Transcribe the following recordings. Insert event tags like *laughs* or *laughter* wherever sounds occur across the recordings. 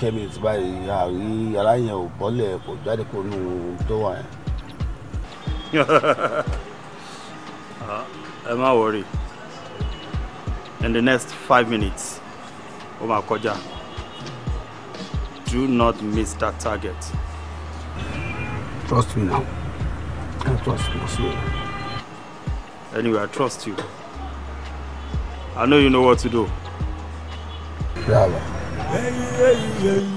ten minutes báyìí àrí aláyẹn ò bọ́lẹ̀ kò jáde kó nu tó wà yẹn. *laughs* ẹ má worry in the next five minutes ó máa kọjá do not miss that target. trust me now i trust you so. anyway i trust you i know you know what to do. Yeah, yeah, yeah.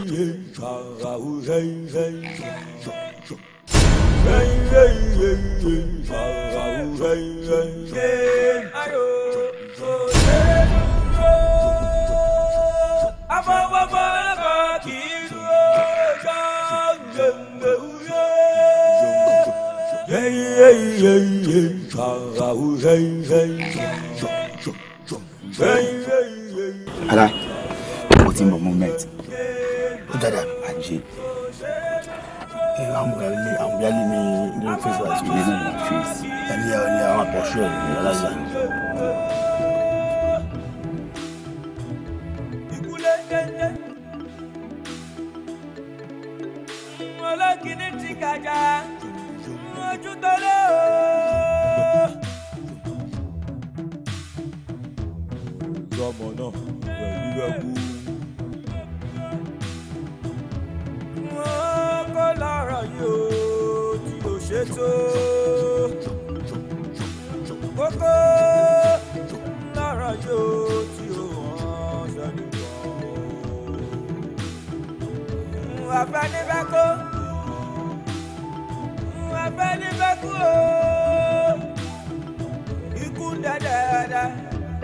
ọmọ náà pẹ̀lú ẹkú. wọ́n kọ́ lára yóò tí ò ṣe tó. kókó lára yóò tí ò hàn sẹ́nu kan. wà á fẹ́ ní bẹ́ẹ̀ kó. wà á fẹ́ ní bẹ́ẹ̀ kó o.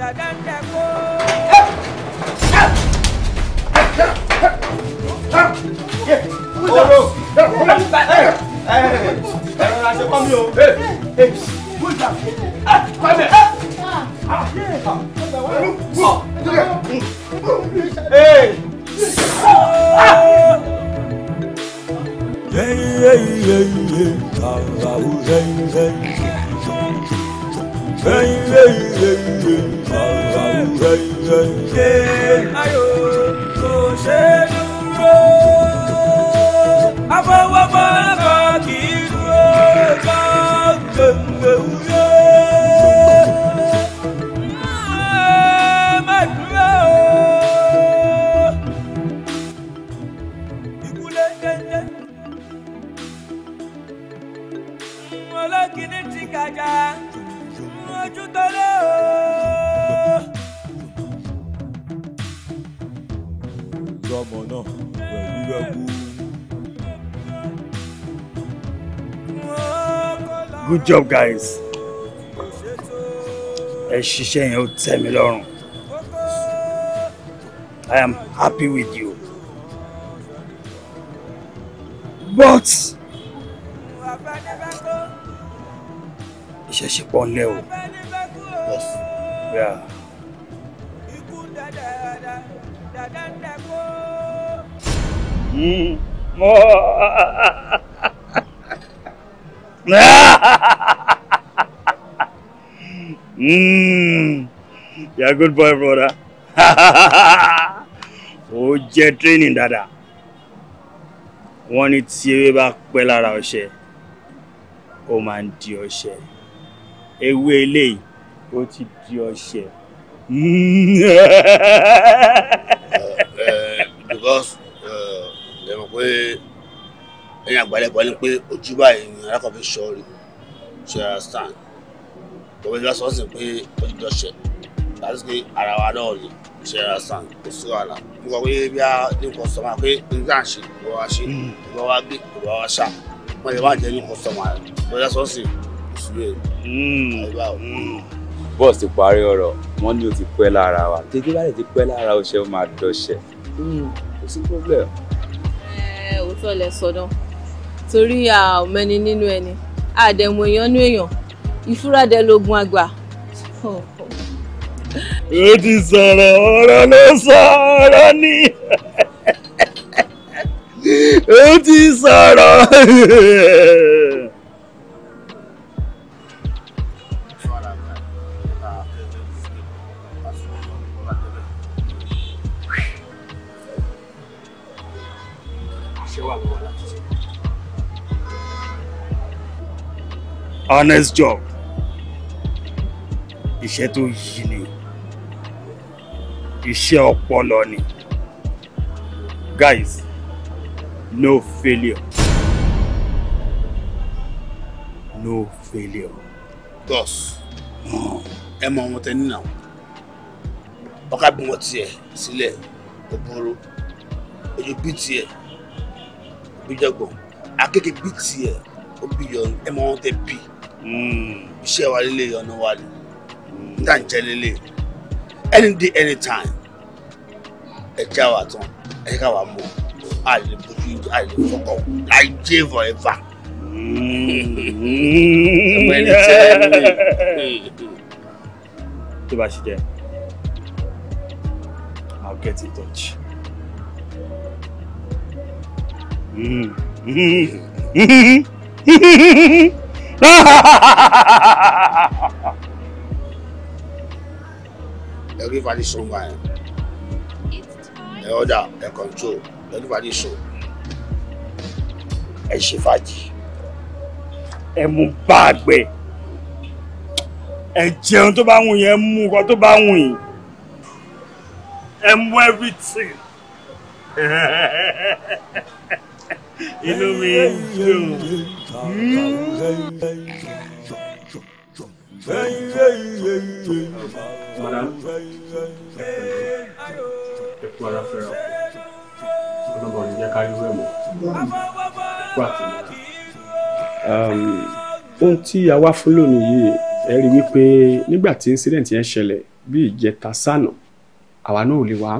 Hey, hey, hey, hey ṣe ayọ̀ kò ṣe é. job guys ẹ ṣiṣẹ́ yẹn ó tẹ́ mi lọ́rùn I am happy with you but iṣẹ́ ṣe pọ̀ ńlẹ̀ o yes yeah. Mm. Oh. *laughs* ah! Mm. Yeah, good boy, brother. *laughs* Ó jẹ́ training Dada. Wọ́n ní tí ewé bá pẹ́ lára ọṣẹ, ó máa ń di ọṣẹ. Ewé eléyìí, ó ti di ọṣẹ. Eh, eh, because eh, ẹ mọ̀ pé ẹ̀yin àgbàlẹ̀ kan ní pé ojú báyìí ni alákọ̀ọ́fẹ́ ṣọ́ọ̀rì ṣe understand tọ́wọ́ ìjọba sọ sí pé ó ti jọ ṣẹ láti pé ara wa náà ni ṣe ara sàn kò sí wàhálà mo kọ pé bí a ní nǹkan sọ ma pé n tá à ń ṣe kò bá wa ṣe kò hmm. bá wa gbé kò bá wa ṣà wọn lè má jẹ ní nǹkan sọ ma rẹ tọ́wọ́ ìjọba sọ sí ìṣúlẹ̀ bọ́ọ̀sì parí ọ̀rọ̀ wọ́n ní o ti pẹ́ lára wa tètè bá lè ti pẹ́ lára o ṣe ó máa dọ̀ṣẹ̀ hmm. kò sí problem. ẹ òótọ́ lẹ sọ torí a ò mẹ́ni nínú ẹni àdẹ̀mọ̀ èèyàn nú èèyàn ìfúra dẹ lógun àgbà. ó ti sọ̀rọ̀ ọ̀rọ̀ ló sọ ni ó ti sọ̀rọ̀. ṣé wàá honest job iṣẹ́ tó yí ni iṣẹ́ ọpọlọ ni guys no failure no failure. boss ẹ mọ ohun tẹ nínú àwọn ọkà bí wọn tiẹ̀ sílẹ̀ kò burú ojú bí tiẹ̀ bí jọgbọn akékèké bí tiẹ̀ ó bí yọ ẹ mọ ohun tẹ bí. Hmm. iṣẹ́ wa lélẹ̀ ọ̀nà wa ni níta ń jẹ́ lélẹ̀ any day any time ẹ já wa tán ẹ ká wa mọ̀ a lè bójú a lè fọkọ̀ láì jẹ́ forever. ọmọ hmm. ẹni tẹ́ ẹ tó bá ṣe jẹ́ I'll get in touch. Mm. Mm-hmm. hmm *laughs* Everybody show my ẹ order ẹ control everybody show ẹ ṣe fàájì ẹ mú bá àgbẹ̀ ẹ jẹun tó bá wù yín ẹ mú everything *laughs* inú mi ń madame ẹ kú ara fẹ́ra ọlọ́gbọ̀n ní ohun tí a wá fún lónìí yìí ẹ rí wípé nígbà tí incident yẹn ṣẹlẹ̀ bí ìjẹta sànà àwa náà ò lè wá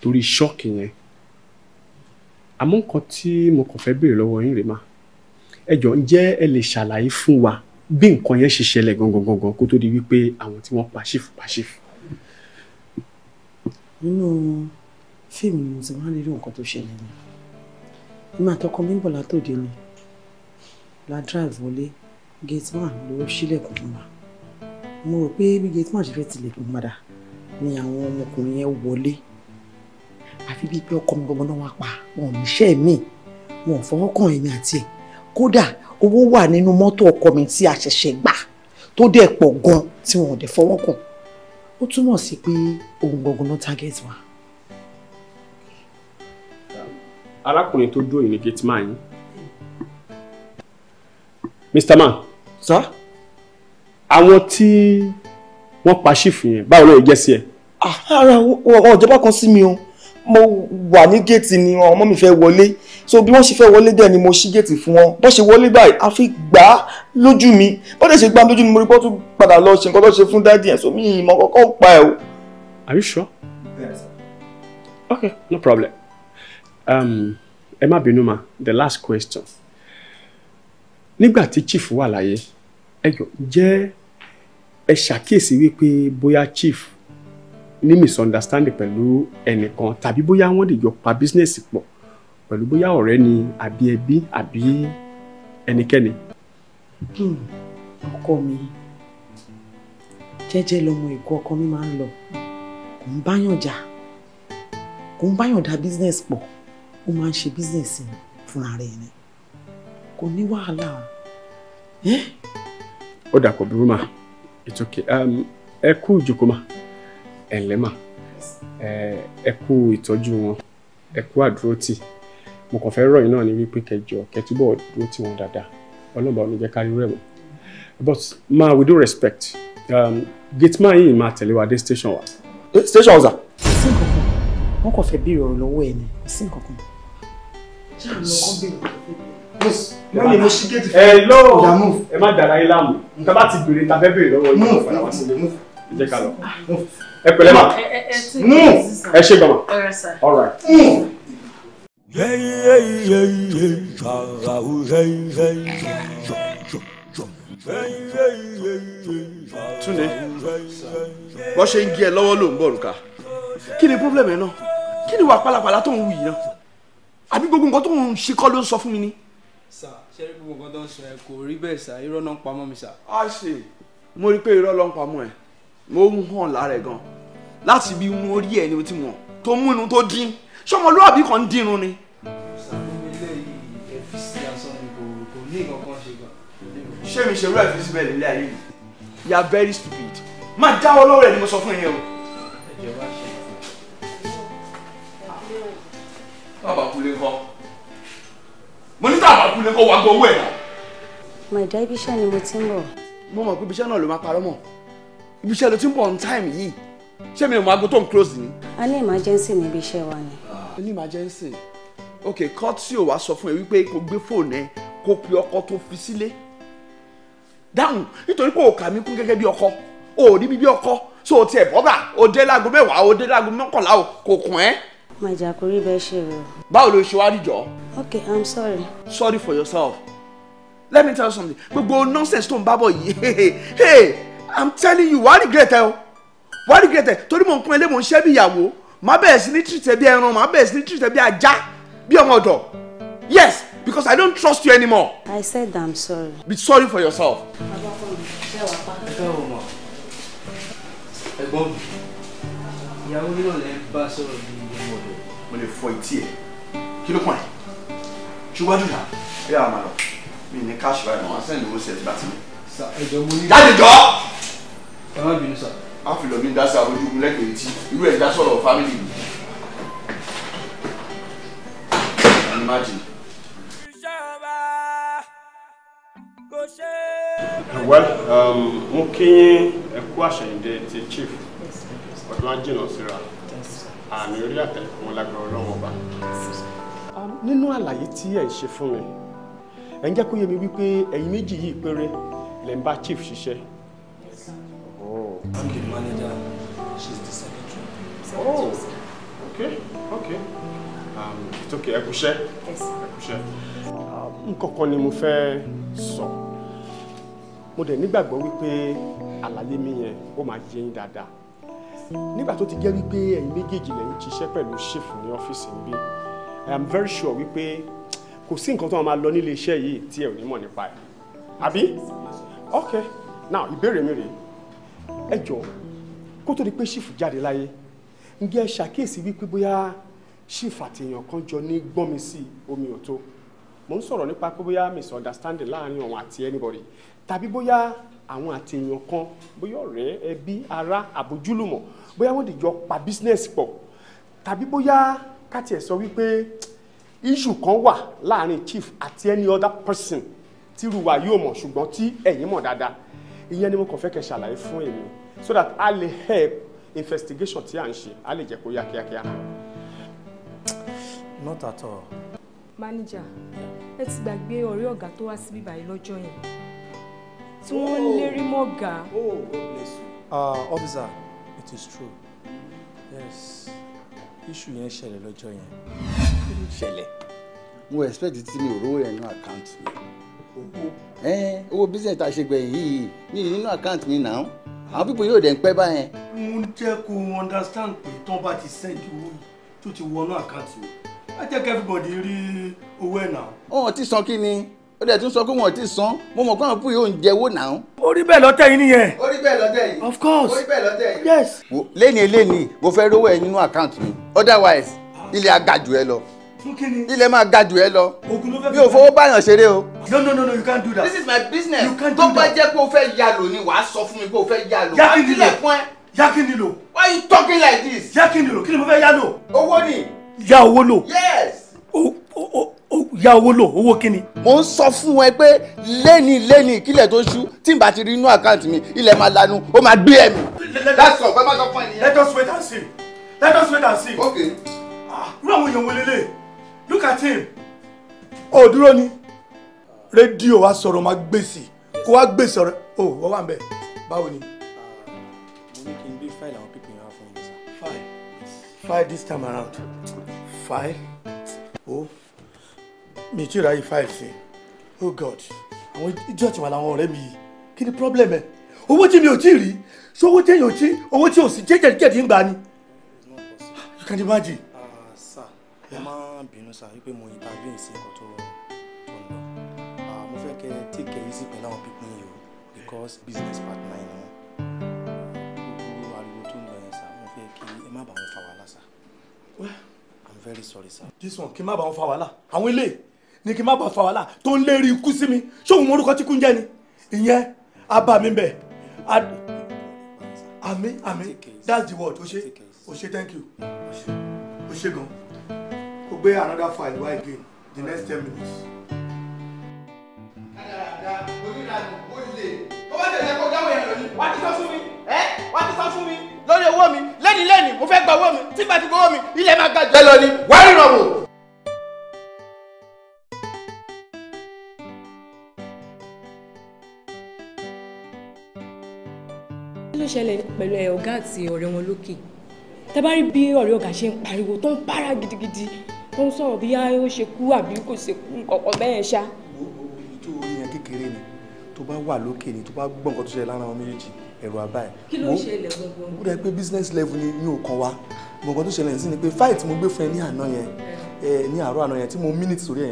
torí ṣọ́ọ̀kì yẹn àmọ́ tí mo kàn fẹ́ béèrè lọ́wọ́ yín rèé máa ẹ jọ̀ọ́ ǹjẹ́ ẹ lè ṣàlàyé fún wa bí nǹkan yẹn ṣe ṣẹlẹ̀ gangan gangan kó tó di wípé àwọn tí wọ́n pa ṣìfù nínú fíìmù ni mo ti máa ń rí nǹkan tó ṣẹlẹ̀ ni nígbà tọkọ mi ń látòde ni la drive wọlé gate man ló ṣílẹ̀kùn fún wa mo rò pé bí gate man ṣe fẹ́ tilẹ̀kùn padà ni àwọn ọmọkùnrin yẹn wọlé àfi bíi pé ọkọ mi gbọmọdé wọn pa wọn ò níṣẹ́ mi wọn ò fọwọ́ kàn èmi àti ẹ̀ kódà owó wà nínú mọ́tò ọkọ mi tí a ṣẹ̀ṣẹ̀ gbà tó dẹ̀ pọ̀ gan tí wọn ò dẹ̀ fọwọ́ kàn ó túmọ̀ sí pé ohun gbọ̀ngàn ló target wa. arákùnrin tó dúró ní gate man yín mr man. sá. àwọn tí wọ́n pa ṣìfù yẹn báwo ló yẹ jẹ́ sí ẹ. Ah, ara wọn ò kan sí mi o mo wà ní géètì ni wọn ọmọ mi fẹ́ wọlé so bí wọ́n ṣe fẹ́ wọlé dẹ̀ ni mo ṣí géètì fún wọn bọ́n ṣe wọlé báyìí a fi gbà á lójú mi bọ́n dẹ̀ ṣe gbà á lójú mi mo rí bọ́ tún padà lọ ṣe nǹkan tó ṣe fún dáàdì ẹ̀ so mi ìmọ̀ kọ́kọ́ pa ẹ̀ o. are you sure? yes. okay no problem um, ẹ má bínú ma the last question nígbà tí chief wà láyé ẹ jọ jẹ́ ẹ ṣàkíyèsí wípé bóyá chief ní misunderstanding pẹ̀lú ẹnìkan tàbí bóyá wọ́n lè jọ pa business pọ̀ pẹ̀lú bóyá ọ̀rẹ́ ni àbí ẹbí àbí ẹnikẹ́ni. Hmm, ọkọ mi jẹ́jẹ́ lọmọ ìkó ọkọ mi máa ń lọ kò ń báyàn jà kò ń báyàn dá business pọ̀ ó máa ń ṣe business fúnra rẹ̀ ni kò ní wàhálà ó dà kò burú mà it's okay um, ẹ kú ìjókòó mà ẹ̀ǹlẹ́ mà ẹ kú ìtọ́jú wọn ẹ kú àdúrótì mo kàn fẹ́ rọ̀ yín náà ní wípé kẹjọ kẹtúbọ̀ dúró tì wọ́n dáadáa ọlọ́ba ò ní jẹ́ ká rí rẹ̀ mọ́ but ma with due respect um, gate man yìí máa tẹ̀lé wa dé station wa. Eh, station ọ̀sà. sí nǹkan kan wọn kò fẹ́ bí ìrọ̀rùn lọ́wọ́ ẹ̀ ni sí nǹkan kan. Mami mo ṣí géètì fún ẹ lọ ẹ má dàda yín láàmú nǹkan bá ti bèrè tàbẹ́ bèrè lọ́wọ́ yín. Mú wá sílẹ̀ Ẹ jẹ́ ká lọ. Ah, ẹ pẹ̀lẹ́ ma mú ẹ mm. ṣe gbọmọ all right. Mm. Túndé wọ́n ṣe ń gé ẹ lọ́wọ́ ló ń bọ̀ nǹka kí ni problem ẹ náà kí ni wà pálapàla tó ń wù yìí náà àbí gbogbo nǹkan tó ń ṣe kọ́ ló ń sọ fún mi ni. sà ṣé gbogbo nǹkan tó ń sọ ẹ kò rí bẹ́ẹ̀ sà irọ́ náà ń pamọ́ mi sà. a ṣe mo rí i pé irọ́ ló ń pamọ́ ẹ mo ń hàn lára ẹ̀ gan láti bí irun orí ẹ̀ tí mo tó mú irun tó dín ṣọmọlúwàbí kan ń dínrun ni. ṣé mi ṣe rú ẹ̀ fi nílé ayé mi you are very stupid má dáwọ́ lọ́wọ́ rẹ̀ ni mo sọ fún yín o. bàbá kúlé kọ́ mo ní tàbá kúlé kọ́ wàá gbọ́ owó ẹ̀ náà. màdá ibiṣẹ́ ni mo ti ń bọ̀. mo mọ̀ pé ibiṣẹ́ náà ló máa parọ́ mọ́ ibi iṣẹ́ ló ti ń bọ̀ on time yìí ṣé mi ò máa go tó ń close ni. a ní emergency níbi iṣẹ́ wa ni. Ah, a ní emergency ok kọ́tí ò wá sọ fún ẹ wípé kò gbé fóònù ẹ kó pe ọkọ tó fi sílé dáhùn nítorí pé òkà mi kún gẹ́gẹ́ bí ọkọ ò rí bíbí ọkọ so o tiẹ̀ bọ́bà o dé láago mẹ́wàá o dé láago mọ́kànlá o kò kùn ẹ́. màjà kò rí bẹ́ẹ̀ ṣe rẹ o. báwo ló ṣe wá rí jọ. ok i'm sorry. sorry for yourself let me tell you something gbogbo nonsense tó ń bá bọ̀ yìí *laughs* i'm telling you wàá regret ẹ o wàá regret ẹ torí mò ń pọn ẹlẹ́mọ̀ ń ṣẹ́ bí ìyàwó màá bẹ̀rẹ̀ sí ní treat ẹ bí ẹran màá bẹ̀rẹ̀ sí ní treat bí ajá bí ọmọ ọ̀dọ̀ yes because i don't trust you anymore. i said i'm sorry. be sorry for yourself. ẹ̀gbọ́n mi ìyàwó mi náà lè bá sọ̀rọ̀ bí ọmọ ọ̀dọ̀ mo lè fọ etí ẹ̀ kí ló pọ̀ ẹ̀ ṣùgbọ́n jùlọ ẹ̀ àwọn àlọ́ mi ní káṣíwájú àwọn sẹ́yìn ló ń ṣe ẹ̀ bá ti mi jáde jọ. ẹ má bínú sà. má fi lọ́bí dá sí abojúkun lẹ́gbẹ̀ẹ́ etí irú ẹ̀ dá sọ̀rọ̀ fámìlì mi. well um, mo kí yín ẹ kú àṣẹyìndẹ ti chief ọdún ajínà síra àmì orí àtẹlẹkùn lágbára Ọlọ́run ọba. Um, nínú àlàyé tí ẹ ṣe fún mi ẹ ń jẹ́ kó yé mi wípé ẹ̀yin méjì yìí péré lẹ́ ń chief ṣiṣẹ́. Oh. I'm the manager. She's the secretary. Oh. Okay. Okay. Um, it's okay. go share. Yes. Ẹ kúṣẹ́. Um, nǹkan kan ni mo fẹ́ sọ. Mo dẹ̀ nígbàgbọ́ wípé àlàyé mi yẹn ó máa yé yín dáadáa. Nígbà tó ti jẹ́ wípé ẹ̀yin méjèèjì lẹ́yìn ṣiṣẹ́ pẹ̀lú chief ní ọ́fíìsì ń bí. I am very sure wípé kò sí nǹkan tó máa lọ nílé iṣẹ́ yìí tí ẹ ò ní mọ̀ nípa ẹ̀. Àbí? ok now ìbéèrè mi rèé ẹ jọ kó tó di pé ṣìfù jáde láyé ǹjẹ́ ẹ ṣàkíyèsí wípé bóyá ṣìfù àti èèyàn kan jọ ní gbọ́nmi sí omi ò tó ń sọ̀rọ̀ nípa pé bóyá misunderstanding láàrin òun àti anybody tàbí bóyá àwọn àti èèyàn kan bóyá ọ̀rẹ́ ẹbí ará àbójúlùmọ̀ bóyá wọ́n dìjọ pa business pọ̀ tàbí bóyá kátiẹ̀ sọ wípé issue kan wà láàrin chief àti any other person tíru wa yóò mọ̀ ṣùgbọ́n tí ẹ̀yin mọ̀ dáadáa ìyẹn ni mo kàn fẹ́ kẹ́ ṣàlàyé fún èmi so that a lè help investigation tí à ń ṣe a lè jẹ́ kó yá kíákíá. not at all. manager ẹ ti gbàgbé ọ̀rẹ́ ọ̀gá tó wá síbí báyìí lọ́jọ́ yẹn tí wọ́n ń oh. lérí mọ́ ọ̀gá. oh god bless you. Uh, officer it is true yes issue yẹn ṣẹlẹ̀ lọ́jọ́ yẹn. ṣẹlẹ̀ mo expect tí mi ò rówó yẹn ní àkáǹtì mi owó business tá a ṣe gbẹ̀yìn yìí ní nínú àkáǹtì mi náà àwọn pípọ̀ yóò dẹ̀ ń pẹ́ báyẹn. mo ń jẹ́ kó o understand pé tán bá ti send owó yìí tó ti wọnú àkáǹtì o á jẹ́ kí everybody rí owó ẹ̀ náà. ọ̀hún ti san kí ni ó dẹ̀ tún sọ pé wọ́n ti san mo mọ̀ pé àwọn púpọ̀ yóò ń jẹ́wọ́ náà. ó rí bẹ́ẹ̀ lọ́tẹ̀ yìí nìyẹn. ó rí bẹ́ẹ̀ lọ́tẹ̀ yìí. of course ó rí bẹ́ẹ̀ lọ́tẹ̀ yìí. yes. lẹ́ni eléni mo fẹ́ rówó ẹ nínú àkáǹtì mi otherwise ah. ilé agàjù ẹ fún kí ni. ilẹ̀ máa ga jù ẹ lọ. ogun ló fẹ́ fi. mi ò fowó báyàn ṣeré o. no no no no you can't do that. this is my business. you can't do that. tó bá jẹ́ pé o fẹ́ yálò ni wàá sọ fún mi pé o fẹ́ yálò. yakin nílò yakin nílò. why you talking like this. yakin nílò kí ni mo fẹ́ yálò. owó ni. ya owó lò. yes. o o o ya owó lò owó kí ni. mo ń sọ fún ẹ pé lẹ́ni lẹ́ni ìkílẹ̀ tó ṣú tí n bá ti rí inú àkáǹtì mi ilẹ̀ máa lanu ó máa gbé ẹ̀mí. that's all pẹ́ máa sọ fún ẹ nìyẹn. let us wait and see let us wait and see. okay. Ah, irú àwọn èèyàn wo lélẹ̀ look at him. ó dúró ni rédíò wa sọ̀rọ̀ máa gbèsè kó wa gbèsè ọ̀rẹ́ ó wọ́n wà ń bẹ̀ báwo ni. Ah, mo ní kí n gbé File àwọn pípín wa fún yín sá. fáìlì fáìlì this time around File. ó mi ti ráyè file sí oh god àwọn idiot wà láwọn ọ̀rẹ́ mi yìí kí ni problem ẹ̀ owó tí mi ò tí ì rí so owó tí èyàn ò tí owó tí ò sí jẹ́jẹ̀díjẹ̀dí ń gbà you can imagine. Uh, sir, yeah má bínú sá wípé mo intervene sí nǹkan tó tó ń lọ mo fẹ́ kẹ́ take care easy pẹ̀lú àwọn pípín yìí o because business partner ni wọn gbogbo ariwo tó ń lọ yẹn sá mo fẹ́ kí ẹ má bàa wọn fa wàhálà sá i'm very sorry sir. this one kí n má bàa wọn fa wàhálà àwọn ilé ni kí n má bàa fa wàhálà tó ń lérí ikú sí mi ṣóun mo orúkọ tí kú ń jẹ ni ìyẹn abàmì bẹ àmì àmì that's the word o ṣe o ṣe thank you o ṣe gan gbé another file wá again the next ten minutes. dáadáa onílànà ó lè tó bá tẹ̀lé ẹ̀kọ́ dáwọ̀ yẹn lórí owó mi lẹ́ni lẹ́ni mo fẹ́ gba owó mi tí bá ti gba mi ilẹ̀ máa ga ẹ lọ ni wàá rìnrìn àwò. ló ṣẹlẹ̀ pẹ̀lú ọ̀gá àti ọ̀rẹ́ wọn lókè tẹ́ bá rí bí ọ̀rẹ́ ọ̀gá ṣe ń pariwo tó ń para gidigidi tó ń sọ̀rọ̀ bí ó ṣe kú àbí kò ṣe kú kọ̀ọ̀kan bẹ́ẹ̀ ṣá. ìjọ orin yẹn kékeré ni tó bá wà lókè ni tó bá gbọ́ nǹkan tó ṣẹlẹ̀ lára wọn méjèèjì ẹ̀rọ àbá kí ló ń ṣẹlẹ̀ gbọ̀ngàn. ó dà pé business level ni ní òkan wa gbọ̀ngàn tó ṣẹlẹ̀ sí ni pé fight mo gbé fún ẹ ní àná yẹn ní àárọ̀ àná yẹn tí mo minute sórí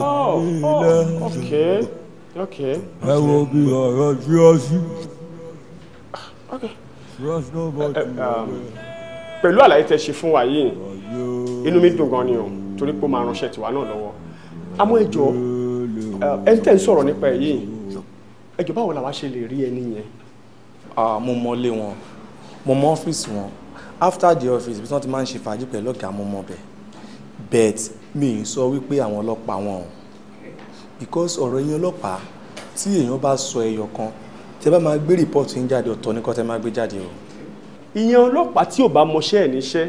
oh, oh okay okay. bí ọ̀rọ̀ jí ọ Eh, eh, um, pẹ̀lú àlàyé tẹ́ ṣe fún wa yìí inú mi dùn gan ni o torí pé ó máa ránṣẹ́ tiwa náà lọ́wọ́ àmọ́ ẹ jọ̀ọ́ eh, tẹ́ ń sọ̀rọ̀ nípa ẹ̀ yìí ẹ báwo la ṣe lè rí ẹni yẹn. mo mọ ilé wọn mo mọ ọ́fíìsì wọn after the office bí wọ́n ti máa ń ṣe fàájì pẹ̀lú ọ̀gá mo mọ bẹ́ẹ̀ bet mi ń sọ wípé àwọn ọlọ́pàá wọn o because ọ̀rọ̀ ẹ̀yin ọlọ́pàá tí èèyàn bá sọ ẹyọ kan tẹ bá máa gbé rìpọ́ọ̀tù yín jáde ọ̀tọ̀ ní kọ́ tẹ máa gbé jáde o. ìyẹn ọlọ́pàá tí ò bá mọṣẹ́ ẹ̀ níṣẹ́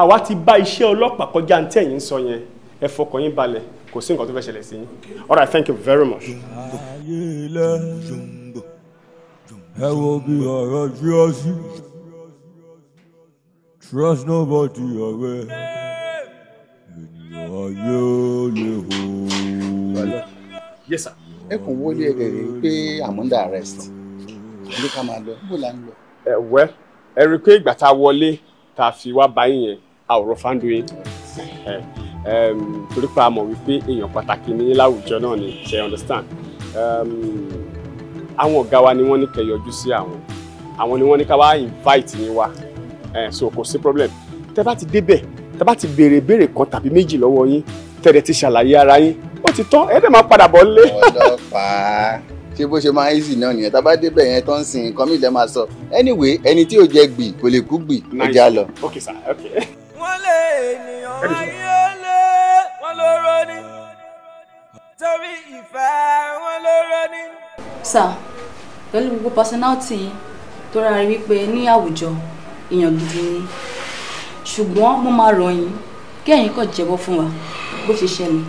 àwa ti bá iṣẹ́ ọlọ́pàá kọjá ní tẹ̀yìn sọ yẹn ẹ fọkàn yín balẹ̀ kò sí nǹkan tó fẹ́ ṣẹlẹ̀ sí yín all right thank you very much. ayé ilẹ̀ ẹ wo bí ọ̀rọ̀ jí trust nobody ọ̀rẹ́ ènìyàn ayé ó hó. ẹ kàn wọlé ẹ rẹ pé i'm under arrest ní ká máa lọ bó la ń lọ. ẹ wẹ ẹ rí i pé ìgbà tá a wọlé tá a fi wá báyìí yẹn a ò rọ fáńdù yín torí pé a wípé èèyàn pàtàkì ní láwùjọ náà ni ṣe understand àwọn ọ̀gá wa ni wọ́n ní kẹ́ yọjú sí àwọn àwọn ni wọ́n ní ká wá invite yín wá so kò sí problem tẹ́ bá ti débẹ̀ tẹ́ bá ti béèrè béèrè kan tàbí méjì lọ́wọ́ yín tẹ́ dẹ̀ ti ṣàlàyé ara yín ó ti tán ẹ̀ẹ́dẹ̀ máa padà bọ̀ lé. ọlọ́pàá ṣé bó ṣe máa ń easy náà nìyẹn tá débẹ̀ yẹn tó ń sin nǹkan mi lẹ́ máa sọ anyway ẹni tí ò jẹ gbì kò lè kú gbì ó já lọ. wọ́n lé ènìyàn ayé lé wọ́n ló rọ́ni torí ìfẹ́ wọn ló rọ́ni. sà pẹ̀lú gbogbo personality tó rárá wípé ní àwùjọ èèyàn gidi ni ṣùgbọ́n mo máa rọ̀ yín kí ẹ̀yin kàn jẹ́wọ́ fún wa bó ṣe ṣẹlẹ̀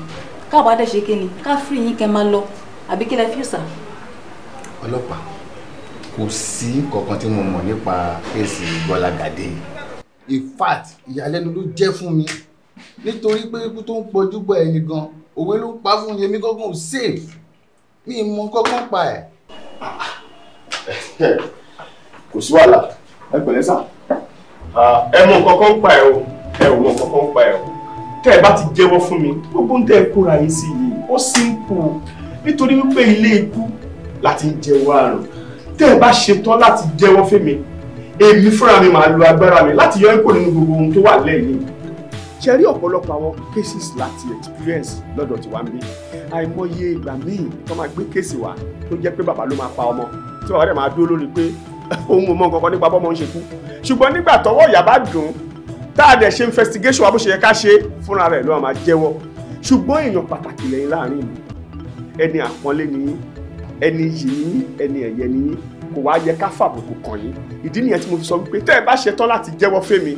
káàbá ṣe kí ni ká yín kẹ́ máa lọ àbí kí lẹ fi sà ọlọ́pàá kò sí kankan tí mo mọ̀ nípa kéèsì Bọ́lá Gàdé yìí in fact ìyàlẹ́nu ló jẹ́ fún mi nítorí pé ikú tó ń pọ̀jú bọ ẹni gan òwe ló ń pa fún yẹmí gọ́gùn ò safe mi ì mọ kọ́kọ́ pa ẹ̀. kò sí wàhálà ẹ pẹ̀lẹ́ sà ẹ mọ kọ́kọ́ ń pa ẹ̀ o ẹ ò mọ kọ́kọ́ ń pa ẹ̀ o tẹ́ ẹ bá ti jẹ́wọ́ fún mi gbogbo ń tẹ́ ẹ kóra yín sí yìí ó simple nítorí wípé ilé ikú láti ń jẹ́wọ́ àrùn tẹ́ ẹ bá ṣetán láti jẹ́wọ́ fèmí èmi fúnra mi máa lo agbára mi láti yọ ẹ́kò nínú gbogbo ohun tó wà lẹ́yìn ṣe rí ọ̀pọ̀lọpọ̀ àwọn cases láti experience lọ́dọ̀ tiwa ń bí àìmọye ìgbà míì tó máa gbé kéèsì wá tó jẹ́ pé bàbá ló máa pa ọmọ tí bàbá rẹ̀ máa dúró lórí pé *laughs* òun ò mọ nǹkan kan nípa bọ́mọ ń ṣe kú ṣùgbọ́n nígbà tọwọ́ ìyá bá dùn tá a dẹ̀ ṣe investigation wa bó ṣe yẹ ká ṣe fúnra rẹ̀ ló máa jẹ́wọ́ ṣùgbọ́n èèyàn pàtàkì lẹ́yìn láàrin ìlú ẹni àpọ́nlé ni ẹni yìí ẹni ẹ̀yẹ ni yín kò wá yẹ ká fàbùkù kàn yín ìdí nìyẹn tí mo fi sọ wípé tẹ́ ẹ bá ṣe tán láti jẹ́wọ́ fẹ́mi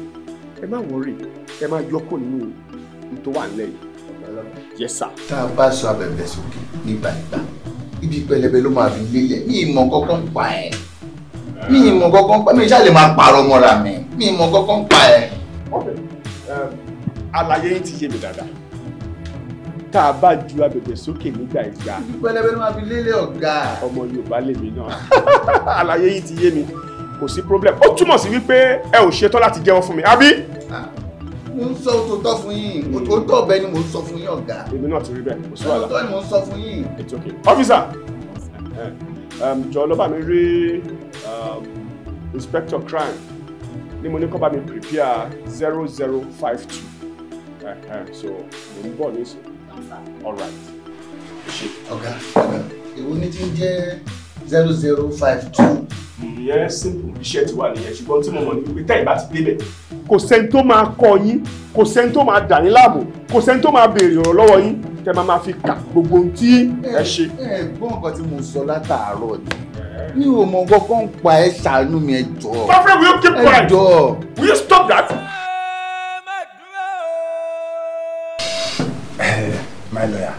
ẹ má wọrí ẹ má yọ kó nínú ohun tó wà nílẹ̀ yìí yes sir. tá a bá sọ abẹ̀bẹ̀ sókè nígbà ìgbà ibi pẹlẹbẹ ló máa fi lélẹ̀ ní ìmọ̀ kọ́kọ́ ń pa ẹ̀ mi ìmọ̀ kankan pa mi ṣáà lè máa pààrọ̀ mọ́ra mi mi ìmọ̀ kankan pa ẹ̀. Um, àlàyé yín ti yé mi dáadáa tá a bá ju abẹ̀bẹ̀ sókè nígbà ìgbà. pẹlẹbẹ ló máa fi lélẹ̀ ọ̀gá. ọmọ yorùbá lèmi náà *laughs* àlàyé yìí ti yé mi kò sí problem ó túmọ̀ sí wípé ẹ ò ṣetán láti jẹ́wọ́ fún mi àbí. mo ń sọ òtòtọ́ fún yín òtòtọ́ ọ̀bẹ ni mo ń sọ fún yín ọ̀gá. èmi náà ti rí bẹ́ẹ̀ kò sí wàhálà òtòtọ́ ni mo ń sọ fún yín. it's okay officer jọ ló bá mi rí um, inspector crime ni mo ní kó bá mi prepare zero zero five two so mo ń bọ̀ nísìnyí all right Okay. ọ̀gá ọ̀gá èwo ní ti ń jẹ́ zero zero five two. ìyẹn simple iṣẹ́ ti wà nìyẹn ṣùgbọ́n tí mo mọ̀ ní wípé tẹ́ ìbá ti débẹ̀ kò sẹ́ni tó máa kọ́ yín kò sẹ́ni tó máa dà yín láàmú kò sẹ́ni tó máa béèrè ọ̀rọ̀ lọ́wọ́ yín tẹ́ máa máa fi kà gbogbo ohun tí ẹ ṣe. ẹ nǹkan tí mo sọ látàárọ̀ ni mi ò mọ nǹkan kan pa ẹ ṣàánú mi ẹ fáfẹ́ will you keep quiet will you stop that. hi lawyer.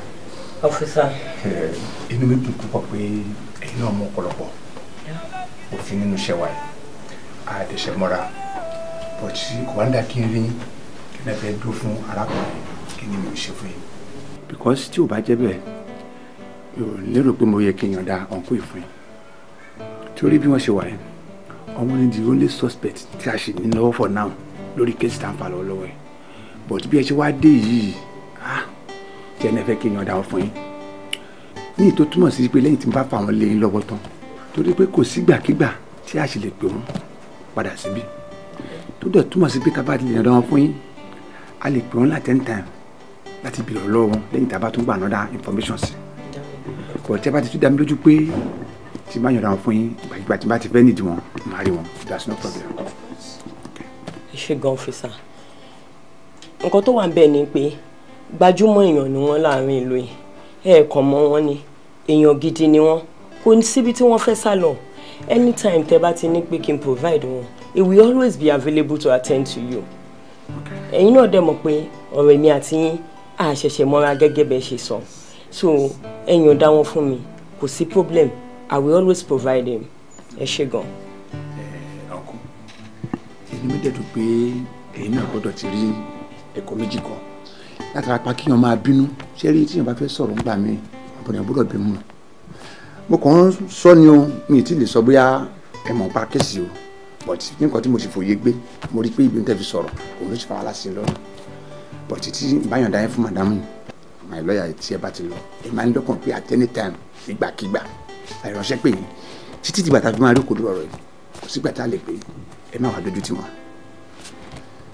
officer. Eh, inú mi dùn púpọ̀ pé ẹ̀yin náà mọ ọ̀pọ̀lọpọ̀ òfin nínú iṣẹ́ wa yìí àdẹ̀ṣẹ̀ mọ́ra bọ̀ tí kò wá ń dà kí n rí kí n fẹ́ dúró fún arákùnrin kí ni mi ò ṣe fún yín. because tí ò bá jẹ́ bẹ́ẹ̀ yóò lérò pé mo yẹ kí n yànda ọ̀nkú ìfún yín torí bí wọ́n ṣe wà yẹn ọmọ ni the only suspect tí a ṣì ní lọ́wọ́ for now lórí case tá à ń fa lọ́wọ́lọ́wọ́ ẹ̀ but bí ẹ ṣe wá dé yìí ah tí ẹni fẹ́ kí n yọ̀ǹda fún yín ní ètò túmọ̀ sí pé lẹ́yìn tí n bá fà wọ́n lé yín lọ́wọ́ tán torí pé kò sígbàkígbà tí a sì lè pè wọ́n padà síbí tó dẹ̀ túmọ̀ sí pé tá bá lè yọ̀ǹda wọn fún yín a lè pè wọ́n láti ten time láti bìrọ̀ lọ́wọ́ wọn lẹ́yìn tá a bá tún gbà another information sí bọ̀ tí a bá ti tún dá mi lójú pé tí n bá yọ̀ǹda wọn fún yín ìgbàgbà tí n bá ti fẹ́ nídìí wọn màá rí wọn that's no problem. ẹ ṣe gan fisa nǹkan tó wà ń bẹ̀ ni pé gbajúmọ̀ èèyàn ni wọ́n láàrin ìlú yìí ẹ̀ẹ̀kan mọ́ wọn ni èèyàn gidi ni wọ́n kò síbi tí wọ́n fẹ́ sá lọ anytime tẹ bá ti ní pé kí n provide wọn it will always be available to attend to you ẹ̀yin náà dẹ̀ mọ̀ pé ọ̀rọ̀ èmi àti yín a ṣẹ̀ṣẹ̀ mọ́ra gẹ́gẹ́ bẹ́ẹ̀ ṣe sọ so ẹ̀yin ò dá wọn fún mi kò sí problem i will always provide him. ẹ ṣe gan. ọkùn èyí mi dẹ̀ dùn pé èyí náà gbọ́dọ̀ ti rí ẹ̀kọ́ méjì kan látara pa kíyàn máa bínú ṣé rí tíyàn bá fẹ́ sọ̀rọ̀ ńgbà mí àbọ̀nìyàn gbọ́dọ̀ bínú mọ́ mo kàn ń sọ ni o mi ì lè sọ bóyá ẹ mọ̀ pa kéèsì o but nǹkan tí mo sì fòye gbé mo rí i pé ibi tẹ́ fi sọ̀rọ̀ òun ló ti fa wàhálà sí i lọ́rùn but tí báyọ̀ dáyẹ́ fún màdámù my lawyer tí ẹ bá ti lọ ẹ máa ń dọ́kàn pé at any time ìgbàkigbà àìránṣẹ́ pé yìí títí dìgbà tá fi máa rí òkòdó ọ̀rọ̀ yìí kò sígbà tá a lè pé ẹ má wàá dojú tiwọn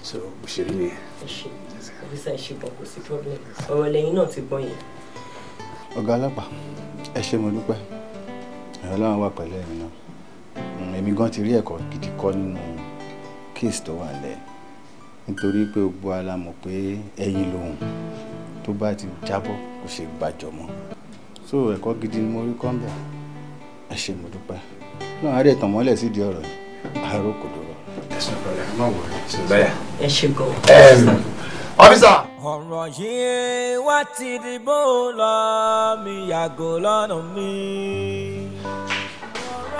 so òṣèré nìyẹn visa ìṣèbọ̀ kò sí problem ọ̀rọ̀ lẹ́yìn náà ti gbọ́n yẹn. ọ̀gá ọlọ́pàá ẹ ṣé mo dúpẹ́ ẹ̀rọ ọlọ́run wà pẹ̀lú ẹ̀mí náà hmm, èmi gan ti rí ẹ̀kọ́ gidi kọ́ nínú kéèsì tó wà lẹ̀ nítorí pé gbogbo ala mọ̀ pé ẹyin lòun tó bá ti jábọ́ kò ṣe gbàjọ mọ́ so ẹ̀kọ́ gidi ni mo rí kọ́ ń bẹ̀ ẹ ṣé mo dúpẹ́ náà àárẹ̀ tàn mọ́lẹ̀ sídìí ọ̀rọ̀ yìí àárò kò dúró. ẹ̀sùn ìpàdé àmọ́ wọ̀ ẹ̀ ṣe báyà. ẹ ṣe gan ọ́fíìsà. ọ̀rọ̀ yìí wá ti di bó lọ mi yàgò lọ́nà mi. ọ̀rọ̀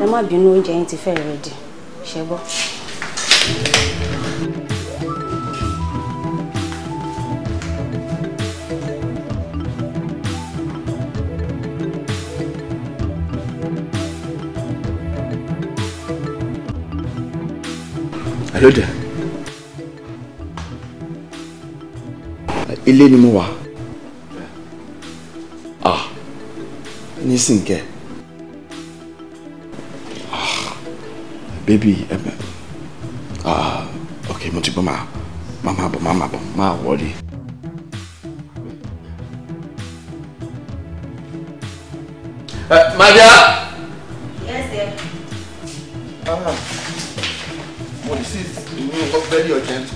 ẹ má bínú oúnjẹ yín ti fẹ́ rẹ̀ dì ṣẹ́gbọ́. àlódà ilé ni mo wà ah nísìnkẹ ah bébì ẹmẹ ah ok mo ti bọ́ máa máa bọ̀ máa bọ̀ máa wọlé. Uh, eh, my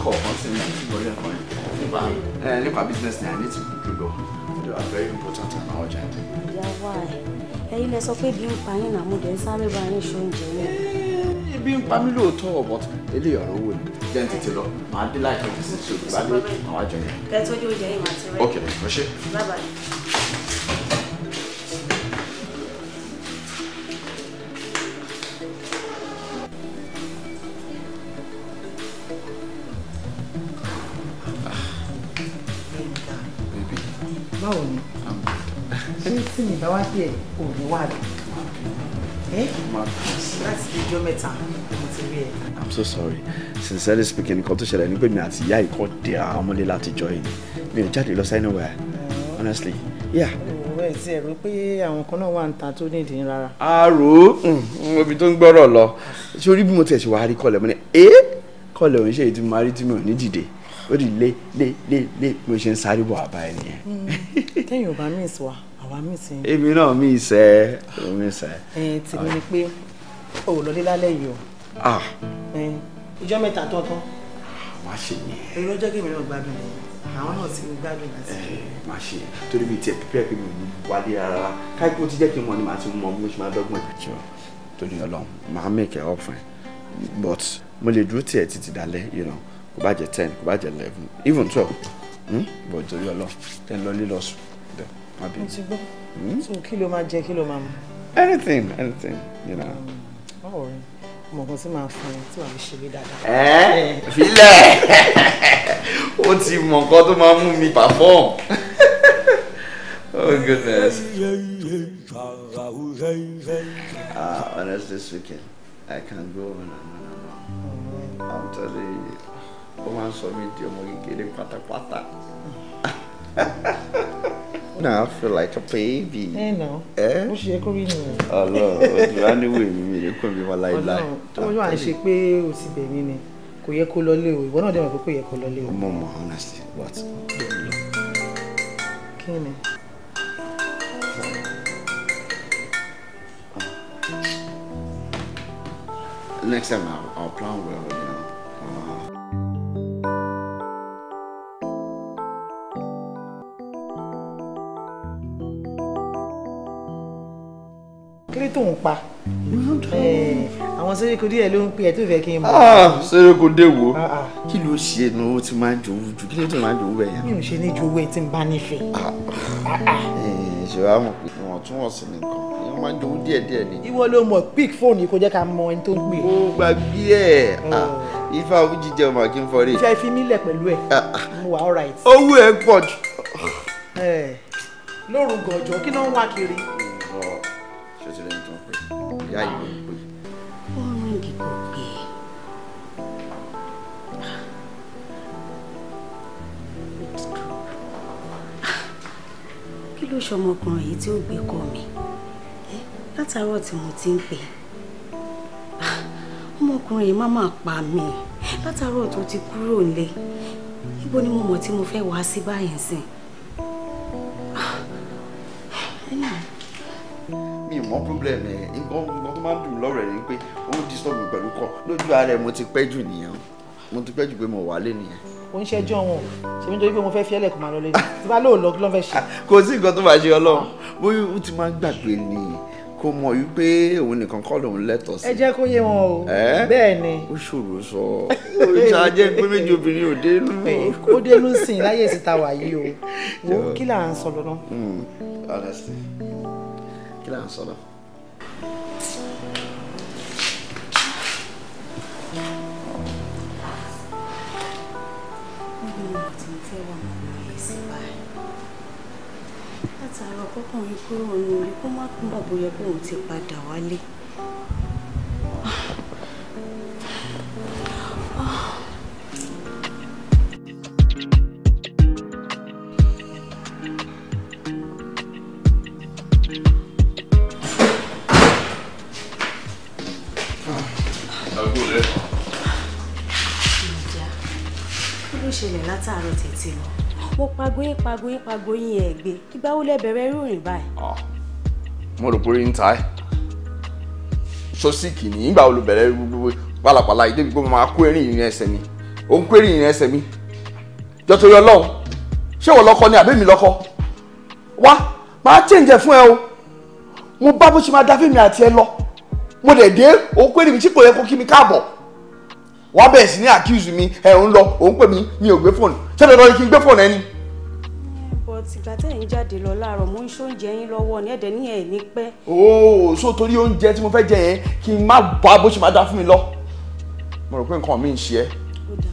kọ̀ ọ̀kan sí mi àti ìgbọ̀lẹ̀ ẹ̀kọ́ yẹn nípa business ni I need to you go. they are very important and urgent. ìyàwó ẹ ẹ̀yin lẹ sọ pé ibi ń pa yín náà mo dẹ̀ ń sáré bá yín ṣe oúnjẹ yẹn. ibi ń pa mí lóòótọ́ but ilé ọ̀rọ̀ wò ni jẹ́ ń tètè lọ màá dé láìpẹ́ fi sí ṣòkè bá dé àwọn àjọyọ̀. kẹ́tọ́jú oúnjẹ yìí bye bye. wá sí ẹ̀ ò ní wà lọ. i'm so sorry sincerely speaking nǹkan tó ṣẹlẹ̀ ní pé mi àti ìyá ìkọ́ dé àwọn ọmọlé láti jọ yìí mi ò jáde lọ sí anywhere honestly yeah ẹ ti ẹ rò pé àwọn kan náà wà ń ta tó nídìí rárá. a rò ó hmm, omi tó ń gbọ́rọ̀ lọ sórí bí mo tẹ̀ sí wàá rí kọlẹ̀ mo ní ẹ́ kọlẹ̀ òun ṣe èyí tí mo máa rí tí mi ò ní dìde ó di lé lé lé lé mo ṣe ń sáré bọ̀ àbá ẹ nìyẹn. Hmm, tẹ́yìn ò bá mí ìsọ̀ wá mí sí. èmi náà mi ìsẹ́ mi ìsẹ́. ẹ tèmi ni pé o ò lọlé lálẹ́ yìí o. ìjọ mẹ́ta tọ́tọ́. má ṣe ni. èrò jẹ́ kí èmi náà gbádùn àwọn náà ti ń gbádùn láti. má ṣe torí mi tiẹ̀ pípẹ́ pé mi ò ní wálé rárá káyipó ti jẹ́ kí n mọ̀ ni màá ti mọ̀ mo ṣe máa dọ́gbọ́n. torí Ọlọ́run màá mẹkẹ ọ fún ẹ but mo lè dúró tiẹ̀ títí dalẹ́ you know kò bá jẹ́ ten kò bá jẹ́ eleven even twelve hmm? bọ̀ torí Ọlọ́run tẹ́ ń lọ lílọ àbí. mo ti gbọ́ hmm? so kí ló máa jẹ kí ló máa mu. anything anything you know. báwo rẹ ọmọ kan tí màá fún ẹ tí wàá fi ṣeré dáadáa. ẹ filẹ *laughs* ó ti mọ nǹkan tó máa mú mi perform *laughs* oh goodness ah honestly speaking i can go on and on and on oh, i'm telling you ó máa ń sọ mí di ọmọ kékeré pátápátá. *laughs* I feel like a baby. ẹ nà Eh? bó eh? ṣe yẹ kó rí nìyẹn. Ọlọ́run ojú aníwèé mi mi lè kó mi wọn láìláì. Ọlọ́run tó wọn yóò à ń ṣe pé o ti bẹ̀ mí ni kò yẹ kó lọ lé o ìwọ náà dẹ̀ mọ̀ pé kò yẹ kó lọ lé o. mo mọ honestly but kí ni. next time I'll, I'll plan well. kílí tó ń pa eh, àwọn sẹ́ríkù díẹ̀ ló ń pè ẹ́ tó fẹ́ kí n mọ̀. Ah, sẹ́ríkù dé wo ah, ah. kí ló ṣe nu ó ti máa ń jòwó ju kí ló ti máa ń jòwó ẹ̀yà. mi ò ṣe ní ju owó ẹ tí n bá nífẹ̀ẹ́. Eh, ṣe wàá mọ̀ pé ìwọ̀ntúnwọ̀nsì nìkan ìwọ̀n máa ń jòwó díẹ̀díẹ̀ ni. ìwọ ló mọ̀ pick phone yìí kò jẹ́ ká mọ ẹni tó ń pè. ó gbàgbé ẹ̀ oh. ifá ojú jẹ́ ọmọ kí n fọ right. owó ẹ pọ̀ jù. Eh, lórúkọ ọjọ́ kí ló ń wá kiri ìyá yìí ló pè. ó rìn kò pé kí ló ṣọmọkùnrin yìí tí ó gbé kọ mi látàárọ̀ tí mo ti ń pè ọmọkùnrin yìí má má pa mi látàárọ̀ tó ti kúrò nílé níbo ni mo mọ̀ tí mo fẹ́ wá sí báyìí sìn. mọ problem ẹ nǹkan tó máa ń dùn mí lọ́rọ̀ ẹ̀ ni pé ó ń disturb mi pẹ̀lú kọ́ lójú ara ẹ̀ mo ti pẹ́ jù nìyẹn mo ti pẹ́ jù pé mo wà lé nìyẹn. ó ń ṣẹjọ́ wọn ṣe mi nítorí pé mo fẹ́ fi ẹlẹ́kùn máa lọ lé ní tí bá lóò lọ kí ló fẹ́ ṣe. *laughs* kò sí nǹkan tó máa ṣe ọlọ́run bóyá ó ti máa ń gbàgbé ni kó mọ wípé òun nìkan kọ́ lòun lẹ́tọ̀ọ́ sí. ẹ jẹ́ kó yé wọn o bẹ́ẹ̀ ni. ó ṣòro sọ oríṣi ajé pé méjì obìnrin ò dé lù. *laughs* ó dé lù sìn láyé ìsìta wàyí o wo kí là ń sọ lọ́nà. Hmm. honestly kí là ń sọ lọ. látàárọ̀ kọ́kànrin kúrò nù rí kó má kún bàbá yẹ kóun ti padà wálé. ló ṣẹlẹ̀ látàárọ̀ tètè lọ wọ́n pago yín pago yín pago yín ẹ̀ gbé ìgbà wo lẹ bẹ̀rẹ̀ irú rìn báyìí. Ah, mo rò pé orí ń ta ẹ́ sọ́síkì ní ìgbà wo ló bẹ̀rẹ̀ pàlàpàlà ìdébi pé mo máa kó erin ìrìn ẹsẹ̀ mi ò ń kó erin ìrìn ẹsẹ̀ mi jọ́tòrí ọlọ́run ṣé wọ́n lọ́kọ ni àbẹ́mi lọ́kọ wá máa chẹ́ǹjẹ̀ fún ẹ o mo bá bó ṣe máa dá fèmí àti ẹ lọ mo dẹ̀ dé òun kó erin mi tí kò yẹ kó kí mi káàbọ̀ wàá bẹ̀rẹ̀ sí ní accuse mi ẹ̀ ń lọ òun pè mí mi ò gbé fóònù ṣé dandan ni kí n gbé fóònù ẹni. bó ti gba tẹ̀yìn jáde lọ láàárọ̀ mo ń ṣe oúnjẹ yín lọ́wọ́ ní ẹ̀dẹ̀ ní ẹ̀ ní pẹ́. ooo oh, so torí oúnjẹ tí mo fẹ́ jẹ yẹn kí n má bá bó ṣe máa dá fún mi lọ mo rò pé nǹkan mi ń ṣe ẹ́. ó dà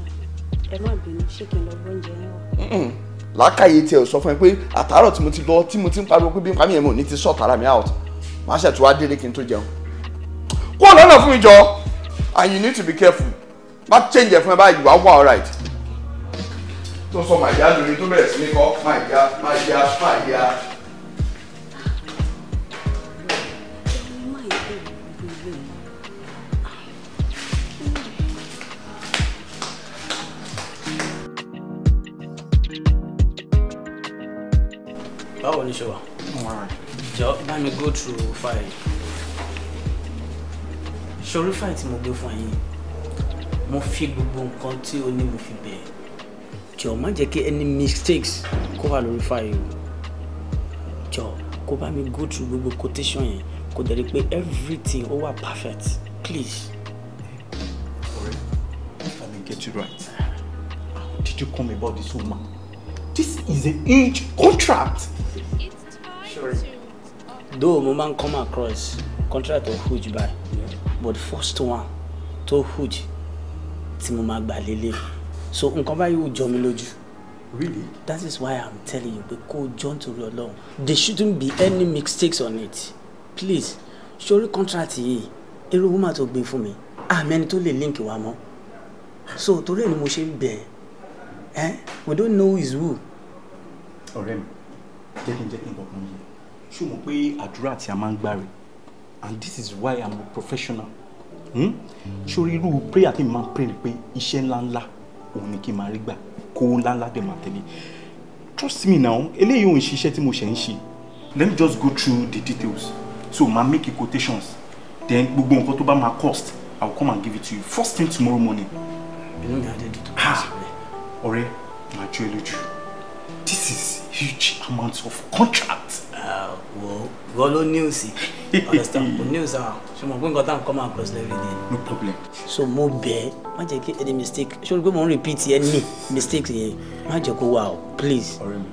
ẹ má bínú ṣé kí n lọ gbóúnjẹ yín wá. làákàyè tiẹ̀ sọ fún mi pé àtàárọ̀ tí mo ti lọ tí mo ti ń pariwo pé bí n pa out máa ṣètò wá délé kí n tó jẹun. kó o lọ́nà fún and you need to be careful má change ẹ̀ fún ẹ báyìí wà á wà alright. tó sọ màjá lórí tó bẹ̀rẹ̀ sí ní kọ́ màjá màjá màjá. báwo ni ṣe wà jọ bá mi go through file ṣorí file tí mo gbé fún ẹ̀yin mo fi gbogbo nǹkan tí o ní mo fi bẹ̀ ẹ́ jọ̀ọ́ má jẹ́ kí any mistakes kó wà lórí fáìlì jọ̀ọ́ kó bá mi go through gbogbo quotation yẹn kó dẹ̀ rí pé everything ó wà perfect please. ọ̀rẹ́ if I may get you right how did you come about this woman this is a huge contract. sure though mo máa ń come across contract of huge buy yeah. but first one tó huge tí mo máa gbà lélẹ̀ so nǹkan báyìí ò jọ mi lójú. really that is why i'm telling you pé kó o jọ nítorí ọlọ́run there shouldn't be any mistakes on it please sórí contract yìí irú owó máa tó gbé fún mi àmì ẹni tó lè link wa mọ́ so torí ẹ̀ ni mo ṣe ń bẹ̀ ẹ́ eh? we don't know his who. ọ̀rẹ́ mi jẹ́ kí n jẹ́ kí n bọ̀ kún yìí ṣó mọ̀ pé àdúrà tí a ń gbà rè and this is why i'm a professional sórí hmm? irú prayer tí mo máa pray ni pé iṣẹ́ ńláńlá òun ni kí n máa rí gbà kó ńláńlá dẹ̀ máa tẹ̀lé trust me now eléyìí òun ṣiṣẹ́ tí mo ṣẹ̀ ń ṣe let me just go through the details so ma make quotations then gbogbo nǹkan tó bá ma cost i will come and give it to you first thing tomorrow morning. ìlú ni adé dùn tó sọ rẹ. ọ̀rẹ́ màá ẹ lójú this is huge amount of contract. Uh, well, ìwọ ló ní òsì understand kò ní òsì àwọn ṣe mọ̀ pé nǹkan tá à ń kọ́ máa cross every day. no problem. so mo bẹ̀ ẹ́ má jẹ́ kí any mistake ṣé o rí pé mo ń repeat any mistake yẹn má jẹ́ kó wà o please. ọ̀rẹ́ mi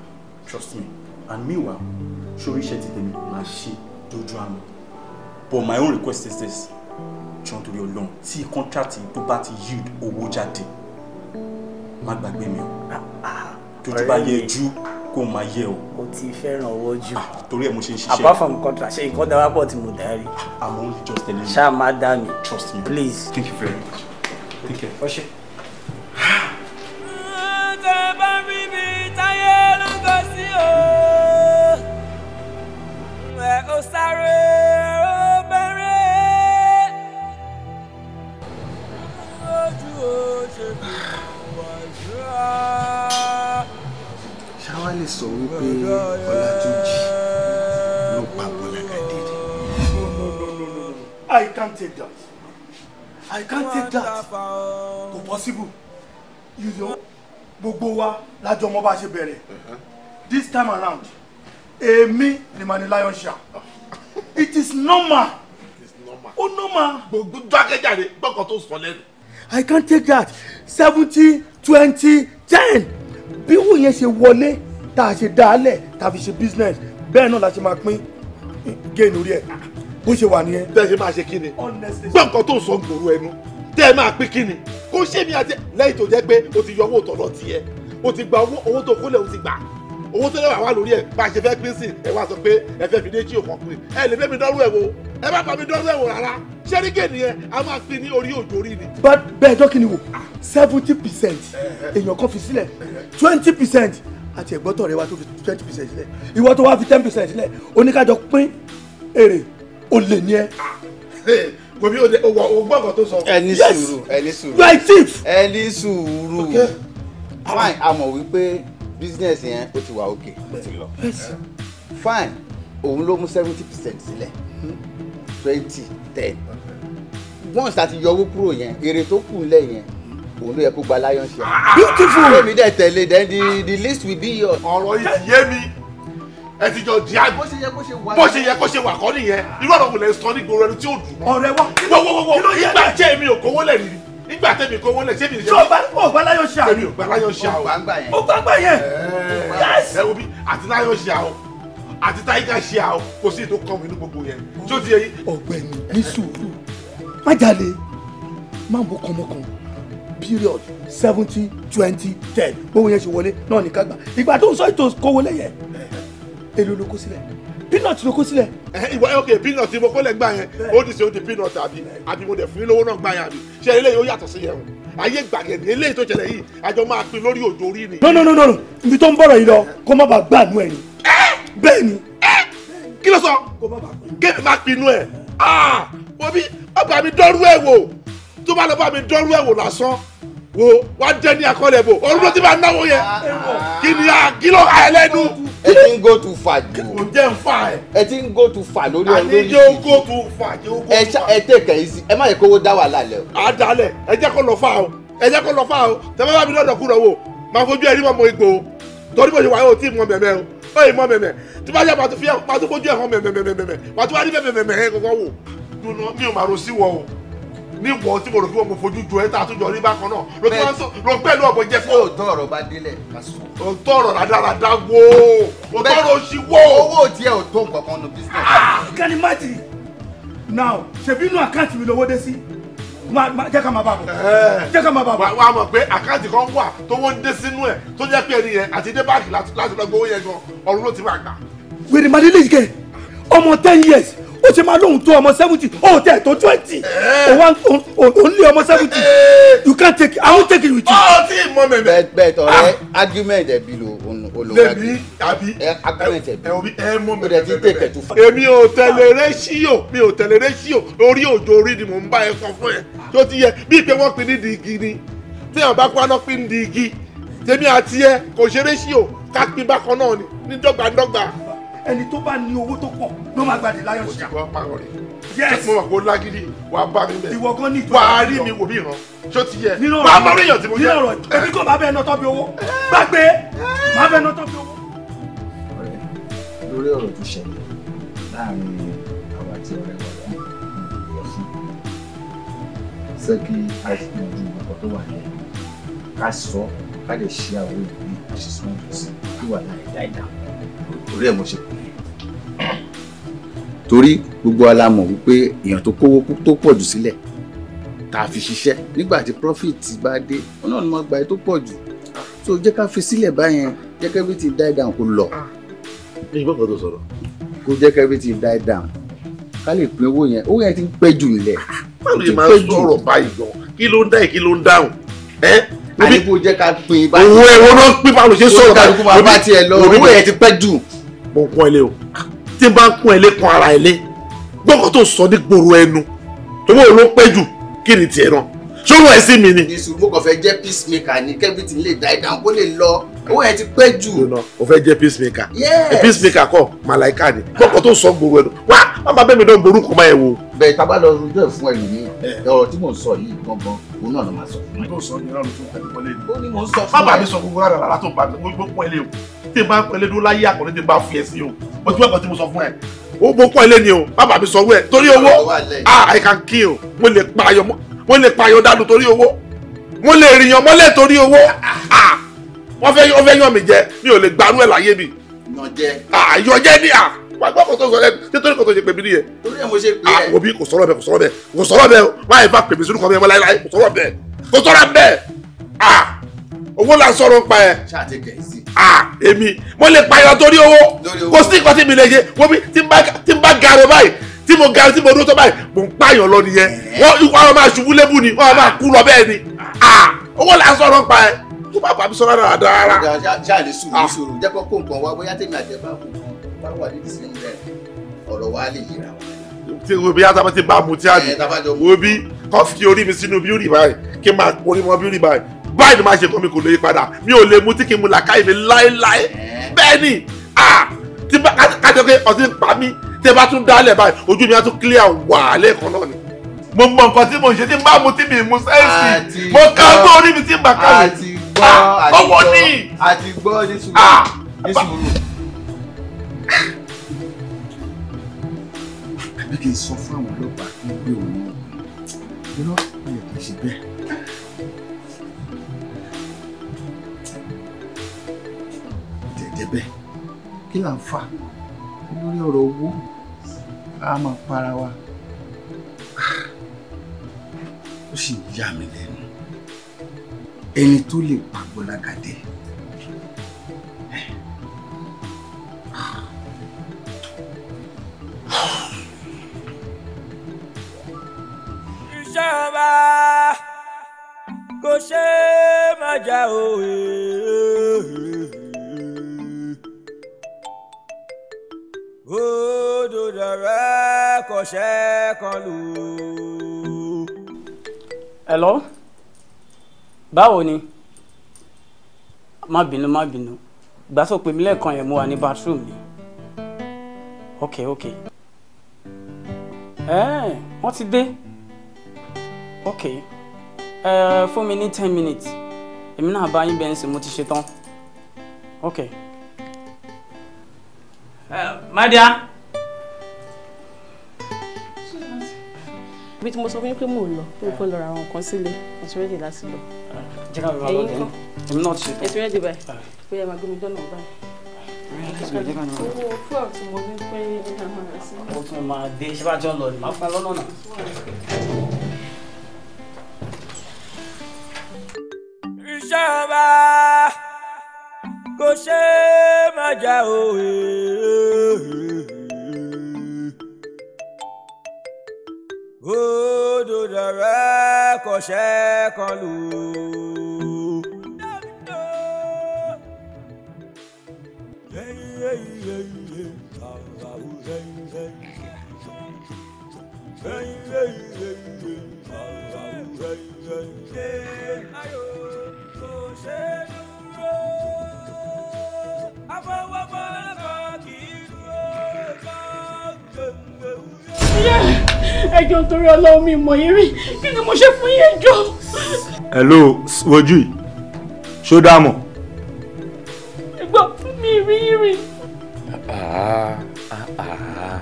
trust me and meanwhile sori iṣẹ́ ti tẹ̀mí máa ṣe dojú àmì but my own request is this john torí Ọlọ́run tí contract tó bá ti yield owó jáde má gbàgbé mi o. Ah, ah tójú bá yẹ jú kó máa yẹ o. mo ti fẹ́ràn ọwọ́ jù. Ah, torí ẹ̀ mo ṣe ń ṣiṣẹ́. apart from contract ṣe nǹkan dára pọ̀ tí mo darí. Ah, i'm only just telling you. ṣáà má dá mi. trust me. please. thank you very much. take care. ọṣẹ. ǹjẹ́ ah wá lè sọ wípé Ọlátúnjí ló pa Bọ́lágadé rẹ̀. I can't take that I can't take that kò possible you know gbogbo wa lájọ ọmọ bá ṣe bẹ̀rẹ̀ uh-huh. this time around èmi ni màá ní lion share *laughs* it is normal ó normal. gbogbo jákèjádé gbọ́kàn tó sọ lẹ́nu. I can't take that seventy twenty ten bí wọ́n yẹn ṣe wọlé tá a ṣe dálẹ̀ tá a fi ṣe business bẹ́ẹ̀ náà la ṣe máa pín gain orí ẹ̀ bó ṣe wà nìyẹn. bẹ́ẹ̀ ṣe máa ṣe kíni gbọ́ nǹkan tó ń sọ gbòòrò ẹnu tẹ́ ẹ máa pín kíni kó ṣé mi àti lẹ́yìn tó jẹ́ pé o ti yọ owó tọ̀dọ̀ tiẹ̀ o ti gba owó tó kólẹ̀ o ti gbà owó tó lẹ́wà wà lórí ẹ̀ bá a ṣe fẹ́ pín sí ẹ wá sọ pé ẹ fẹ́ fi déjì òkan pín ẹ lè fẹ́ mi dọ́rú ẹ̀ wò ẹ bá bá mi dọ́rú ẹ̀ wò rárá ṣẹ́ríkè nìyẹn a máa pín ní orí òjò orí ni. bẹ́ẹ̀ dọ́kì ni seventy percent èèyàn kan fi sílẹ̀ twenty percent àti ẹ̀gbọ́tọ̀ rẹ wa tó fi twenty percent sílẹ̀ ìwọ tó wá fi ten percent sílẹ̀ oníkájọ pín èrè olè ni ẹ. gobi o gbọ́ ọ̀kan tó sọ. ẹni sùúrù ẹni sùúrù you are thief. ẹni sùúrù fine a mọ̀ wípé business yẹn ó ti wà òkè ó ti lọ fine òun ló mú seventy percent sílẹ̀ twenty ten once àti yọ owó kúrò yẹn èrè tó kù lẹ̀ yẹn òun ló yẹ kó gba lion share. Ah, ah, beautiful. èmi dẹ̀ tẹ̀lé then the the list will be yours. ọ̀rọ̀ yìí ti yé mi ẹ ti jọ di àgbẹ̀. bó ṣe yẹ kó ṣe wà. bó ṣe yẹ kó ṣe wà kọ́ nìyẹn irú ọ̀rọ̀ wò lẹ sọ ní gbòòrò ẹni tí ó dùn. ọ̀rẹ́ wa kí ló kí ló yẹ. ìgbà jẹ́ mi ò kówó lẹ̀ nìyí nígbà tẹ̀mí kówó lẹ̀ sẹ́mi. tí o bá o bá láyọ̀ ṣe àwọn. tẹ̀mí o bá láyọ̀ ṣe àwọn. o gbàgbà yẹn. ẹ wo bí àti láyọ̀ ṣe àwọn àti táyíká ṣe àwọn kò sí ètò kọ́mù inú gbogbo yẹn tí ó ti yẹ yín. ọ̀gbẹ́ni ní sùúrù má jalè má mú kọmọkàn period seventy twenty ten gbogbo yẹn ṣe wọlé náà ní kágbà ìgbà tó ń sọ ètò kówó lẹ́yẹ èlò ló kó sílẹ̀ peanut ló kó sílẹ̀. ìwọ ok peanut mo kó lẹ gbà yẹn ó ní sè ó di peanut àbí àbí mo dẹ̀ fún yín lówó náà gbà yẹn àbí ṣe eléyìí ó yàtọ̀ sí yẹn o ayé gbàgede eléyìí tó ṣẹlẹ̀ yìí àjọ máa pin lórí òjò orí ni. no no no no ibi tó ń bọ̀rọ̀ yìí lọ kó má bàa gbà nú ẹ̀ ni. bẹ́ẹ̀ ni kí ló sọ kéèmí má pinnu ẹ̀ ah òbí ọgbà mi dọ́rú ẹ̀ wò tó bá lọ bá mi dọ́rú ẹ̀wò lásán wo wá jẹ́ ní akọ́lẹ̀ bò ọdún tó ti bá náwó yẹn kí ni àkìlọ̀ àìlẹ́nu. ẹ ti ń go to fà jù. kò jẹ́ ń fà ẹ̀. ẹ ti ń go to fà lórí ọdún yìí. àní jẹ́ ó go to fà jẹ́ go to fà. ẹ tẹ̀ kẹ́ ẹ sí ẹ má yẹ kówó dá wàhálà lẹ. àdàlẹ̀ ẹ jẹ́ kó lọ fà o ẹ jẹ́ kó lọ fà o tẹ́lẹ̀ bá mi lọ́dọ̀ kúrò wò máa fojú ẹ rí mọ́ mo igbó torí mo ṣe wáyé o tí mo mẹ̀mẹ́ o ó yìí mọ́ mẹ̀mẹ́ tí bá yẹ pàtó fi pàtó fojú ẹ̀ hàn mẹ̀mẹ́mẹ́mẹ́ pàtó wá rí mẹ̀mẹ́mẹ́ kankan wò dùnà mi ò máa ro sí wọ o ní wọ́n tí mo rò pé wọ́n mo fojú jọ ẹ́ tá a tún jọ rí bákan náà ló tún wá sọ ló pẹ̀lú ọ̀bọ jẹ́ fún. òótọ́ ọ̀rọ̀ bá délẹ̀ ká sọ. òótọ́ ọ̀rọ̀ rádaràda wo òótọ́ ọ̀rọ̀ oṣù wo. owó tiẹ̀ ò tó nǹkan kan nu business. Ah! kẹ́ni máàtì now ṣèbí inú àkáǹtì mi lówó dé sí jẹ́ ká máa bá bọ̀ jẹ́ ká máa bá bọ̀. wàá mọ̀ pé àkáǹtì kan wà tó wọ́n dé sínú ẹ̀ tó jẹ́ pé ẹni yẹn àti dé báàgì láti lọ gbowó yẹn gan ọ̀run ló ti máa gbà. wèrè màdé lè ọmọ ten years ó ṣe máa lóhùn tó ọmọ seventy ó tẹ̀ tó twenty òun eh. òun lé ọmọ seventy eh. you can take it i won take it with you. ọ ah, ti mọ mẹmẹ. bẹẹ bẹẹ tọrẹ ah. argument ẹbí lo olùwàgbé lèmi àbí eh, argument ẹbí ẹ mọ mẹmẹ o dẹ ti tẹ kẹtù fún. èmi ò tẹ̀lé rẹ́ṣíò mi ò tẹ̀lé rẹ́ṣíò orí òjò orí ni mò ń bá ẹ sọ fún ẹ tó ti yẹ bí pé wọ́n pin ní di igi ni tí ẹ̀ bá kó aná pin di igi tèmi àti ẹ kò ṣe rẹ́ṣíò ká pin bákan náà ni ní dọ́gbadọ́gba ẹni tó bá ní owó tó pọ̀ ló máa gbàdé láyọ̀ ṣá. òṣìṣẹ́ wa pààrọ̀ rẹ̀. yẹ́sì mo wà kó lágídí wàá bá mi bẹ̀. ìwọ gan ni ìtura wàá rí mi wò mí ràn ṣó ti yẹ. nínú ọ̀rọ̀ máa ríyàn tí mo jẹ́. nínú ọ̀rọ̀ èmi kò máa bẹ ẹnà tọ́bi owó gbàgbé máa bẹ ẹnà tọ́bi owó. lórí ọ̀rọ̀ tó ṣẹlẹ̀ láàrin àwọn àti ọ̀rẹ́ ọ̀rẹ́ sẹ́kì àìsàn ojú ọkọ̀ tó wà lẹ́yìn ká sọ ká lè ṣe àwọn ìwé àṣìṣe torí gbogbo wa la mọ̀ wípé èèyàn tó kówó tó pọ̀ jù sílẹ̀ tá a fi ṣiṣẹ́ nígbà tí profit bá dé wọn náà ni wọn gba ẹ tó pọ̀ jù so jẹ́ ká fi sílẹ̀ báyẹn jẹ́ ká everything die down kó lọ. bí ah. ìbọn tó sọ̀rọ̀. kó jẹ́ ká everything die down ká lè pín owó yẹn owó yẹn ti ń pẹ́ jù nílẹ̀. Ah, báwo ni màá sọ̀rọ̀ báyìí gan kí ló ń dá yìí kí ló ń dáhùn àdìgbò jẹ́ ká pín báyìí. owó ẹ̀rọ náà pín báwo ṣe sọ̀rọ̀ báyìí tí n bá ń kún ẹlé kan ara ẹlé gbọ́kàn tó sọ ní gbòòrò ẹnu owó ló pẹ́ jù kí ni tiẹ̀ náà ṣòro ẹ̀ sí mi ni. ìṣù mo kàn fẹ́ jẹ́ peacemaker ni kẹ́bìtì lè dá ìdáhùn kó lè lọ owó ẹ̀ ti pẹ́ jù. o fẹ́ jẹ́ peacemaker. yes peacemaker kọ́ màláìka ni gbọ́kàn tó sọ gbòòrò ẹnu wá má má bẹ́ẹ̀ mi dán gbòòrò kọ́ máa ẹ̀ wò. bẹ́ẹ̀ tá a bá lọ rojọ́ ẹ̀ fún ẹlòmíì ọ̀rọ̀ tí mò ń sọ yìí gangan òun náà ló máa sọ fún ẹ. tó sọ ní ìrọ̀lù tó kàn wọlé ni. ó ní mò ń sọ fún ẹ. bàbá mi sọ gbogbo rárá rárá tó bá mi gbogbo o ti wá nǹkan tí mo sọ fún ẹ o mo kọ́ ilé ni o bàbá mi sọ wú ẹ torí owó ah i can kill mo lè payọ mo lè payọ dànù torí owó mo lè rìyàn mọ́lẹ̀ torí owó ah wọ́n fẹ́ wọ́n fẹ́ yàn mí jẹ mi ò lè gbarú ẹ̀ láyé mi. yànjẹ. ah yànjẹ ni ah wàá gbọ́ kò tó sọ lẹ́nu ṣé torí kò tó ṣe pèmí nìyẹn. torí ẹ mo ṣe pè é. ah òbí kò sọ̀rọ̀ bẹ́ẹ̀ kò sọ̀rọ̀ bẹ́ẹ̀ kò sọ̀rọ̀ bẹ́ẹ̀ wáyé bá pèmí sínú kan bẹ́ẹ̀ láyé láyé kò sọ̀rọ̀ bẹ́ẹ̀ kò sọ̀rọ̀ bẹ́ẹ̀ ah owó là ń sọ̀rọ̀ ń pa ẹ. ṣáà ti kẹ̀ sí Ah, èmi mo lè payọ torí owó kò sí nǹkan tí mi lè ṣe wọ́n mi tí n bá garo báyìí tí mo garo tí mo dúró tó báyìí mò ń pààyàn lọ nìyẹn wọ́n ikú àwọn máa ṣubú lébù ni wọ́n máa kú lọ bẹ́ẹ̀ ni ah, owó là ń sọ̀rọ̀ pa ẹ̀ tó bá bàbí sọ̀rọ̀ dára dára. ṣáà lè sùn ní ah. sòrò jẹ́ kó kó nǹkan wá bóyá tèmi àjẹ bá kó nǹkan bá wà ní ìsìn rẹ̀ ọ̀rọ̀ wa lè yíra wa. tí o bí yàtọ̀ bá ti bá mu tí a bì wo bí kọ́ fi orí mi sínú bí ó rì báyìí kí n máa orí mọ́ bí ó rì báyìí báyìí ni màá ṣètò mi kò lè yí padà mi ò lè mu tí kì í mu làkàyè mi láéláé bẹ́ẹ̀ ni tí bá kájọ pé ọtí ń pa mí tí ẹ bá tún dálẹ̀ báyìí ojú mi á tún clear wà lẹ́ẹ̀kan náà ni mo mọ nǹkan tí mo ṣe tí bá mu tí mi mú sẹ́ẹ̀sì mo ká tó orí mi tí mà ká mi ọwọ́ ni àti gbọ́ ní sùúrù àbí kì í sọ fún àwọn ọlọ́pàá pé òun ìrọ́ ìyẹ̀kẹ̀ ṣe bẹ́ẹ̀. débẹ̀ kí là ń fà lórí ọ̀rọ̀ owó a máa para wa ó sì ń yà mí lẹ́nu ẹni tó lè pàgbọ́ lágàdé. ìṣọba kò ṣe é má jà òwe. odò dọ̀rẹ́ kò ṣe é kan hello báwo ni má bínú má bínú ìgbà tó pè mí lẹ́ẹ̀kan yẹn mo wà ní bathroom ni. ok ok wọ́n ti dé ok fún mi ní ten minutes èmi náà bá yín bẹ́ẹ̀ ń sìn mo ti ṣe tán ok. okay my dear. bí tí mo sọ fún yín pé mò ń lọ pé mo fẹ́ lọ ra àwọn nǹkan sílé mo ti rẹ́dì láti lọ. jẹ́ ká bàbá lọ́dẹ̀ ẹ̀mí náà ti ṣe tán. ẹ ti rẹ́dì báyìí pé ẹ máa gbé mi dọ́nà báyìí. owó fúlọ̀ tí mo ní pé ẹ máa máa sí. ó tún máa dé ṣé lọ ni fún ẹ lọ́nà ìṣèjọba kò ṣe é má jà òwe. odò dọ̀rẹ́ kò kan lù Yeah, ẹjọ́ nítorí ọlọ́run mi mọ̀ yín rí kí ni mo ṣe fún yín ẹjọ́. hello wojú yìí ṣó dáàmú. ẹgbọ́n mi rí yín rí. Ah, ah,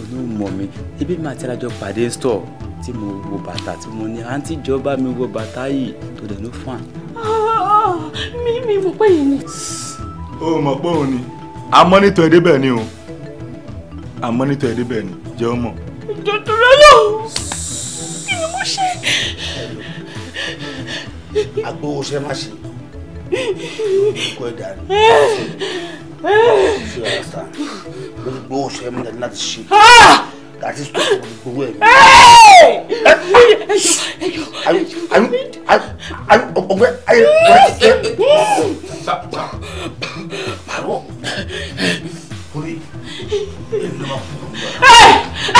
olóòmọ mi ibi máa ti alájọ pàdé store tí mo wo bàtà tí mo ní àǹtí ìjọba mi wo bàtà yìí tó dẹ̀ ló fún wa. Ah, mi mi mo pẹ́ yìí ni o mọ̀ pé òun ni àmọ́ nítorí èdè bẹ́ẹ̀ ni o àmọ́ nítorí èdè bẹ́ẹ̀ ni jẹ́ ọmọ. dòdòrò lò kí ni mo ṣe. agbowó ṣe má ṣe kó ẹ dàrú eh. ṣe ọ̀rọ̀ sá gbogbo ṣe má dàrú láti ṣe. Ah! that is tó kò gbogbo ẹ̀ mi. Ẹjọ́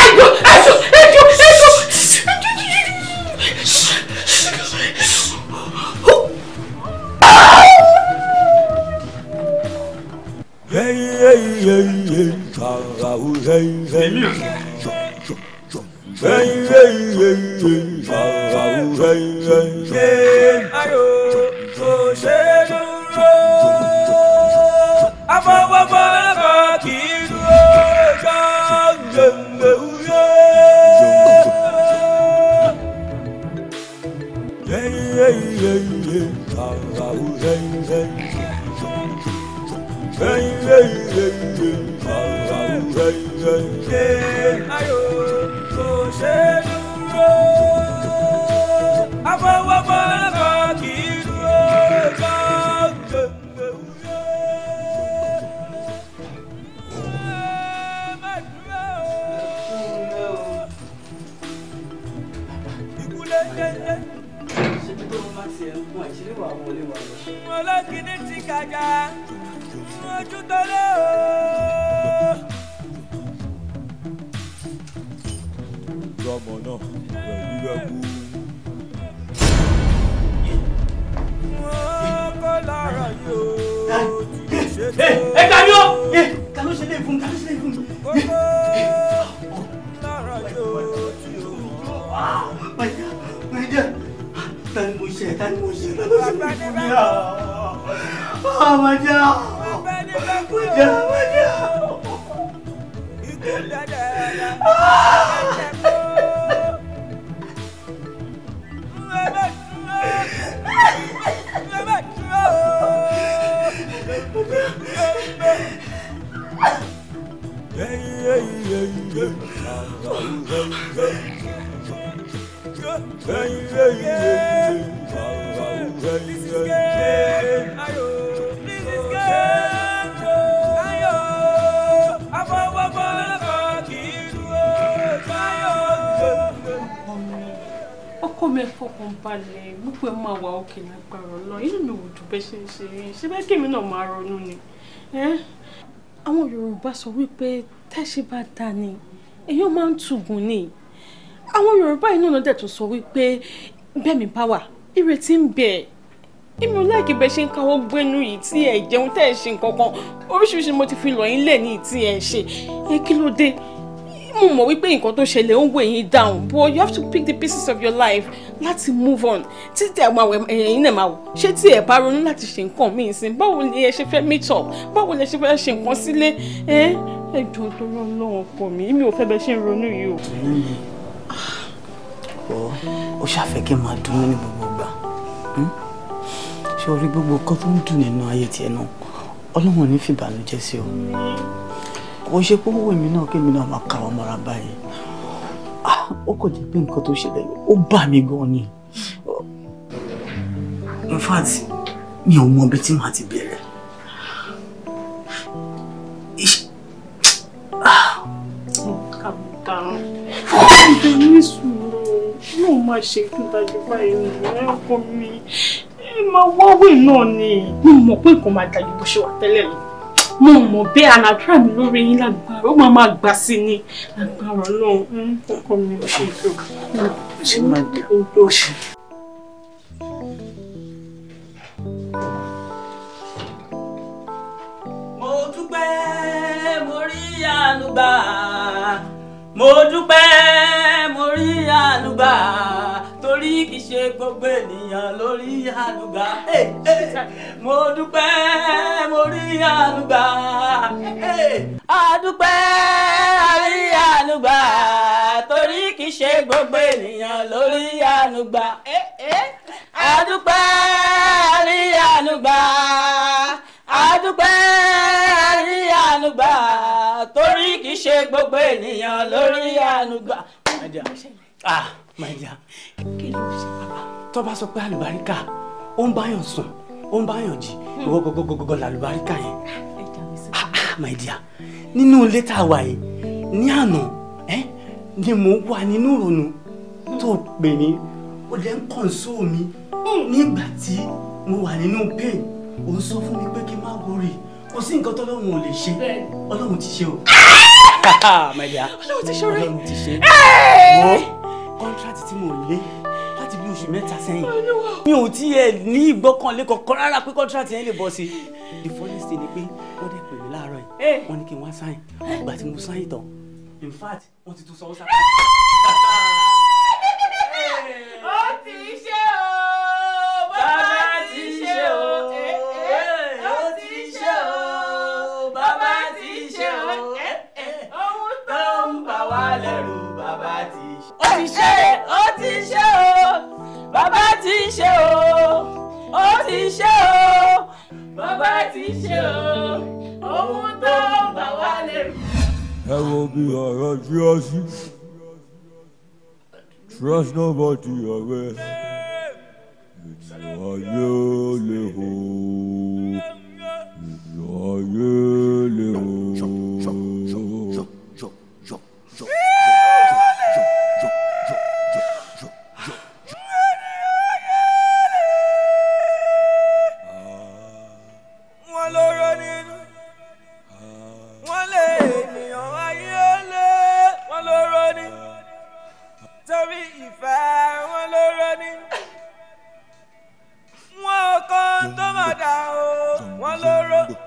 ẹjọ́ ẹjọ́ ẹjọ́ ẹjọ́. hey hey hey hey Farao hey hey hey hey hey hey Farao hey hey hey ayo kò ṣe dúró afọwọ́fọ́ lọ́kọ̀ kì í dúró jọ́ǹgbẹ̀ǹgbẹ̀ wúyọ́. hey hey hey hey Farao hey hey ṣe ayọ̀ kò ṣe dúró afọwọ́fọ́ kan kì í dúró kan gbèngbè wúyé má dúró ìkúlé jẹjẹ. ṣe tó máa ti ẹ̀ ń kún àìṣeré wà wọlé wà lọ. mo lọ kí ní ti kàjá ojú tẹ́lẹ̀ o. lọ́mọ náà pẹ̀lú ẹ̀kú. wọ́n kọ́ lára yóò ti ṣe tó. ẹ gbà mí o ta ló ṣe lè fún ta ló ṣe lè fún. kókó lára yóò ti ṣe tó tani mo ṣe tani mo ṣe tani mo ṣe fún mi ọ ọ mọjá ọ mọjá mọjá ọ. Hey, hey, hey, hey ọkọ mi fọkàn balẹ̀ gbogbo ẹ̀ máa wà òkè lágbára ọlọ inú mi ò dùn bẹ́ẹ̀ ṣe ń ṣe rí ṣe bẹ́ẹ̀ kèmi náà máa ronú ni àwọn Yorùbá sọ wípé tẹ́ṣí bá dá ni èyí máa ń tùgùn ni àwọn yorùbá inú ló dẹ̀ tún sọ wípé bẹ́ẹ̀mí bá wà ìrètí ń bẹ èmi ò láìkí bẹ́ẹ̀ ṣe ń káwọ́ gbénu yìí tí ẹ̀ jẹun tẹ́ ẹ̀ ṣe nǹkan kan oríṣiríṣi mo ti fi lọ̀ yín lẹ̀ ní ìtì ẹ̀ ṣe ẹ kí ló dé mo mọ̀ wípé nǹkan tó ṣẹlẹ̀ ń wẹ̀ yín down but you have to pick the pieces of your life láti move on títí àwọn ẹ̀yìn náà máa wò ṣé tí ẹ̀ bá ronú láti ṣe nǹkan míì sí báwo ni ẹ ṣe fẹ́ meet up báwo ni ẹ ṣe fẹ́ ṣe nǹkan sílé ẹ ẹ jọ̀ọ́ tó lọ́wọ́ pọ̀ mí mi ò fẹ́ bẹ́ẹ̀ ṣe ń ronú yìí o ó ṣàfẹ́ kí n máa dùnnú ní gbogbo ìgbà hmm? ṣé orí gbogbo kan tó ń dùn nínú ayé tiẹ̀ náà ọlọ́run ní fìbànújẹ́ sí o kò ṣe pé owó èmi náà kémi náà máa kàwọ́ mọ́ra báyìí ah, ó kò jẹ́ pé nǹkan tó ṣẹlẹ̀ ó bà mí gan ni in fact mi ò mọ ibi tí màá ti bẹ̀rẹ̀. kò má ṣe ìdúndàjú báyìí nìyẹn ọkọ mi ẹ máa wáwé náà ni mo mọ̀ pé nǹkan máa dájú bó ṣe wà tẹ́lẹ̀ lọ mo mọ̀ bẹ́ẹ̀ àlàdúrà mi lórí yín lágbára ó máa máa gbà sí ni lágbára ọlọ́run ọkọ mi ò ṣe ìdó. ṣe máa dé ó ṣe. mo dúpẹ́ mo rí àánú gbà á mo dúpẹ́ mo rí àlùbà torí kì í ṣe gbogbo ènìyàn lórí àlùbà mo dúpẹ́ mo rí àlùbà àdúpẹ́ àrí àlùbà torí kì í ṣe gbogbo ènìyàn lórí àlùbà àdúpẹ́ àrí àlùbà àdúpẹ́. gbogbo ènìyàn lórí ànúgbà. ah my dear. kí ló ṣe bàbá. tó bá sọ pé àlùbáríkà ó ń báyàn sùn ó ń báyàn jí ìwọ hmm. làlùbáríkà yẹn. Ah, ah, ah my dear nínú ilé tá a wà yìí ní àná ni mo wà nínú ìrònú tó pè mí ó lè ń kọ̀ǹsó mi hmm. nígbà tí mo wà nínú pain ó ń sọ fún mi pé kí n má worry kò sí nǹkan tó lóun ò lè ṣe ọlọ́run ti ṣe o. Ah! *laughs* my dear ọlọ́run ti ṣoore ọlọ́run ti ṣe wọ́n kọ́ńtrátì tí mo lé láti bí oṣù mẹ́ta sẹ́yìn mi ò tiẹ̀ ní ìgbọ́kànlé kankan rárá pé kọ́ńtrátì yẹn lè bọ́ sí i the funniest thing ni pé wọ́n dẹ̀ pè mí láàárọ̀ yìí wọ́n ní kí n wá sáyìn ìgbà tí mo sáyìn tán in fact wọ́n ti tún sanwó sáyìn. *laughs* ó ti ṣe ti ṣe ó ti ṣe o bàbá ti ṣe o ó ti ṣe o bàbá ti ṣe o ohun tó ń bà lè. ẹ wo bí ọ̀rọ̀ jí ọ sí trust nobody ọ̀rẹ́ ìjọ ayé lè hó ìjọ ayé lè hó.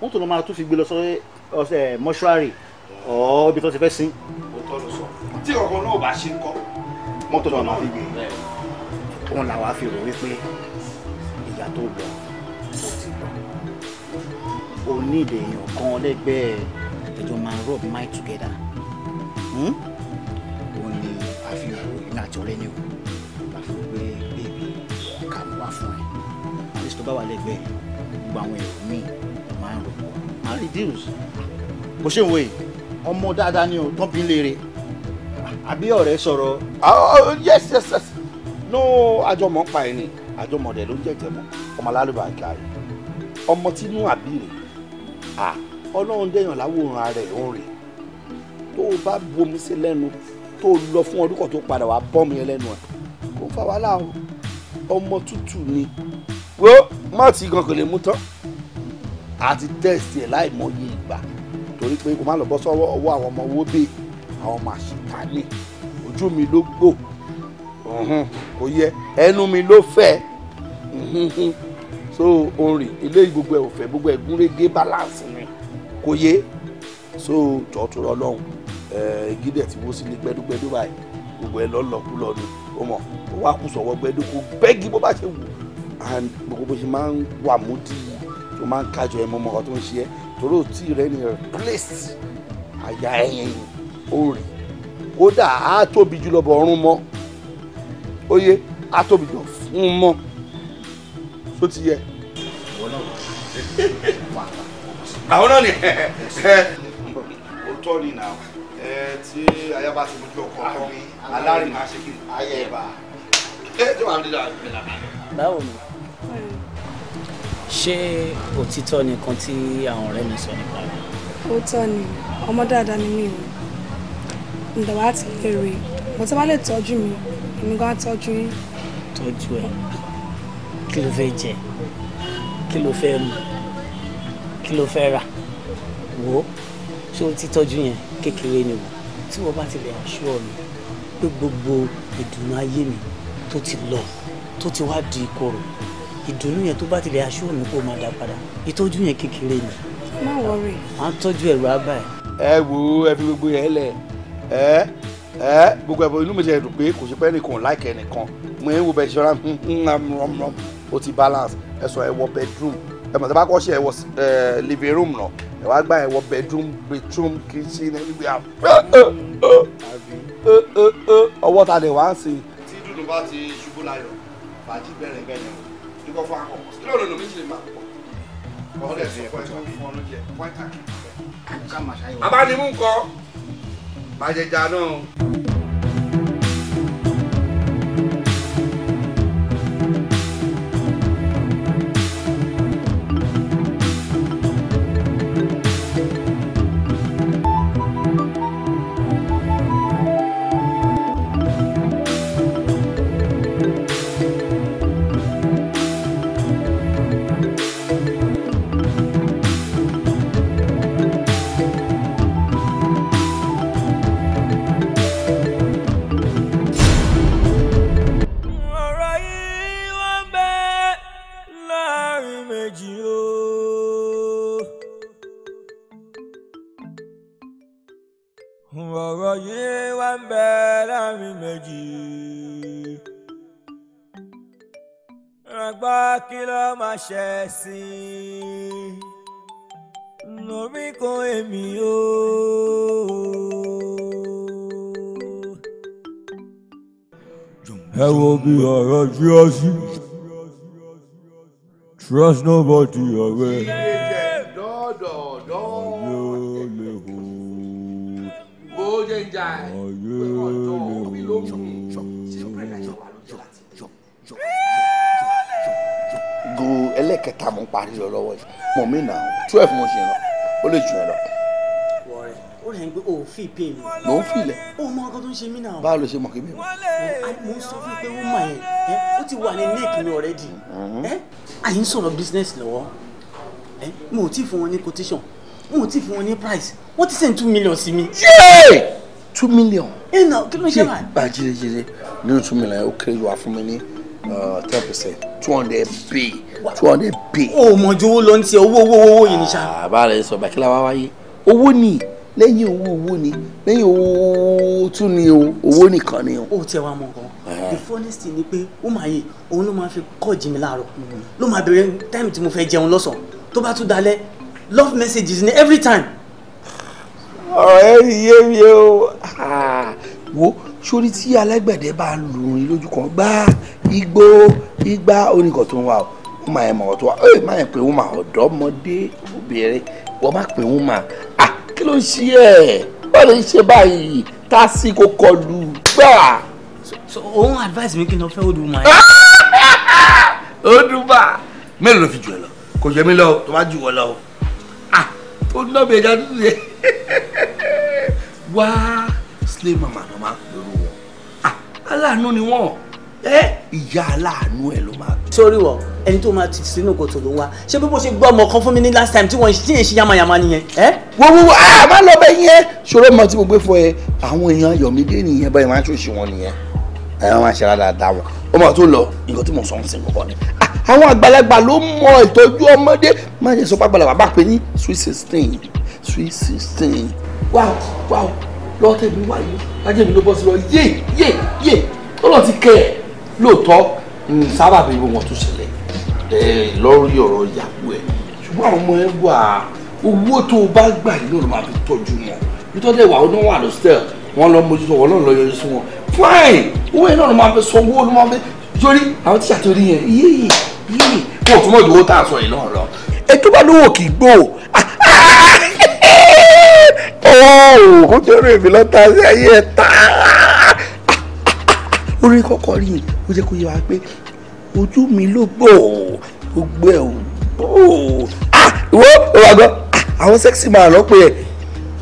mọ́tò ló máa tún fi gbé lọ sọ́rẹ́ mọ́ṣúárì ọ̀ọ́ ibi tó ti fẹ́ sí. òótọ́ ló sọ tí ọ̀rọ̀ náà bá ṣe ń kọ́ mọ́tò ló máa fi gbé wọn làwa fi rò wípé ìyá tó lọ ó ti lọ ó ní ìdèyàn kan lẹ́gbẹ̀ẹ́ ẹjọ́ máa rub mind together hmm? òun ni àfihàn ìròyìn àti ọ̀rẹ́ ni o láfi gbé bèbí ọ̀kà ló wá fún ẹ àti sọ bá wà lẹ́gbẹ̀ẹ́ gbogbo àwọn èrò míì máa reduce bó ṣe ń wo yìí ọmọ dáadáa ni o tán bí léèrè àbí ọ̀rẹ́ sọ̀rọ̀. Ah, oh, yes yes yes no àjọmọ̀ pa ẹ̀ ni àjọmọ̀ rẹ̀ ló ń jẹ̀jẹ̀ mọ́ ọmọ alálùbà ń kárí ọmọ tí inú àbí rè ọlọ́run dẹ̀yàn láwòrán rẹ̀ ò rè tó o bá bomi sí lẹ́nu tó o lọ fún ọdún kan tó padà wá bọ́ọ̀mù yẹn lẹ́nu ẹ̀ kó fa wàhálà ọmọ tútù ni. wo máàtì gan kò lè mú tán a ti tẹ̀sí ẹ̀ láì mọyì ìgbà torí pé kò má lọ bọ́ sọ́wọ́ ọwọ́ àwọn ọmọ owó bèè àwọn ọmọ àṣetánì ojú mi ló gbò kò yẹ ẹnu mi ló fẹ́ so orin ilé gbogbo ẹ̀ ò fẹ́ gbogbo ẹ̀ gúnrégé balance mi kò yẹ so tọ́tún ọlọ́run gídẹ̀ tí wọ́n sì ní gbẹ́dúgbẹ́dú báyìí gbogbo ẹ̀ lọ́lọ́kú lọ́nu ó mọ̀ ó wá kù sọ̀wọ́ gbẹ́dú kó bó bá ṣe wù and gbogbo bó ṣe máa ń wà mú dìí tó máa ń kájọ ẹ mọ ọmọ kan tó ń ṣe ẹ torí òtí rẹ ni replace àyà ẹyìn ó kódà á tóbi jùlọ bọ̀ ọ̀run mọ́ ó á tóbi jùlọ fún mọ́ tó ti yẹ. àwọn náà ni òótọ́ ni nà tí aya ti mojú ọkọ kan alárinà ṣe kí ayẹ ẹ̀ bá. báwo ni ṣé òtítọ́ nìkan tí àwọn ọ̀rẹ́ mi sọ nípa rẹ̀. òótọ́ ni ọmọ dáadáa ni mí o ǹdàwá ti lérè mo ti bá lè tọ́jú mi èmi gan tọ́jú yín. tọ́jú ẹ kí ló fẹ́ jẹ kí ló fẹ́ mu kí ló fẹ́ rà wò ó ṣé o ti tọ́jú yẹn kékeré ni o tí wọ́n bá ti lè aṣọ mi pé gbogbo ìdùnnú ayé mi tó ti lọ tó ti wá di ìkorò ìdùnnú yẹn tó bá tilẹ̀ aṣọ mi kó máa dá padà ìtọ́jú yẹn kékeré ni. má wọrí. à ń tọ́jú ẹ̀rọ abá ẹ̀. ẹ wo ẹ fi gbogbo yẹn lẹ ẹ ẹ gbogbo ẹ̀fọ́ inú mi ṣe dùn pé kò sí pé ẹnìkan láìkẹ́ ẹnìkan mo ń wo bẹ́ẹ̀ ṣọ́ra nnamnamnam hmm, ó ti balance ẹ sọ ẹ wọ bedroom ẹ mọ̀ tí bá kọ́ ṣe ẹ wọ living room náà ẹ wá gbà ẹ wọ bedroom bedroom kitchen everywhere ah, ah, ah, ọwọ́ ta lè wá ń sìn. tí dùdú bá ti ṣubú láyọ̀ fàájì bẹ̀rẹ̀ bẹ́ẹ̀ yẹn o ìwọ fún akọ sílẹ̀ ọ̀nà méjì lè máa pọ̀ ọ̀rẹ́ sọ fún ẹ̀sọ́ fún ọ lóúnjẹ wáìtà kìí fẹ́ ká màṣá yọ. abánimu ńkọ́ ṣẹ̀ sí lórí kan èmi o. ẹ wo bí ọ̀rọ̀ jí ọ sí trust nobody ọ̀rẹ́. dọ́dọ̀dọ́. ọ̀yọ́ ẹlẹ́ẹ̀kẹta mo ń parí lọ lọ́wọ́ yìí mo mí nà twelve mo ṣe lọ ó lè jù ẹ lọ. wọ́ọ̀rẹ́ ó rẹ̀ ń pé o ò mi. mò ń filẹ̀. ó mọ ọkọ tó ń ṣe mí náà. báwo ló ṣe mọ kí mi mọ. mo sọ fún pé ó mà yẹn ó ti wà ní nick mi already. àyè mm-hmm. ń sọ̀rọ̀ business lọ́wọ́ mo ò fún wọn ní quotation mo ò fún wọn ní price wọ́n ti send two million sí mi. two million. ẹ nà kí ló ń ṣe báyìí. bá a jẹrẹ jẹrẹ nínú two million ó kéré wà fún mi ní Uh, ten percent two hundred pay two hundred pay. o oh, mọ ju owó lọ ní ti owó owó owó yìí ni ṣá. àbá ah, rẹ sọ bàkílà wá wáyé owó ni lẹ́yìn owó owó ni lẹ́yìn owó tún ni owó nìkan ni o. o tiẹ̀ mọ nǹkan the funniest thing ni pé ó máa yè òun ló máa fi kọ́ jì láàárọ̀ ló máa bẹ̀rẹ̀ time tí mo fẹ́ jẹun lọ́sàn-án tó bá tún dalẹ̀ love messages ni every time. Ah, ọ̀rọ̀ ẹ̀ yé mi o ah, wo sórí tí alágbẹ̀dẹ bá lù ú lójú kan gbá igbó igbá oníkan tó ń wà ó wọ́n máa yẹ mọ̀ tó wà ó máa yẹ pé wọ́n máa ọ̀dọ́mọdé obìnrin wọ́n máa pè wọ́n máa à kí ló ń ṣe ẹ̀ wọ́n lè ṣe báyìí tásìkò kọlù gbà. so òun advice mi kí n lọ fẹ́ odùmá yẹn. *laughs* odùmá mélòó ló fi jù ẹ lọ kò jẹ mí lọ tó bá jù wọ lọ ah ó ná mi ẹja dúdú yẹ *laughs* wá slay mama mama lóru aláàánú ni wọ́n ẹ ìyá aláàánú ẹ ló máa. sórí wọ ẹni tó máa ti sínú kòtò ló ń wá ṣé bí mo ṣe gbọ́ ọmọ kan fún mi ní last time tí wọ́n ṣì ń ṣe yamayama nìyẹn. wo wo wo a ah, má lọ bẹ yẹn ṣòro mọ tí mo gbé fọ ẹ àwọn èèyàn ayọ̀mídé nìyẹn báyìí máa ń ṣòṣì wọn nìyẹn àwọn máa ń ṣe dáadáa wọn ó máa tó lọ nǹkan tí mo sọ ń sìn kọ́kọ́ ni ah, àwọn àgbàlagbà ló mọ ìtọ́jú ọmọdé má jẹ́ sọ pàgbàlagbà bá pè ní sweet sixteen sweet sixteen wow wow lọ́wọ́ tẹ̀mí wáyé ajẹ́mi ló bọ́ sí lọ yé yé yé lọ́lọ́ ti kẹ́ ẹ̀ lóòótọ́ sábà bíi wọn tún ṣẹlẹ̀ lórí ọ̀rọ̀ ìyàwó ẹ̀ ṣùgbọ́n àwọn ọmọ ẹ wà owó tó o bá gbà yìí ló máa fi tọ́jú wọn nítorí ẹ̀wà ọdún wà lọ́sítẹ̀l wọn lọ mójútó wọn náà lọ yọjú sí wọn fine owó yẹn náà ló máa fi sọ owó ló máa fi sórí àwọn tíṣà tó rí yẹn yé yé wọn ò túnmọ̀ ìdówó tá a sọ yìí náà lọ. ètò bá lówó kì í gbó ah, ah, ah, ooo kó jẹ́ rèébi lọ́ta sí ayé ẹ̀ tààrà *laughs* orí kọ́kọ́ rí mi ó jẹ́ kó yẹ wá pé ojú mi ló ah, gbọ́ gbogbo ẹ̀ ò gbọ́ ìwọ ìwà gan àwọn sexy man lọ pé ẹ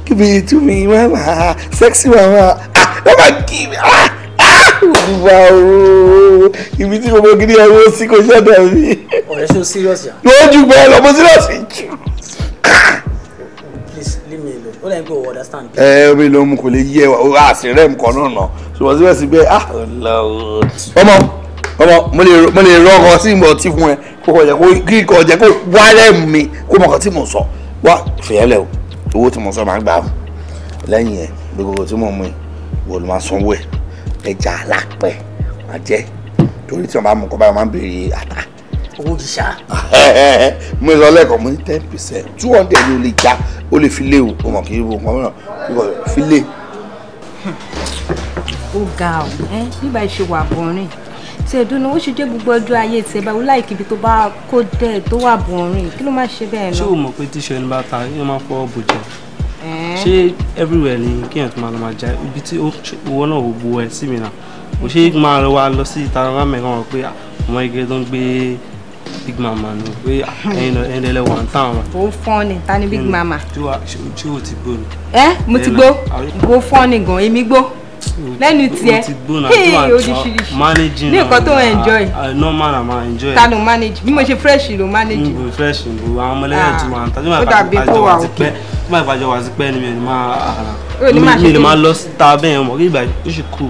kí mi tú mi wá máa sexy man máa ah, wọ́n máa kí mi ah, wá ooo ibi tí mo mọ gidi ẹ̀ wọ́n sí kò ṣẹ̀dá mi. ọ̀rẹ́ ṣe o serious ya. lójú bẹ́ẹ̀ lọ mo serious jù ó lẹ́yìn pé o understand. ẹ eh, orí ló mú kò lè yé wa a sì rẹ́ẹ̀mù kan náà nà ṣùgbọ́n síbẹ̀síbẹ̀ ah ọmọ ọmọ mo lè rọ ọkọ sí ìmọ̀ tí fún ẹ kó kọjá kó kí kọjá kó wá rẹ́ẹ̀mù mi kó mọ̀ kàn tí mo sọ wá fìyẹ́lẹ̀ o owó tí mo sọ máa gbà á lẹ́yìn ẹ̀ gbogbo tí mo mú i wò ló máa sanwó ẹ̀ ẹja alápẹ̀ máa jẹ́ torí tí wọ́n bá mú kọ́ báyọ̀ máa ń béèrè àtà òrìṣà. mo sọ lẹ́kọ̀ọ́ mo ní ten percent two hundred ni o lè já o lè fi lé o o mọ̀ kí o bò nǹkan mìíràn fi lé. ó ga ọ bíbá ìṣe wà bọ́rin tí ẹ̀dùn náà ó ṣe jẹ́ gbogbo ọjọ́ ayé tí ẹ bá wú láìkí ibi tó bá kó dẹ̀ tó wà bọ́rin kí ló máa ṣe bẹ́ẹ̀ náà. ṣé o mọ̀ pé tíṣọ ẹni bá ta yóò máa fọ́ bòjá ṣé everywhere ni kéèyàn tó máa lọ máa já ibi tí owó náà ò bu ẹ sí mi náà kò ṣe é máa lọ wá lọ sí ìta mẹ́rin wọn pé ah, ọmọ igi ló ń gbé big mama nù pé ẹyin lọ ẹyin lọ wà ń tàn wọn. ó fọ́n ni ta ni big mama. ṣé o ti gbó ni. ẹ mo ti gbó gbó fọ́n ni gan èmi gbó lẹ́nu tiẹ̀ hey oríṣiríṣi managing ní nǹkan tó enjoy. normal na ma enjoy. ta ló manage bí mo ṣe fresh ló manage. mo fresh bo àwọn ọmọlẹ́yìn ah, tí wọ́n ń ta tí wọ́n bá ìbàjọ́ wá sí pẹ́ ni mi ò ní máa mi ò ní máa lọ síta bẹ́ẹ̀ mọ̀ kí ìbàjọ́ ó sì kú.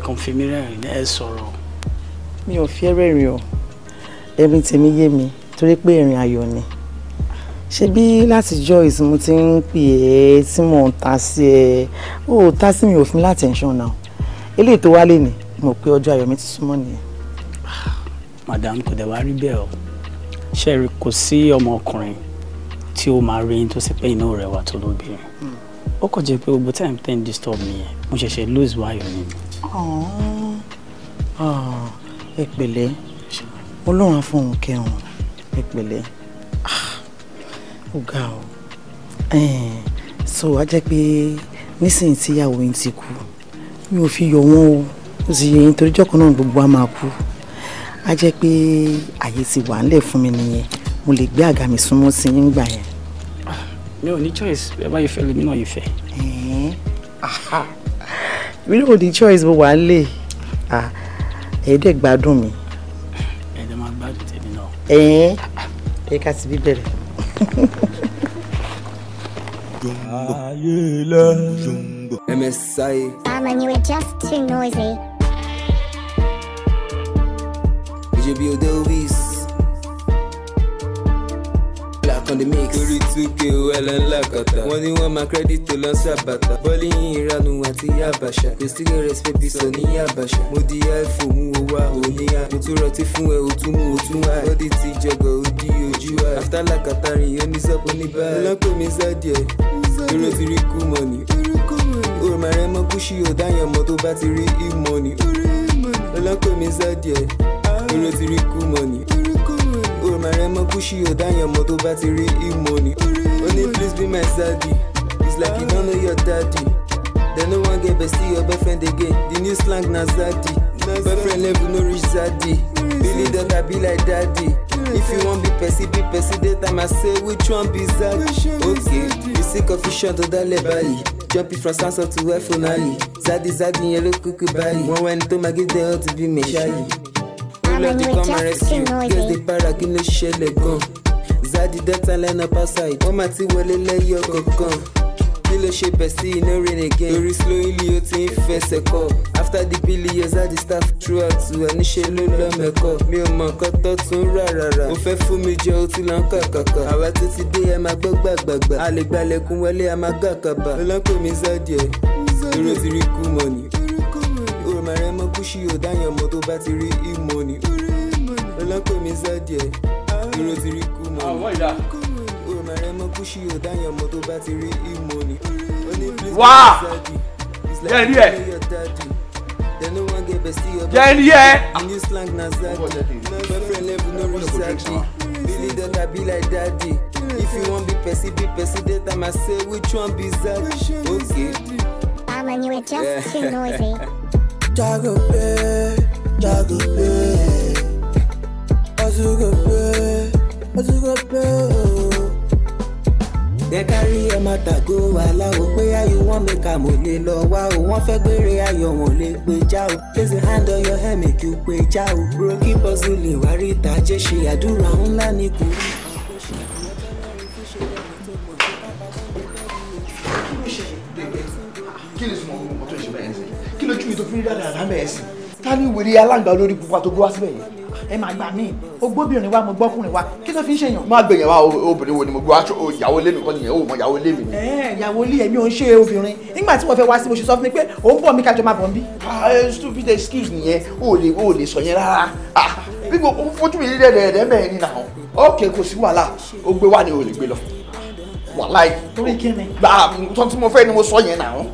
ẹ kàn fi mí rẹ́rìn ẹ sọ̀rọ̀. mi ò fi ẹrẹ rìn o ẹ̀rín tèmi yé mi torí pé ẹ̀rín ayọ̀ ni ṣe bí láti joyce mo ti ń pè ẹ́ tí mò ń ta sí ẹ ó ta sí mi ò fún mi láti ẹ̀ṣọ́ náà eléyìí tó wálé ni mo pé ọjọ́ ayọ̀ mi ti súnmọ́ nìyẹn. madam kò dẹ̀ wá rí bẹ́ẹ̀ o ṣe rí kò sí ọmọkùnrin tí ó máa rí tó sì pé inú rẹ̀ wà tó lóbìnrin hmm. ó kàn jẹ́ pé gbogbo time ten disturb me, yẹn mo ṣẹ̀ṣẹ̀ lose wáyọ̀ nínú ẹ pẹ̀lẹ́ ọlọ́run á fún òun kẹrùn ẹ pẹ̀lẹ́ ah, ó ga ọ so a jẹ́ pé nísìnyí tí ìyàwó yín ti kú mi ò fi yọ wọ́n o ó sì yẹ yín torí jọ́kan náà gbogbo á máa kú a jẹ́ pé àyè ti wà ńlẹ̀ fún mi nìyẹn mo lè gbé àga mi súnmọ́ sí yín gbà yẹn. mi ò ní choice ẹ bá yẹ fẹ́ lèmi náà yẹ fẹ́ mi náà the choice bó wà á lè ẹ̀ẹ́dẹ̀ gbádùn mi. ẹ̀ẹ́dẹ̀ máa gbádùn tèmi náà. ẹ̀ẹ́n ẹ ká ti bí bẹ̀rẹ̀. MSI. Mama, you were just too noisy. Would you be a Dovis? on the mix. orí túkè wẹlẹ làkàtà wọn ni wọn máa credit tó lọ sàbàtà bọ́ọ̀lì ìranu àti àbàṣà kò sí respect bí sọ ní àbàṣà mo di àìfò mú o wá òní à mo tún rọtí fún ẹ o tún mú o tún wá bọ́dí ti jọgọ̀ ó dí ojú wa after làkàtà rìn yóò ní sọ́kùn ní báyìí ọlọ́pẹ̀ mi sádìẹ dúró ti rí kú mọ̀ ni orùmọ̀ rẹ mọ́ kúṣì ọ̀dáyàn mọ́ tó bá ti rí ìmọ̀ ni ọlọ́pẹ̀ mi sádìẹ dúró ti rí kú mọ̀ ni kúrò mẹ́rẹ́ mọ́ kúṣì ọ̀dáyàn mọ́ tó bá ti rí ìmọ̀ni. ó ní please be my saddy it's like you don't know your daddy. Then no one get bestie your boyfriend again the new slang na zaddy. boyfriend level no reach zaddy. billy daughter be like daddy. if you wan be person be person dey time i say which one be zaddy. okay you see confusion to dálẹ̀ báyìí jọ́pì from sansan to ẹ̀fọ́nálì zaddy zaddy yẹn ló kúkú báyìí wọ́n wá ẹni tó máa gé dẹ́ ọ́ ti bí mi ṣáyìí láti come and rescue guess the para kí ló ṣẹlẹ̀ gan zadi delta line up outside wọ́n máa ti wọlé lẹ́yọ̀ kọ̀ọ̀kan kí ló ṣe bẹ̀ sí iná rain again lórí slowly ó ti ń fẹsẹ̀ kọ after the billy years zadi staff throughout àníṣe ló lọ́mẹ̀kọ mi ò mọ nǹkan tó tún rà rárá ó fẹ́ fún mi jẹ otí lọ ń kàkàkà àwa tó ti dé ẹ máa gbọ́ gbàgbàgbà a lè gbalẹ̀kùn wọlé a máa gàkàbà lọ́lọ́pẹ̀ mi zadi ẹ̀ dúró ti rí roma rẹmọ kúṣì ò dáyàn mọ tó bá ti rí ìmọ̀ ni ọlọ́pẹ̀ mi sáàdì ẹ̀ dúró ti rí kú mọ̀ ni roma rẹmọ kúṣì ò dáyàn ti rí ìmọ̀ ni wá jẹ́ ní ẹ̀ jẹ́ ní ẹ̀. Billy daughter be like daddy. If you wan be person, be *laughs* Jago pé, jago pé, azugo pé, o. They carry a matter go aláwo pé how you wan make am ò lè lọ wá o. Wọ́n fẹ́ gbére ayọ̀ wọn lè gbé já o. Place a hand on your head make you pé já o. Broken puzzle lè wá rí ìtàjẹ́ ṣe àdúrà ńlá ní kùrú. tó fi rí dáadáa bẹ́ẹ̀ sí ta ni wèrè aláǹgbá olórí pupa tó gbé wá síbẹ̀ yẹn ẹ máa gbà mí ogbóbìnrin wa mo gbọ́kùnrin wa kí ló fi ń ṣèyàn. má gbẹ̀yìn wa obìnrin wo ni mo gbé wá ìyàwó lé mi kọ́ nìyẹn ó mọ ìyàwó lé mi ni. ẹ ìyàwó lé èmi ò ń ṣe obìnrin nígbà tí wọ́n fẹ́ wá sí mo ṣe sọ fún mi pé òun bọ̀ mí kájọ máa bọ̀ ń bí. Ah, stupid excuse nìyẹn o lè o lè sọ yẹn rárá ah, bí gbogbo fojú mi lílẹ̀ dẹ̀dẹ̀ mẹ́rin ni nà ọ́ ok kò sí wàhálà ó gbé wá ni o lè gbé lọ wàhálà yìí. torí kí ni. gbà ah, tó tí mo fẹ́ ni mo sọ yẹn nà ọ́.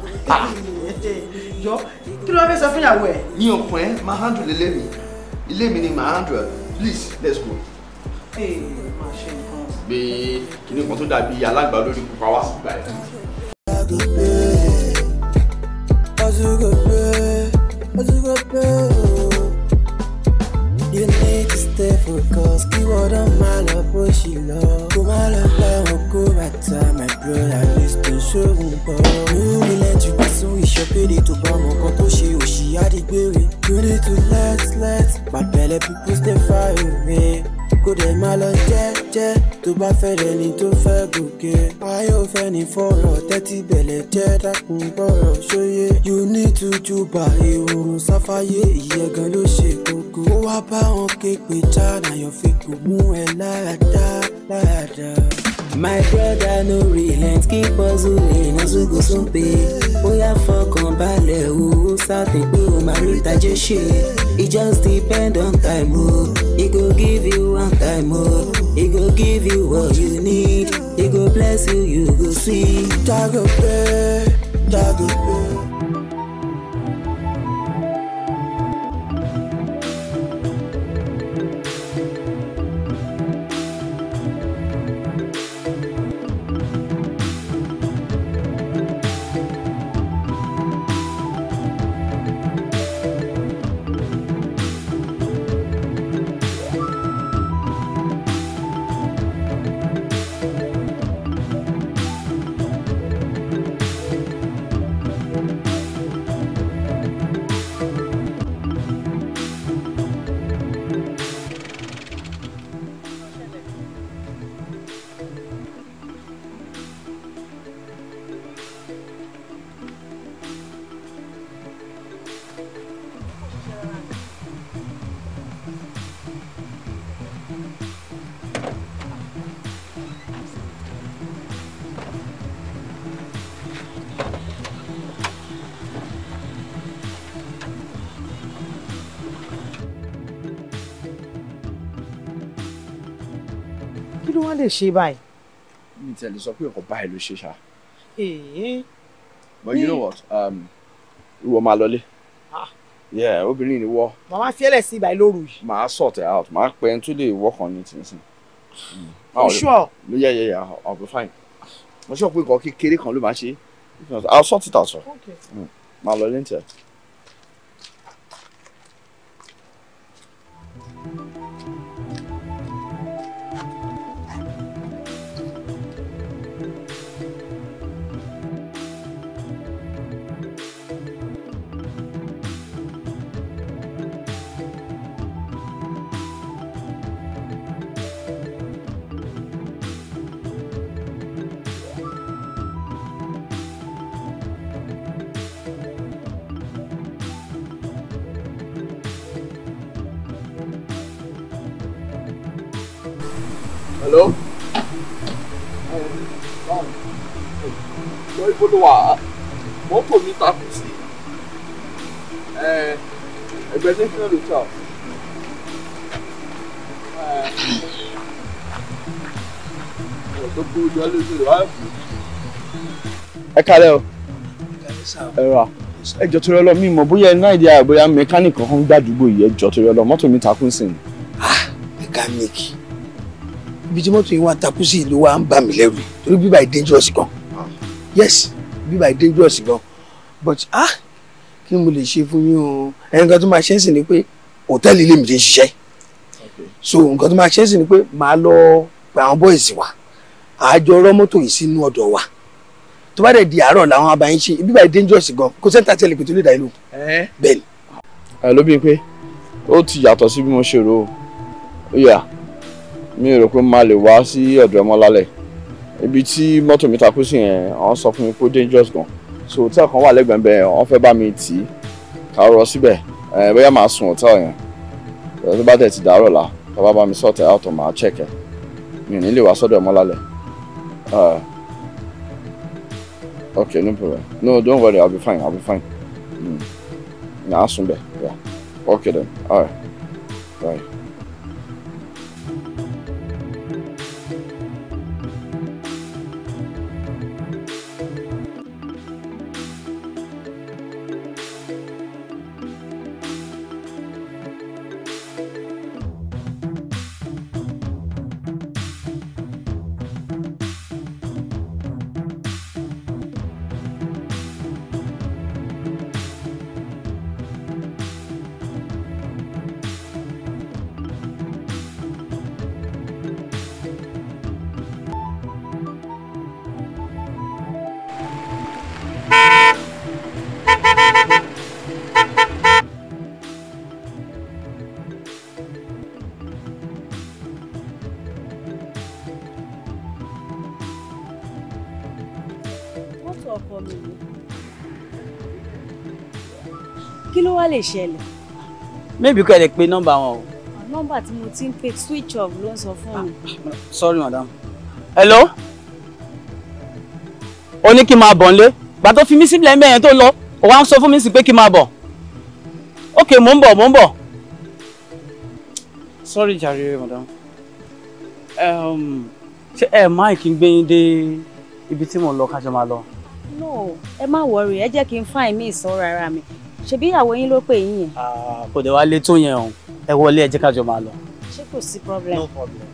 yọ kí ló wá fẹ́ sọ fún ìyàwó ẹ̀. ní ọkùn ẹ máa handle lélẹ́ mi ilé mi ni máa handle please let's go. ee máa kan tó dàbí alágbá lórí pupa wá sí ìgbà yẹn tẹ focus kí wọ́n dán máa lọ bó ṣì lọ. kó má lọ bá wọn kó bàtà my brother list tó ṣòwò bọ̀. you will learn to pursue ìṣọ́pẹ̀lẹ̀ tó bá ọmọ kan tó ṣe òṣì àdìgbére. you need to let let my belle people stay far away kó dẹ̀ máa lọ jẹ́jẹ́ tó bá fẹ́ rẹni tó fẹ́ gòkè. ayọ̀ fẹ́ ní fọ̀rọ̀ tẹ́tí bẹ̀lẹ̀ jẹ́ dákun bọ̀rọ̀ ṣóyè. you need to jùbà ìhòòhùn sáfáyé ìyẹn gan ló ṣe kókó. ó wá bá wọn ké pé china yọ̀ fi kò mú ẹ láàdá láàdá my brother no relent keep us hustling hustle so pay bóyá oh, fọkàn balẹ̀ o certain pé o máa rí ìtajà ṣe it just depend on time o oh. It go give you one time o oh. It go give you what you need it go bless you you go see. jago pé jago pé. lè ṣe báyìí. mi tẹ̀ lè sọ pé ọkọ̀ báyìí ló ṣe ṣá. but you know what um, ìwọ máa lọlé ah. obìnrin ni wọ. màmá fiẹ́lẹ̀ sí ibà lóru yìí. màá sort it out màá pẹ́ ń lè work on it nísinsìnyí. o mm. sure. yeah yeah yeah I'll be fine. mo sọ pé nǹkan kékeré kan ló máa ṣe I'll sort it out. Mm. màá lọ lẹ́ntẹ̀. thank you ibo ló wà á mọ́tò mi takú sí ẹgbẹ́ national hotel. ẹ kálẹ̀ o ẹ rà ẹ jọ̀ọ́ torí Ọlọ́run mi mọ̀ bóyá iná ìdí ààrẹ bóyá mẹkáníìkì kan gbàdúgbò yìí ẹ jọ̀ọ́ torí Ọlọ́run mọ́tò mi takú sí ni. ah mẹkáníìkì ibi tí mọ́tò yìí wà takú sí ìlú wa ń bà mí lẹ́rù torí bíbá yìí dangerous gan yes bíbá dangerous gan but ah kí mo lè ṣe fún yín o ẹnìkan tó máa ṣe é sì ni pé hòtẹ́ẹ̀lì ilé mi ti ń ṣiṣẹ́ so nǹkan tó máa ṣe é sì ni pé màá lọ pe àwọn boys wa àjọ ọ̀rọ̀ mọ́tò yìí sínú ọ̀dọ̀ wa tó bá dẹ̀ di àárọ̀ làwọn abayín ṣe bíbá dangerous gan kò sẹ́ńtà tẹ̀lé pé tó lè dá ìlú bẹ́ẹ̀ ni. ẹ ló bí pé ó ti yàtọ̀ sí bí mo ṣe rò ó yà mi ò rò pé mo lè wá sí ọ̀dọ̀ ẹ̀ lálẹ́ ibi tí mọ́tò mi takú sí yẹn àwọn sọ fún mi pé dangerous gan so hotel kan wà lẹ́gbẹ̀ẹ́ bẹ́ẹ̀ wọ́n fẹ́ bá mi tì í ká rọ síbẹ̀ ẹ bóyá màá sùn hotel yẹn tó bá tẹ̀ ti dàárọ̀ la tó bá bá mi sọ̀tẹ̀ àtọ̀ màá check ẹ̀ mi ò ní lè wá sọ́dọ̀ ọmọ lálẹ́ ok no problem no don't worry I'll be fine I'll be fine hmm. màá sùn bẹ̀ yeah. ok then alright alright. lè ṣẹlẹ̀. maybe kọ́ ẹ lè pe nọ́mbà wọn o. nọ́mbà tí mo ti ń pe switch off ló ń sọ fún mi. sorry madam. hello. o ní kí n máa bọ̀ nílé gbà tó fi mí sílẹ̀ ń bẹ̀yẹn tó lọ o wá ń sọ fún mi sí pé kí n máa bọ̀ ok mò ń bọ̀ mò ń bọ̀. sorry jàre madam. ṣé ẹ máa kí n gbé yín dé ibi tí mò ń lọ kájọ máa lọ. no ẹ má wọrí ẹ jẹ́ kí n fáìn mí ìsọ mi ṣebí ìyàwó yín ló pè yín yẹn. kò dé wá lé tó yẹn o ẹ wọlé ẹ jẹ́ ká jọ máa lọ. ṣé kò sí problem. no problem.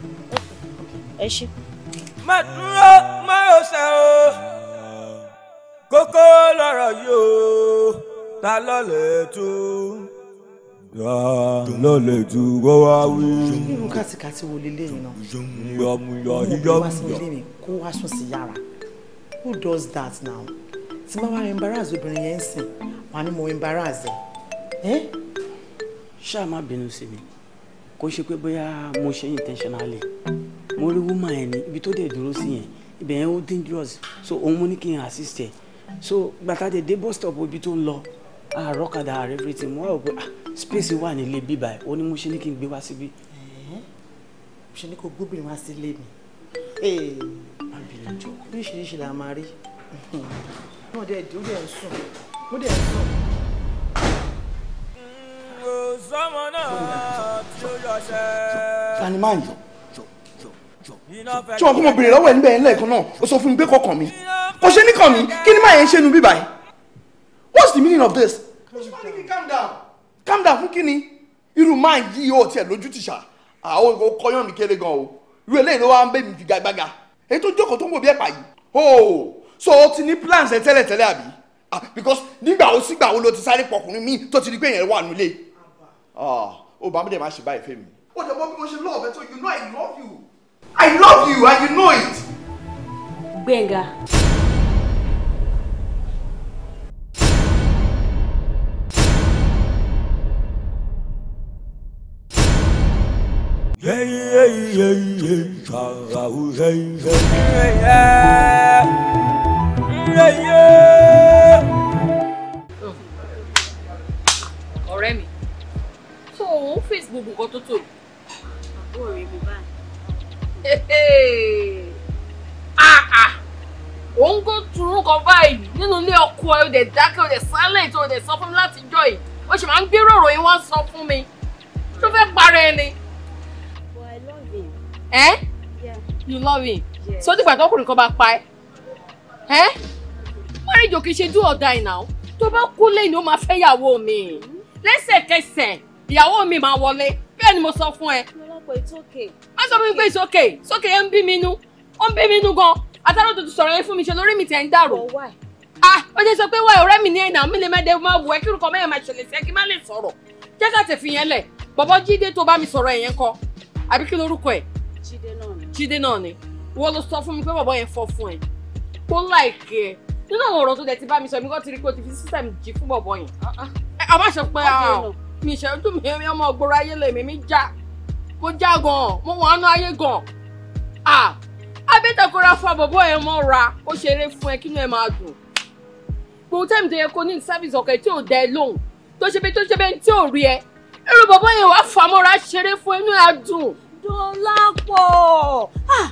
ẹ ṣe. má dúró má yóò ṣe o kókó lọ́rọ̀ yìí o ta ló lè tú ló lè wá wí. irú kàtìkàtì wo lélẹ̀ yìí náà. yọmuyọ yọmuyọ. kó wá sùn sí yàrá who does that now tí máa wá embarrass obìnrin yẹn ń sìn wà ní mo embarrass ẹ. ṣáà má bínú sí mi kò ṣe pé bóyá mo ṣe intentionally mo rí woman ẹni ibi tó dẹ̀ dúró sí yẹn ibẹ̀ yẹn ó dangerous so òun mo ní kí n assist ẹ̀ so gbàtàdé dé bus stop ibi tó ń lọ àrọ́kadà àrẹ everything mo wá wò pé ah space wà nílé bíbá ẹ̀ ó ní mo ṣe ní kí n gbé wá síbí. ṣe ni kò gbóbìnrin wá sílé mi oríṣiríṣi la máa rí náà dẹ̀ dé ó dẹ̀ ń sùn ó dẹ̀ ń sùn. sọmọ náà tí ó yọ ṣe. sani máa yọ tí wọn kún mo bèrè lọ́wọ́ ẹ níbẹ̀ yẹn lẹ́ẹ̀kan náà o sọ fún mi pé kọkàn mi kò ṣe ní kàn mí kí ni máa yẹn ṣe nu bíbá yẹn what's the meaning of this. calm down calm down fún kí ni irú máa yí o tiẹ̀ lójú ti ṣá àwọn ò kọyán mi kéré gan o irú eléyìí ló wá ń bẹ̀ mí fi gagbága èyí tó jókòó tó ń wò bí ẹ̀pà yìí. Oh! so o ti ní plans ẹ tẹ́lẹ̀tẹ́lẹ̀ àbí ah because nígbà wo sígbà wo ló ti sáré pọkùnrin míì tó ti di pé yẹn wà nílé ah ó bá mi dẹ̀ máa ṣe báyìí fẹ́mi. ó dẹ̀ mọ̀ bí mo ṣe love ẹ tó you know I love you I love you and you know it. Gbẹ̀ngà. Yeah, rẹ yé. ọ̀rẹ́ mi tó òun fèsì gbogbo nǹkan tó tò ní. àbúrò rẹ mo bá òun kò turú kan báyìí nínú ilé ọkọ ẹ ò dẹ̀ dákẹ́ ò dẹ̀ silent ò dẹ̀ sọ fún mi láti jọ yìí ó sì máa ń gbérò ròyìn wọ́n sọ fún mi tó fẹ́ parẹ́ ni. but Eh? Yeah. you love him. Yeah. so dìgbà tó kùnrin kan bá pa ẹ́. Eh? marriage ò kì í ṣe do or die now To bá kú lẹ́yìn ó máa fẹ́ ìyàwó mi lẹ́sẹ̀kẹsẹ̀ ìyàwó mi máa wọlé bẹ́ẹ̀ ni mo sọ fún ẹ. lọ́pọ̀ it's okay. má sọ mi pé it's okay it's okay ẹ ń bí mi inú ó ń bí mi inú gan àtàrà tuntun sọ̀rọ̀ yẹn fún mi ṣe lórí mi tẹ̀ ń dàrú. ah ó ṣe sọ pé wá ọ̀rẹ́ mi ní ẹ̀nà mi lè má dé máa wù ẹ́ kí orúkọ mẹ́rin máa ṣẹlẹ̀ sí ẹ kí má lè sọ̀rọ̀ jẹ́ ká tẹ̀ fi yẹn lẹ̀ bọ̀bọ̀ jíde tó bá mi sọ̀rọ̀ ẹ̀yẹn kọ àbí kí lorúkọ ẹ̀. jíde náà ni. Jide, náà ni wọ́n lọ sọ fún mi pé bọ̀bọ̀ yẹn fọ́ fún ẹ kó láìkẹ́ nínú àwọn ọ̀rọ̀ tó dẹ̀ ti bá mi sọ mi kọ́ ti rí pé o ti fi sísẹ̀mù jí fún bọ̀bọ̀ yẹn ah, ah. a má ṣe pé mi ìṣẹ́jú mi ọmọ ògbóró ayé lèmi mi já mo já gan-an mo wọ́n ánú ayé gan-an abẹ́tẹ̀kọ́ra fún àbọ̀bọ̀ ẹ̀ mọ́ ra ó ṣeré fún ẹ kínú ẹ máa dùn gbogbo tẹ́mi tó yẹ kó ní sáfìsì ọ̀kẹ́ tí ò dẹ lóhùn tó ṣe pé tó ṣe pé tí ò rí ẹ irú bọ̀bọ̀ yẹn wàá fàmọ́ra ṣeré fún inú ẹ dùn. Dọ́lápọ̀ ah,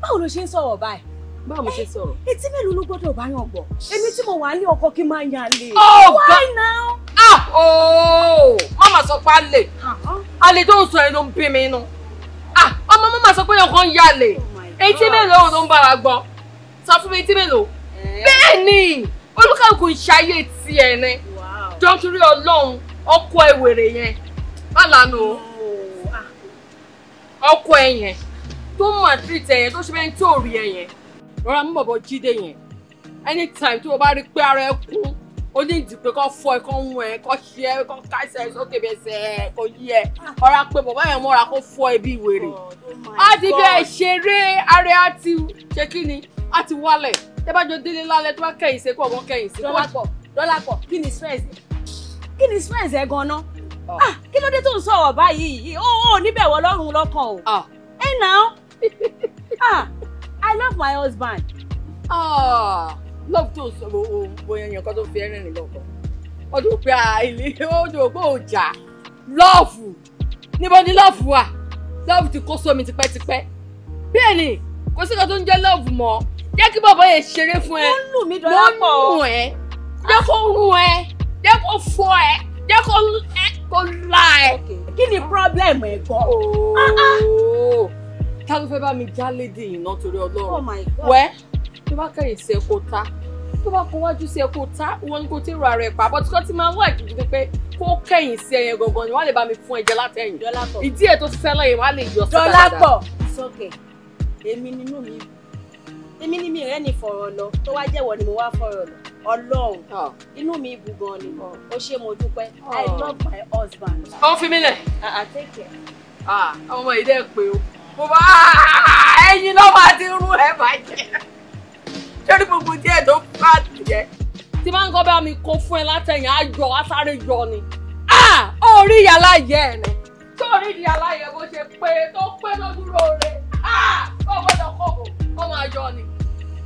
báwo ló ṣe ń sọ̀rọ̀ báyìí báwo mo ṣe sọ̀rọ̀. etí mélòó ló gbọ́dọ̀ bá yàn gbọ́ èmi tí mo wà ní ọkọ kí n máa yàn lè. Oh, why now. ah ooo oh, mama sọ pé àlè àlè uh-huh. tó ń sọ ẹnu ń bí mi inú ah ọmọ mama sọ pé ọkọ ń yà lè oh etí mélòó ló ń bára gbọ́ sọ fún mi etí mélòó. Eh. bẹ́ẹ̀ ni olúkàlùkù ń ṣayé tiẹ̀ ni jọ́ntorí ọlọ́run ọkọ ewèrè yẹn má o ah. ọkọ ẹ̀yẹn tó mọ̀ àtìrìtẹ̀ yẹn tó ṣe bẹ́ẹ̀ ń tó rí ẹ̀yẹn rọra mú bọ̀bọ̀ jíde yẹn anytime tí o bá rí pé ara ẹ kún ó ní ìdìpé kọ́ fọ ẹ kọ́ mú ẹ kọ́ ṣe ẹ kọ́ káṣẹ ẹ sókè bẹsẹ̀ ẹ kò yí ẹ ọ̀rá pé bàbá yẹn mọ́ra kó fọ ẹ bí wèrè á oh, oh ti bí ẹ ṣeré ara ẹ á ti ṣe kí ni á ti wálẹ̀ tẹ bá jọ délé lálẹ́ tó bá kẹ̀yìn sí kó ọgbọ́n kẹ̀yìn sí. dọ́làpọ̀ dọ́làpọ̀ kí ni stress kí ni stress ẹ gan-an ah. ah kí ló dé tó ń sọ̀rọ̀ báyìí ó ò níbẹ̀ wọ lọ́rùn lọ́kàn o ah. ẹ̀ náà *laughs* I love my husband. Ah, love tó sọ̀rọ̀ o bóyá yẹn kan tó fi ẹ̀rìn rìn lọ́kọ̀. Ó dùn pé ah, ilé ó dùn pé ọjà lọ́ọ̀fù níbo ni lọ́ọ̀fù wà? Lọ́ọ̀fù ti kó sómi tipẹ́tipẹ́. Bẹ́ẹ̀ ni, kò sí kan tó ń jẹ́ lọ́ọ̀fù mọ́. Jẹ́ kí bàbá yẹn ṣeré fún ẹ. Ó ń lù mí dọ́là pọ̀. ń lù ẹ́. Jẹ́ kó rún ẹ. Jẹ́ kó fọ ẹ. Jẹ́ kó la ẹ. Kí ni problem ẹ̀ gan? Oh ta ló fẹ́ bá mi já léde iná torí ọlọ́run oh wẹ́ tó bá kẹ́yìn sí ẹ̀kọ́ ta tó bá kó wájú sí ẹ̀kọ́ ta wọn ni kò tí ì ra rẹ̀ pa bọ́tí kò tí máa ń wà jìjì pé kó kẹ́yìn sí ẹyẹ gangan ni wọ́n lè bá mi fún ẹ̀jẹ̀ látẹ̀yìn ìdí ẹ̀ tó ti sẹ́lẹ̀ yìí wọ́n á lè yọ sí dáadáa. dọ́lápọ̀ sókè èmi nínú mi èmi ní mi rẹ́ ni fọ̀rọ̀ lọ tó wá jẹ́wọ́ ni mo wá fọ̀rọ̀ lọ ọlọ́run oh. inú mi bù gan ni ó oh. ṣe mo dúpẹ́ I love my husband. ó fi mí lẹ̀. àtẹ̀kẹ̀. Uh-uh, àwọn ah, ọmọ ìdẹ́ pé o mo bá ẹyin lọ́wọ́ àti irun ẹ̀ bàjẹ́ sórí gbogbo díẹ̀ tó bá jẹ́. tí máa ń gbọ́ bá mi kó fún ẹ látẹ̀yìn á yọ á sáré yọ ni ó rí ìyá láyé ẹ̀ ni tó rí ìyá láyé bó ṣe pé tó pé lójú rẹ̀ ó gbọ́dọ̀ kọ̀ọ̀kọ̀ ó máa yọ ni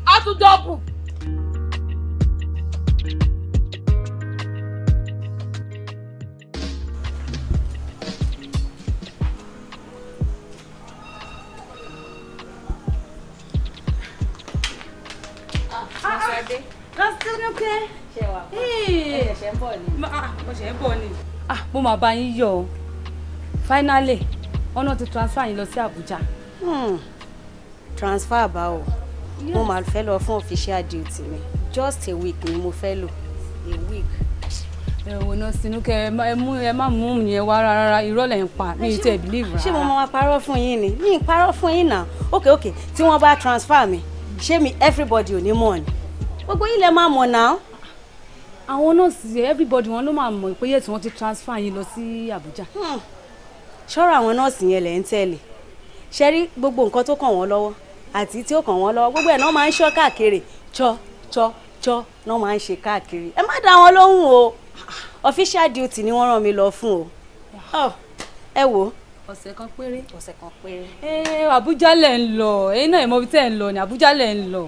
á tún dọ́bù. Ah, ah. ṣàdé. Kọ́sítẹ́nùkẹ́. Ṣé wà pa? Ẹ ṣẹ̀ ń bọ̀ ni. Mo ah, ṣẹ̀ ń bọ̀ ni. Mo máa bá yín yọ̀ Finally, ọ̀nà ti transfer yín lọ sí Àbújá. Hmm. Transfer báwo? Mo máa fẹ́ lọ fún official duty mi. Just a week ni mo fẹ́ lò. A week ẹ wò ná sinúkẹ ẹ mú ẹ má mú yẹn wá rárá irọ́ lẹ̀ ń pa mi tẹ̀ believe rárá. ṣé mo máa parọ́ fún yín ni mi ì parọ́ fún yín náà okay okay tí wọ́n bá transfer mi ṣé mi everybody ò ní mọ̀ ni gbogbo yín lẹ máa mọ̀ náà. àwọn nọ́ọ̀sì everybody wọn ló máa mọ̀ pé yẹ́tì wọ́n ti transfer yín lọ sí Abuja. Hmm. ṣọ́ra àwọn nọ́ọ̀sì yẹn lẹ̀ ń tẹ̀lé ṣe rí gbogbo nǹkan tó kàn wọ́n lọ́wọ́ àti tí ó kàn wọ́n lọ́wọ́ gbogbo ẹ̀ náà máa ń ṣọ́ káàkiri chọ chọ chọ náà máa ń ṣe káàkiri ẹ má dá wọn lóhùn o official duty ni wọ́n rán mi lọ fún o oh, ẹ wò ó ọ̀sẹ̀ kan péré. ọ̀sẹ̀ kan péré. ẹ eh, Àbújá lẹ̀ ń lọ ẹ̀yin náà ìmọ̀bi tẹ́ ń lọ ni Àbújá lẹ̀ ń lọ.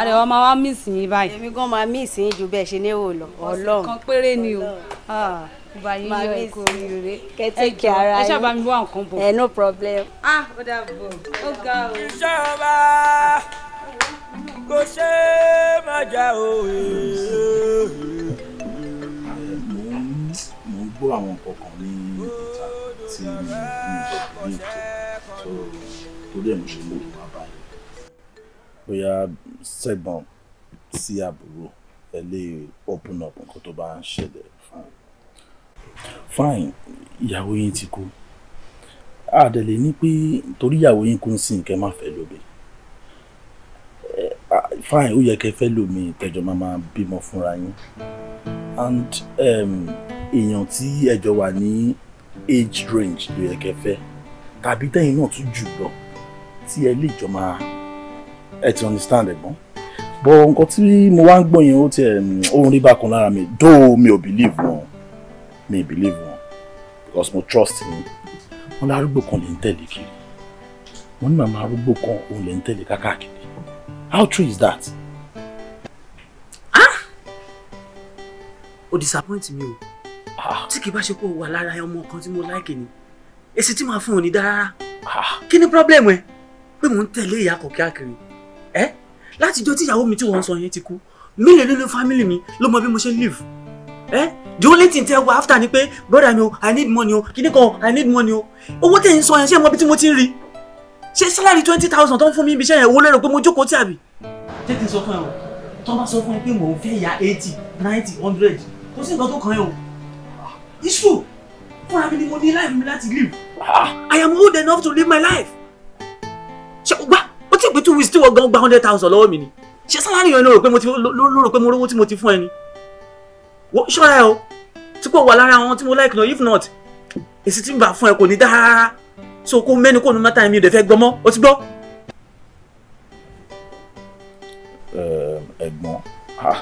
àlẹ́ eh, wa máa wá miss yín báyìí. èmi gan máa miss yín ju bẹ́ẹ̀ ṣe ní èwo ọ̀sẹ̀ kan péré ni o ah, bá yín yọ ẹ̀kọ́ rere kẹ́tẹ́kì ara yín ẹ ṣáà bá mi wá nǹkan bọ̀. ẹ eh, no problem. ah ó dà bọ̀ ó ga o. ìṣọba kò ṣe má jà òye gbọ́ àwọn kankan ní ìta tí mi ń jẹ so torí ẹ̀ mo ṣe mú ìwà bóyá sẹ́gbọ̀n sí àbúrò ẹ lè open up nǹkan tó bá ń ṣẹlẹ̀ fún un. fine ìyàwó yín ti kú àdẹ̀lẹ̀ ní pé torí ìyàwó yín kú ń sìn kẹ́ fẹ́ lóbe fine ó yẹ kẹ́ fẹ́ lómi ìtẹ́jọ́ máa máa bímọ fúnra yín and èèyàn tí ẹjọ́ wà ní age range ló yẹ kẹ́ fẹ́ tàbí tẹ́yìn náà tún jù lọ tí ẹ lè jọ máa ẹ ti understand ẹ̀gbọ́n bọ nǹkan tí mo wá ń gbọ́ yẹn ó ti ohun um, rí bákan lára mi dó mi ò believe wọn mi ò believe wọn because mo trust mi wọn lárúgbó kan lè ń tẹ̀lé kiri wọn ní màmá arúgbó kan òun lè ń tẹ̀lé kákàkiri how true is that. ah o disappoint me. o ah. tí kì í bá ṣe pé o wà lára ọmọ kan tí mo like ni èsì tí màá fún òní dára ah. kí ni problem ẹ e? pé mò ń tẹ̀lé ìyá kọ̀ kíákiri ẹ eh? látijọ́ tí ìyàwó mi tí wọ́n sọ yẹn ti kú mílíọ̀nù nínú fámìlì mi ló mọ bí mo ṣe live ẹ the only thing tẹ wá after ni pé brother mi o i need money o kíní kan i need money o owó tẹ̀ ń sọ yẹn ṣé ẹ mọ bí tí mo ti ń rí ṣé sálárì twenty thousand tó ń fún mi ibi iṣẹ́ yẹn owó lérò pé mo jókòó tí àbí. jẹ́ kí n sọ fún ẹ o tó bá sọ fún ẹ pé mò ń fẹ́ ya eighty ninety hundred kò sí nǹkan tó kàn ẹ́ o. iṣu fúnra mi ni mo life mi láti live. Ah. I am old enough to live my life. She gba What ti between we still tí wọ́n by hundred thousand lọ́wọ́ mi ni ṣe sálárì yẹn ló rò pé mo ti ló rò pé mo rówó tí mo ti fún ẹ ni. wọ́n ṣọ́ra ẹ o tí like no, if not it's tí n bá fún ẹ kò ní dára rárá so kó mẹ́nu kó nu mọ́ta mi ò dẹ̀ fẹ́ gbọ́ mọ́ o ti gbọ́. ẹ̀gbọ́n ah,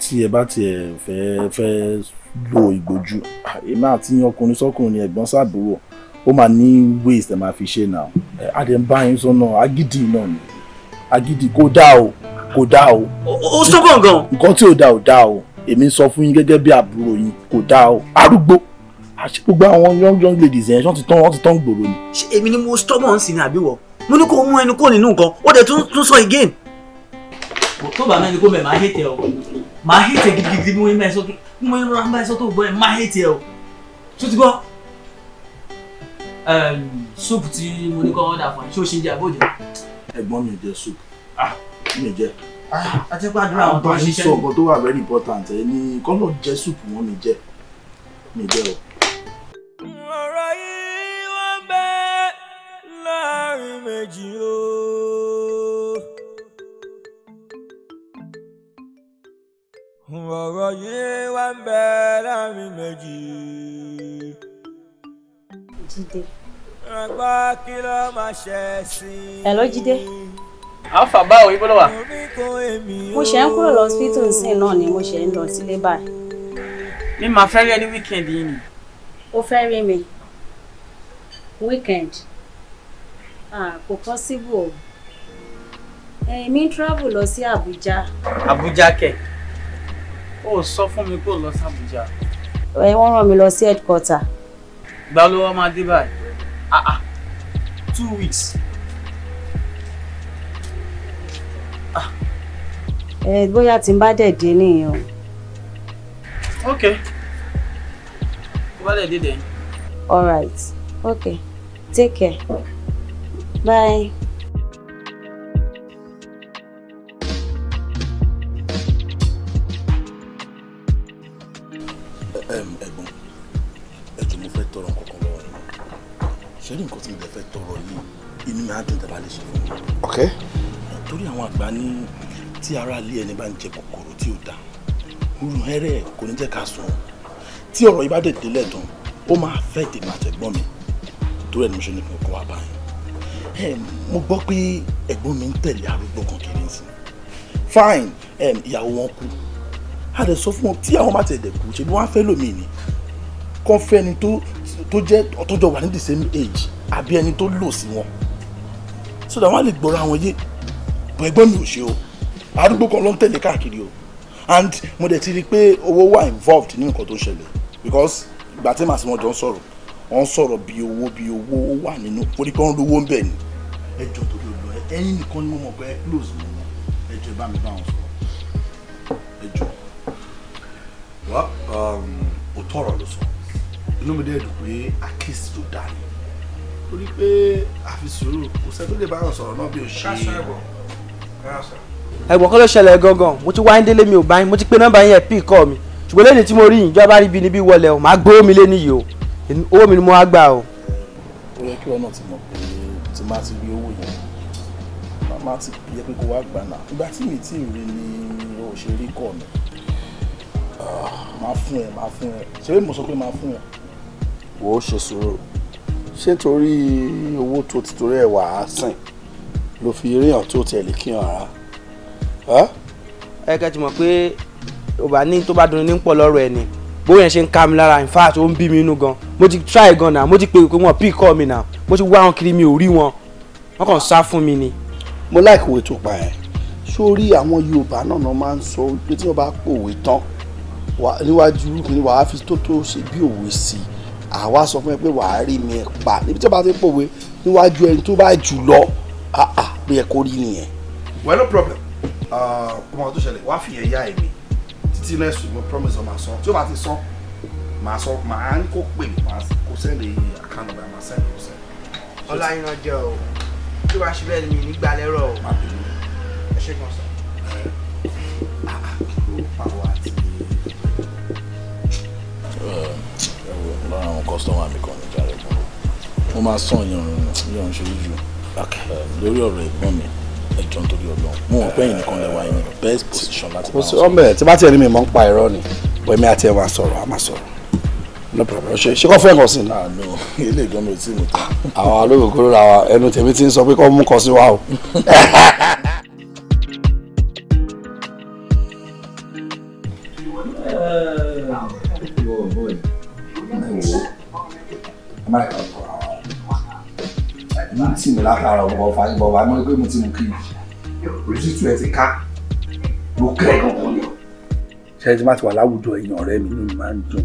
tí ẹ bá tiẹ̀ fẹ́ lo ìgbójú ah, èmi àti ọkùnrin sọkùnrin ẹ̀gbọ́n sàbúrò ó máa ní ways tẹ̀ máa fi ṣe náà àdẹ̀mbá yín sọ́nà agídí náà ni agídí kò dáa o kò dáa o. ó sọ gàngàn. nǹkan tí ò dáa ò dáa o èmi sọ fún yín gẹ́gẹ́ bí àbúrò yín kò dáa o arúgbó àṣẹ gbogbo àwọn young young ladies yẹn wọ́n ti tán wọ́n ti tán gbòòrò ni. ṣé èmi ni mo stubborn sí ni àbí wọ mo ní kó mú ẹnu kó nínú nǹkan ó dẹ̀ tún sọ again. tó bá mẹ́ni kó mẹ́ máa hẹ́tẹ̀ ọ máa hate ẹ gidigidi bí wọ́n yín bá ẹ sọ tó bí wọ́n yín rọra bá ẹ sọ tó gbọ́ ẹ máa hate o tó ti gbọ́ soup tí mo ní kọ́ ọ́dà fún ẹ ṣé o ṣe ń jẹ àbójẹ. ẹ̀gbọ́n mi jẹ soup ah. mi jẹ àtẹ́gbàdúrà ah, àwọn tó ń ṣiṣẹ́ sọ nǹkan tó wà very important ẹ ní kọ́nà jẹ soup wọn mi jẹ mi jẹ o. ọ̀rọ̀ yìí wọ́n bẹ́ẹ̀ láàrin méjì o. ọ̀rọ̀ yìí wá ń méjì. jíde. ẹgbẹ́ kí ló máa sí mo se lọ hospital nsin náà ni mo se ń báyìí. mi weekend yi ni. o mi weekend ah, ko possible travel lọ si Abuja. Abuja ke. ó sọ fún mi kó lọ sí Àbújá. ẹ wọ́n rán mi lọ sí headquarter. gba ló wá máa dé báyìí ah ah two weeks. Ah. ẹ bóyá tí n bá dẹ̀ dé nìyẹn o. ok tó bá dẹ̀ dé dẹ̀. all right ok take care bye. rí nǹkan tí mo fẹ́ tọrọ yìí inú mi á dùn tẹ́lá lè ṣe fún mi. ok. torí àwọn àgbà ní tí ara ilé ẹni bá ń jẹ kòkòrò tí ò da rúrun ẹrẹ kò ní jẹ́ ká sùn tí ọ̀rọ̀ yìí bá dé délẹ̀ tán ó máa fẹ́ tèmi àtẹ̀gbọ́n mi torí ẹni mo ṣe ní kò kọ́ wa báyìí. mo gbọ́ pé ẹ̀gbọ́n mi ń tẹ̀lé arúgbó kan kiri sí fine ìyàwó wọn kú a lè sọ fún wọn tí àwọn bá tẹ̀ dẹ̀ kú ṣe bí wọ́n á fẹ́ lómi ni kọ́ fẹ́ni tó tó jẹ́ ọtọ́jọ wà ní the same age àbí ẹni tó lò sí wọn so that wọ́n á lè gbọ́ra àwọn yé bọ̀ ẹgbọ́n mi ò ṣe o àdúgbò kan ló ń tẹ̀lé káàkiri o and mo dẹ̀ ti rí i pé owó wà involved ní nǹkan tó ṣẹlẹ̀ because ìgbà tí màá sí wọn jọ ń sọ̀rọ̀ wọ́n ń sọ̀rọ̀ bí owó bí owó ó wà nínú orí pé wọ́n lówó ń bẹ̀ ni ẹ jọ tó lò lọ ẹ̀yin nìkan ni mo mọ̀ pé ẹ close mi ẹ jọ ẹ bá mi bá wọn sọ̀rọ̀ ẹ jọ. wá um, òótọ́ ọ̀rọ̀ ló sọ inú mi dẹ̀ dùn pé àkíyèsí tó dá ni torí pé àfi sùúrù kò sẹ́ tó lè bá àwọn sọ̀rọ̀ náà bí o ṣe é ẹ̀gbọ́n kan ló ṣẹlẹ̀ gangan mo ti wáyé délé mi ò báyìí mo ti pé nọ́mbà yẹn pí kọ́ mi ṣùgbọ́n lẹ́yìn tí mo rí ìjọba níbi níbi wọlé o máa gbé omi lẹ́nu yìí o owó mi ni mo wá gbà o. ó yẹ kí wọn náà ti mọ̀ pé tí máa ti rí owó yẹn máa ti yẹ pé kó wá gbà náà ìgbà tí mi ti rí ni o ṣe rí kọ́ mi ah, máa fún ẹ máa fún ẹ ṣé mo sọ pé máa fún ẹ wò ó ṣe sùúrù ṣé torí owó tó ti torí ẹ̀ wà á sìn ló fi ríhàn tó tẹ̀lé kí hàn á. ẹ kẹ́ ti mọ̀ pé òbá ní tó bá dunni ní pọ̀ lọ́rọ̀ ẹ̀ ni bóyá ṣe ń ká mi lára in fact ó ń bí mi inú gan mo ti try gan na mo ti pe pé wọn pick call mi na mo ti wá wọn kiri mi ò rí wọn wọn kàn sá fún mi ni. mo láì kòwé tó pa ẹ sórí àwọn yorùbá náà náà máa ń sọ pé tí wọn bá pòwe tán níwájú ní wàá fi tó tó ṣe bí òwe sí i àwa sọ fún ẹ pé wàá rí mi pa níbi tí wọ́n bá fi pòwe níwájú ẹni tó bá jù lọ bí ẹ kó rí nìyẹn. well no problem ọmọ tó ṣẹlẹ̀ wá fìyẹn yá èmi títí next week mo promise ọ máa sọ tí ó bá ti sọ máa sọ máa ń kó pè mí máa kó sẹ́ndì àkànnà bá máa sẹ́ndì kó sẹ́ndì. ọláyínà jẹ o tí wàá ṣe bẹ́ẹ̀ ni mi nígbà lẹ́rọ̀ o ẹ ṣe kàn sọ. àkókò pàwọ́ àti lára àwọn kọ́sítọ́mà mi kan níjà rẹ̀ gbọ́n wọ́n máa sàn yan yan ṣe yíyú lórí ọ̀rọ̀ ẹ̀gbọ́n mi ẹ̀jọ̀ nítorí ọlọ́run mo mọ̀ pé ìnìkan lẹ wà yín best position láti máa sọ. ọmọ ẹ tí bá tiẹ̀ ní mi mọ̀ ń pa irọ́ ni bọ́ èmi àti ẹ̀ máa sọ̀rọ̀ a máa sọ̀rọ̀ no problem ṣe ṣe kọ́ fẹ́ kàn sí. àánú ah, *laughs* ilé ìgbọ́n mi ò tí ì mú tán. àwọn alóògùn kúrò ẹnu tèmi ti ń sọ pé kọ́ mú kọ sí wa o. *laughs* má yọ ọkọ àwọn ọmọ tì mí látara ọmọ ọfà yìí bọba mọ pé mo ti mú kiri ojútùú ẹ ti ká ló kẹ́ ọkàn yọ. ṣé ti má ti wà láwùjọ èèyàn ọ̀rẹ́ mi ní máa ń dùn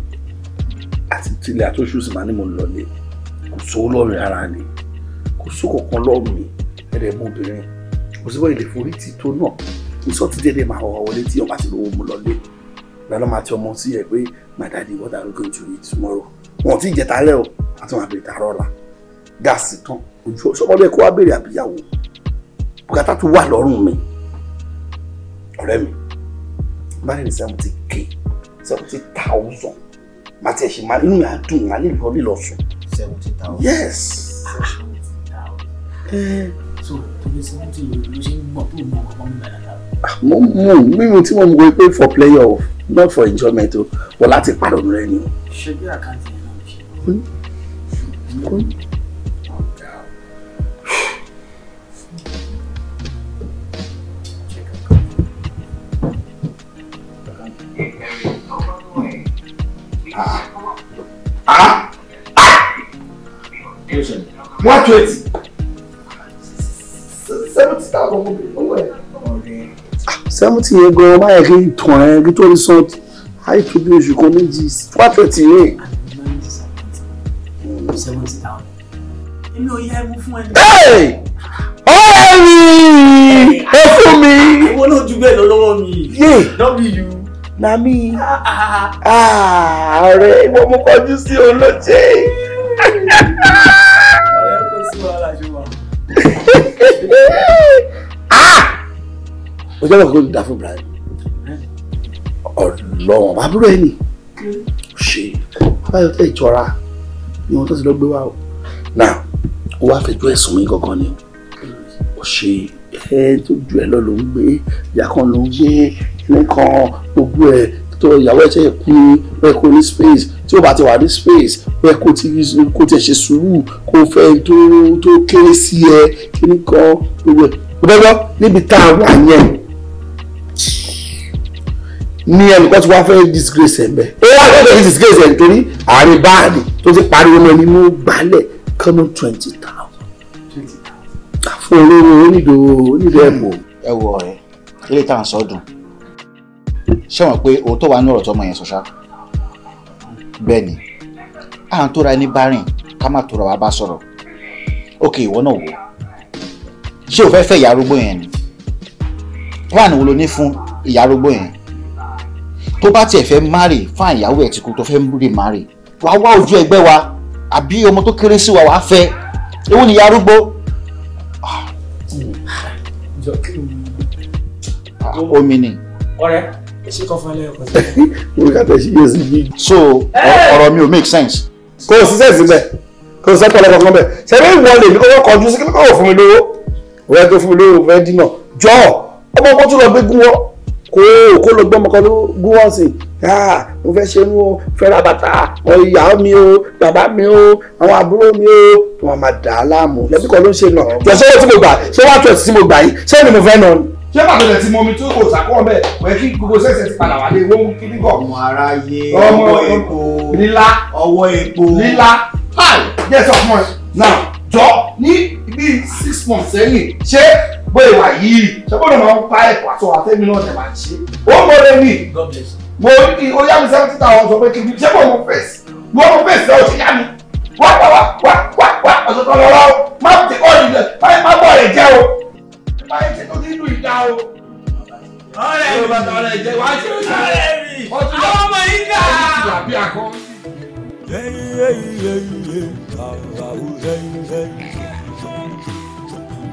àti tilẹ̀ àtúnṣu sì máa ní mo ń lọlé kò sówó lọ́rùn ara ni kò sókò kan lọ́rùn mi ẹ̀rẹ̀ mú obìnrin kò síbọ̀ èdè forí ti tó náà kò sọ ti dédé máa wà wọlé tí ọba ti lówó mu lọlé ìgbà lọ́ọ́ máa ti ọmọ sí ẹ pé my daddy what are we going to eat tomorrow wọn ti jẹta lẹ o àti wọn àbẹ̀rẹ̀ tààrọ̀ la gáàsì tán ojú ọsọmọdé kó wá béèrè àbíyàwó bùkátà tó wà lọ́rùn mi ọ̀rẹ́ mi bá ní seventy k seventy thousand má tiẹ̀ ṣe má inú mi á dùn má nílùú ọdún ìlọsùn. seventy thousand. yes. seventy ló ṣe ń gbọ́ tó mọ ọkọ̀ mọ́ mi bàdàdà. Ah, mo mú mímu tí mo mú pé for player not for enjoyment o wọ́n láti pàdánù rẹ ni o. ṣé bí àkáǹtì Kun. Kun. One twenty. Seventy thousand. Seventy yẹn Seventy, an máa yẹ kí n tàn ẹ́ kí tó rí sọ́ọ̀tì. Àìtó bí oṣù kan méjì. One twenty yẹn of seventy thousand. èmi ò yẹ ẹmu fún ẹni. ọ̀rẹ́ mi ẹ fún mi. owó náà ju bẹ́ẹ̀ lọ lọ́wọ́ mi. yé w na mi ah, ọ̀rẹ́ ìwọ mo kọjú sí olóje. Ah! ọ̀rẹ́ kò sí wàhálà ṣùgbọ́n. o jẹ́ kókó dà fún Ibrahim ọlọ́wọ́n àbúrò ẹni ṣe báyọ̀ tẹ̀ jọra ni wọ́n tó ti lọ gbé wa o. now ó wá fẹjọ́ ẹ̀sùn mi gangan ni o ṣe ẹ tó ju ẹ lọ ló ń gbé ìyá kan ló ń gbé ilé kan gbogbo ẹ tó ìyàwó ẹ tẹ ẹ kú ẹ kó ní space tí ó bá ti wà ní space ẹ kó ti kó ti ẹ ṣe sùúrù kó fẹ́ tó tó kéré sí ẹ kíní kan gbogbo ẹ gbogbo níbi tá a wà yẹn ní ẹnìkan tí wọ́n fẹ́ disgrace ẹ̀ bẹ́ẹ̀ ó wá fẹ́ disgrace ẹ̀ nítorí àárín báàlì tó ti pariwo náà ni mo gbálẹ̀ kánú twenty thousand. Ah, fún olówó onídò onídò ẹ̀bùn. ẹ wo ọ̀rẹ́ ilé tá à ń sọ dùn ṣé wọn pé òun tó wà ní ọ̀rọ̀ tọmọ yẹn sọ ṣá bẹ́ẹ̀ ni à ń tóra ẹni bá rìn ká má tóra wa bá sọ̀rọ̀ ókè ìwọ náà wò ṣé o fẹ́ fẹ́ ìyá arúgbó yẹn ni plan wo lo ní fún ìyá arúgbó yẹn tó bá tiẹ̀ fẹ́ marry fún àyàwó ẹ̀ tí kò tó fẹ́ marry wàá wá ojú ẹgbẹ́ wa àbí ọmọ tó kéré sí wa wàá fẹ́ ewu ni arúgbó. Ah, omi ni. ọ̀rẹ́ ẹ ṣe fún ẹ lẹ́yìn ọ̀kan. mo sí *laughs* yé so ọ̀rọ̀ mi ò make sense. kò sí sẹ́ẹ̀sì bẹ́ẹ̀ kò sí sẹ́ẹ̀sì ọ̀lọ́kọ̀ọ́kan bẹ́ẹ̀ ṣẹ́ni ìwọ̀n lèmi kọ́kọ́ kọjú sí kí ló kọ́ fún mi lówó rẹ tó fún mi lówó rẹ dínà jọ̀ọ́ ọmọ kó tún lọ gbégún wọn kó kó lọ gbọ́mọ kan ló gúnwọ́ sí mo fẹ́ ṣe inú o fẹ́ ìyá mi o bàbá mi o àwọn àbúrò mi o wọn máa dà á láàmú lẹ́bí kan ló ń ṣe nà yẹ̀sọ́ yóò tí mo gbà ṣé wàá tọ̀ sí mo gbà yìí ṣé ni mo fẹ́ nà. ṣé bàtà rẹ̀ ti tó kò sàkóhàn bẹ́ẹ̀ wẹ́ kí gbogbo sẹ́sẹ̀ ti padà wà lé owó kíní bọ̀. ọmọ ara yé ọwọ́ epo lílá ọwọ́ epo lílá hi yes of course now jọ ní bíi six months sẹ́yìn ṣé gbọ́ ìwà yìí ṣẹ́gbọ́dọ̀ máa ń pa ẹ̀kọ́ àti ọ̀hún àtẹ́mi náà dẹ̀ máa ń ṣe ó ń bọ̀rẹ̀ mi mo ní ó yá mi seventy thousand sọ pé kí n ṣe kó mo fèsì mo mo fèsì náà ó ṣe yá mi wá wá wá wá wá wá ọ̀ṣọ̀tọ̀ lọ́wọ́ o má ti kọ́ ìdílé má má bọ̀ rẹ̀ jẹ́ o má ṣe tó ti lù ìdá o. ọ̀rẹ́ mi ọ̀rẹ́ jẹ wá sí ọ̀rẹ́ mi àwọn ọmọ yìí kà á.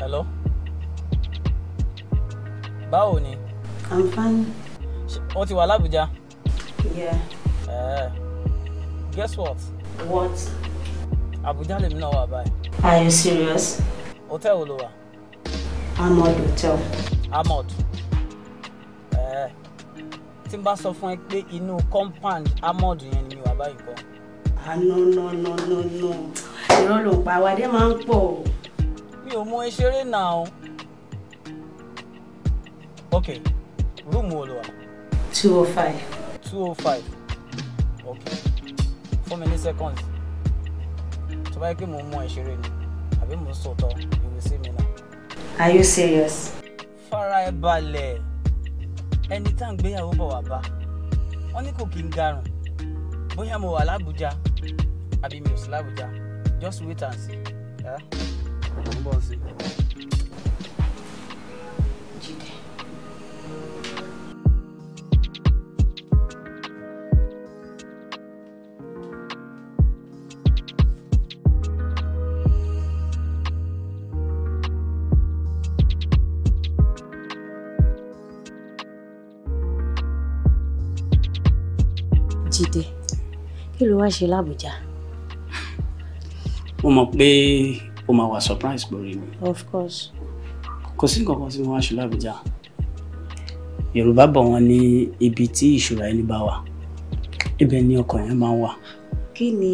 hello báwo ni. i'm fine. o ti wà lábújá. yeah. Uh, guess what. what. Abuja lèmi náà wà báyìí. are you serious. hotel wo ló wà. amod hotel. amod. Uh, eh. tí n bá sọ fún ẹ pé inú compound amod yẹn ni mi wà báyìí kọ. ah no no no no no irọ́ ló ń pa àwàdé máa ń pọ̀ o mi ò mọ ìṣeré náà o. ok rúùmù wo ló wà. two oh five. two oh five ok fún mi seconds tó bá yẹ pé mo mọ ìṣeré ni àbí mo ń sòtọ́ mi náà. are you serious. fara ẹ balẹ̀ ẹni tá à ń gbéyàwó bọ̀ wá bá wọn ní kò kí n garùn bóyá mo wà lábújá àbí mi ò sí lábújá just wait and see. Yeah? mo ń bọ̀ sí. jíde. jíde kí ló wá ṣe lábújá. mo mọ̀ pé ó máa wà surprise lórí mi. of course. kò sí nǹkan kan tí mo wá ṣe lábújá yorùbá bọ̀ wọ́n ní ibi tí ìṣúra ẹni bá wà ibẹ̀ ni ọkàn yẹn máa ń wà. kí ni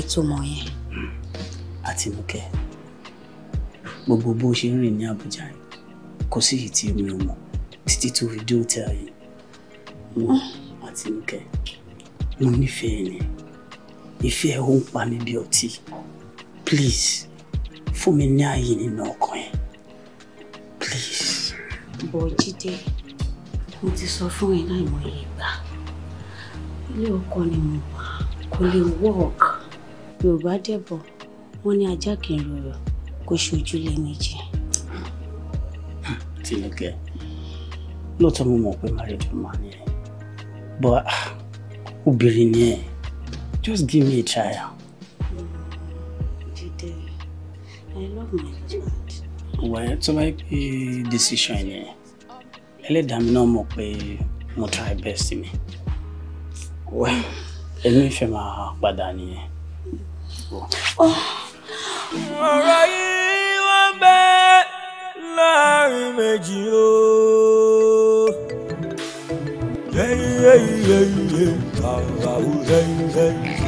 ìtumọ̀ yẹn. àtinúkẹ́ gbogbo bó ṣe ń rìn ní àbújá yìí kò sí ìtì mi ò mọ̀ títí tó fi dé òtẹ́ yìí mo ah. àtinúkẹ́ mo nífẹ̀ẹ́ ni ìfẹ́ ẹ̀ ń pa mí bí ọtí please fún mi ní ààyè nínú ọkàn yẹn please. bọ̀ jíde mo ti sọ fún ẹ náà ìmọ̀ yìí gbà ilé ọkọ ni mo wà kò lè work yorùbá dẹ̀bọ̀ wọ́n ní ajá kì í rorò kó ṣe ojúlé méjì. tinúkẹ́ lóòótọ́ mo mọ̀ pé married woman ni ẹ but ah, obìnrin ni ẹ just give me a trial. wẹ́ẹ́ tó bá yẹ pé decision yẹn ẹlẹ́dàá mi náà mọ̀ pé mo try best mi wẹ́ẹ́ èmi fẹ́ máa padà nìyẹn. ọ̀rọ̀ yìí wọ́n bẹ láàrin méjì o. Hey, hey, hey,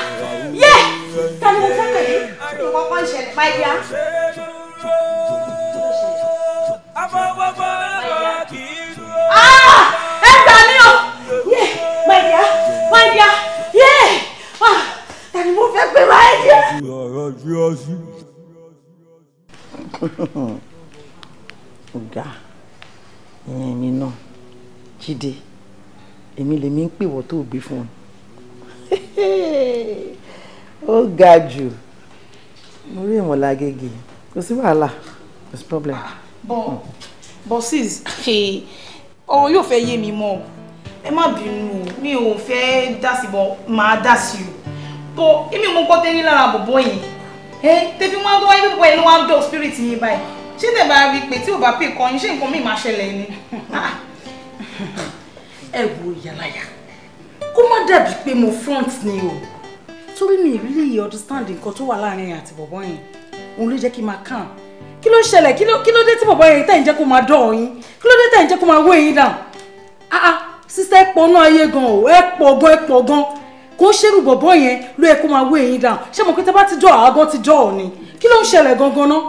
tani mo fẹ́ pẹ̀lú ìwọ kan ṣẹlẹ̀ máa yá. Ah! ẹ gbà mí o máa yá máa yá tani mo fẹ́ pẹ̀lú máa yá. ọ̀rọ̀ bí ọ sí. ọ̀gá ìyẹn ni náà jíde èmi lèmi ń pè wọ́n tó gbé fún ọ ó ga jù mo rí ìmọ̀lá gègé kò sí wàhálà kò sí problem. bọ́n bọ́n sis ọ̀rọ̀ yóò fẹ́ yé mi mọ́ ẹ má bínú mi ò fẹ́ dá sí bọ́ máa dá sí o bọ́ èmi mo gbọ́ tẹ́lẹ̀ lára bọ̀bọ́ yẹn ẹ tẹ́fí wọn lọ́wọ́ ẹbí bọ́ ẹ ló wá ń dọ̀ spirit yín báyìí ṣé tẹ̀ bá rí i pé tí ò bá pè kọ́ yín ṣé nǹkan míì máa ṣẹlẹ̀ ni *laughs* ẹ wo yàlàyà kó má dàbí pé mo front ni o torí mi really understand nǹkan tó wà láàrin yẹn àti bọ̀bọ́ yẹn òun ló jẹ́ kí n máa kàn kí ló ṣẹlẹ̀ kí ló dé tí bọ̀bọ́ yẹn tẹ̀ ń jẹ́ kó máa dọ̀ yín kí ló dé tẹ̀ ń jẹ́ kó máa wé yín down ah ah sísẹ́ ẹ pọ̀ náà ayé gan o ẹ pọ̀ gan ẹ pọ̀ gan kó ṣerú bọ̀bọ́ yẹn ló yẹ kó máa wé yín down ṣé mo pé tẹ bá ti dọ̀ àgọ́ ti dọ̀ ọ̀ ni kí ló ń ṣẹlẹ̀ gangan náà.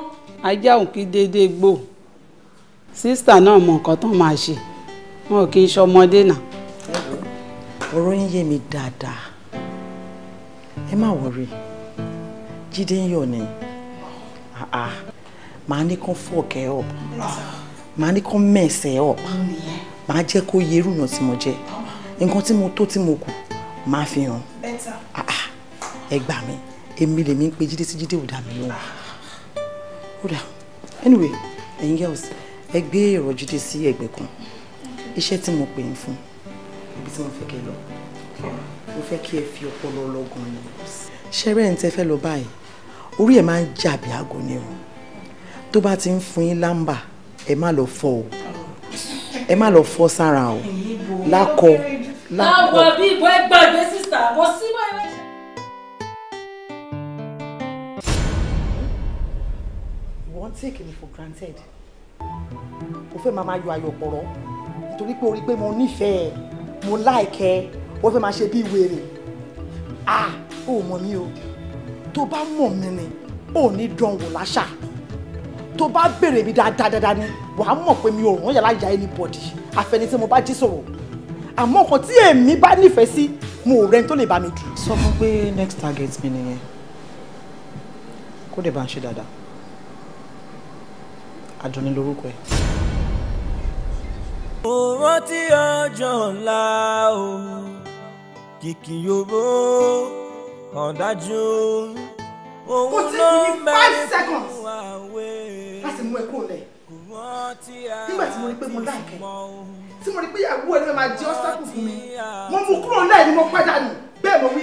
ajá òun kí déédéé gbò sísítà náà mọ nǹkan tó máa ṣe wọn ò ẹ má wọrí jíde ń yọ̀ ni ah, ah. màá ní kán fọ̀kẹ́ ọ̀ màá ní kán mẹ̀sẹ̀ ọ̀ màá jẹ́ kó yẹ irú yàn tí mo jẹ́ nǹkan tí mo tó tí mo kù màá fi hàn ah, ẹ gbà mí èmi lèmi ń pe jíde sí jíde ò dà mí lóhùn anyway ẹ̀yin girls ẹ gbé èrò jíde sí ẹ̀gbẹ́ kan iṣẹ́ tí mo pè ń fún ibi tí mo fẹ́ kẹ́ lọ mo fẹ́ kí ẹ fi ọpọlọ lọ́gàn ni. ṣẹ́rẹ́ ń tẹ́ fẹ́ lọ báyìí orí ẹ̀ máa ń jàbí aago ni o tó bá ti ń fún yín lámbà ẹ má lọ fọ o ẹ má lọ fọ sára o lákọ lákọ. láwọ bí ìbọn ẹ gbàgbé sísà kò sí wọn ẹ. wọ́n take me for granted mo fẹ́ máa máa yọ ayọ̀ pọ̀rọ̀ nítorí pé orí pé mo nífẹ̀ẹ́ mo láìkẹ́. Like ó fẹ́ máa ṣe bí wèrè ah ò mọ̀ mí o tó bá mọ̀ mí ni ò ní dánwò láṣà tó bá béèrè mi dáadáa ni wàá mọ̀ pé mi ò rán yàrá ìyá anybody àfẹni tí mo bá jí sọ̀rọ̀ àmọ́ nǹkan tí èmi bá nífẹ̀ẹ́ sí mo ò rẹni tó lè bá mi dù. sọ fún pé next target mi nìyẹn kó dẹ̀ bá ń ṣe dáadáa àjọni lórúkọ ẹ̀. òró tí ọjọ́ ńlá òun kìkì yòbó ọ̀dájú òun ló mẹ́rin fún àwẹ̀ láti mú ẹkún lẹ̀ nígbà tí mo rí pé mo láìkẹ́ tí mo rí pé ìyàwó ẹni máa jẹ́ ọ́sítẹ́kù fún mi mo mú kúrò náà ni mo padà nù bẹ́ẹ̀ mo wí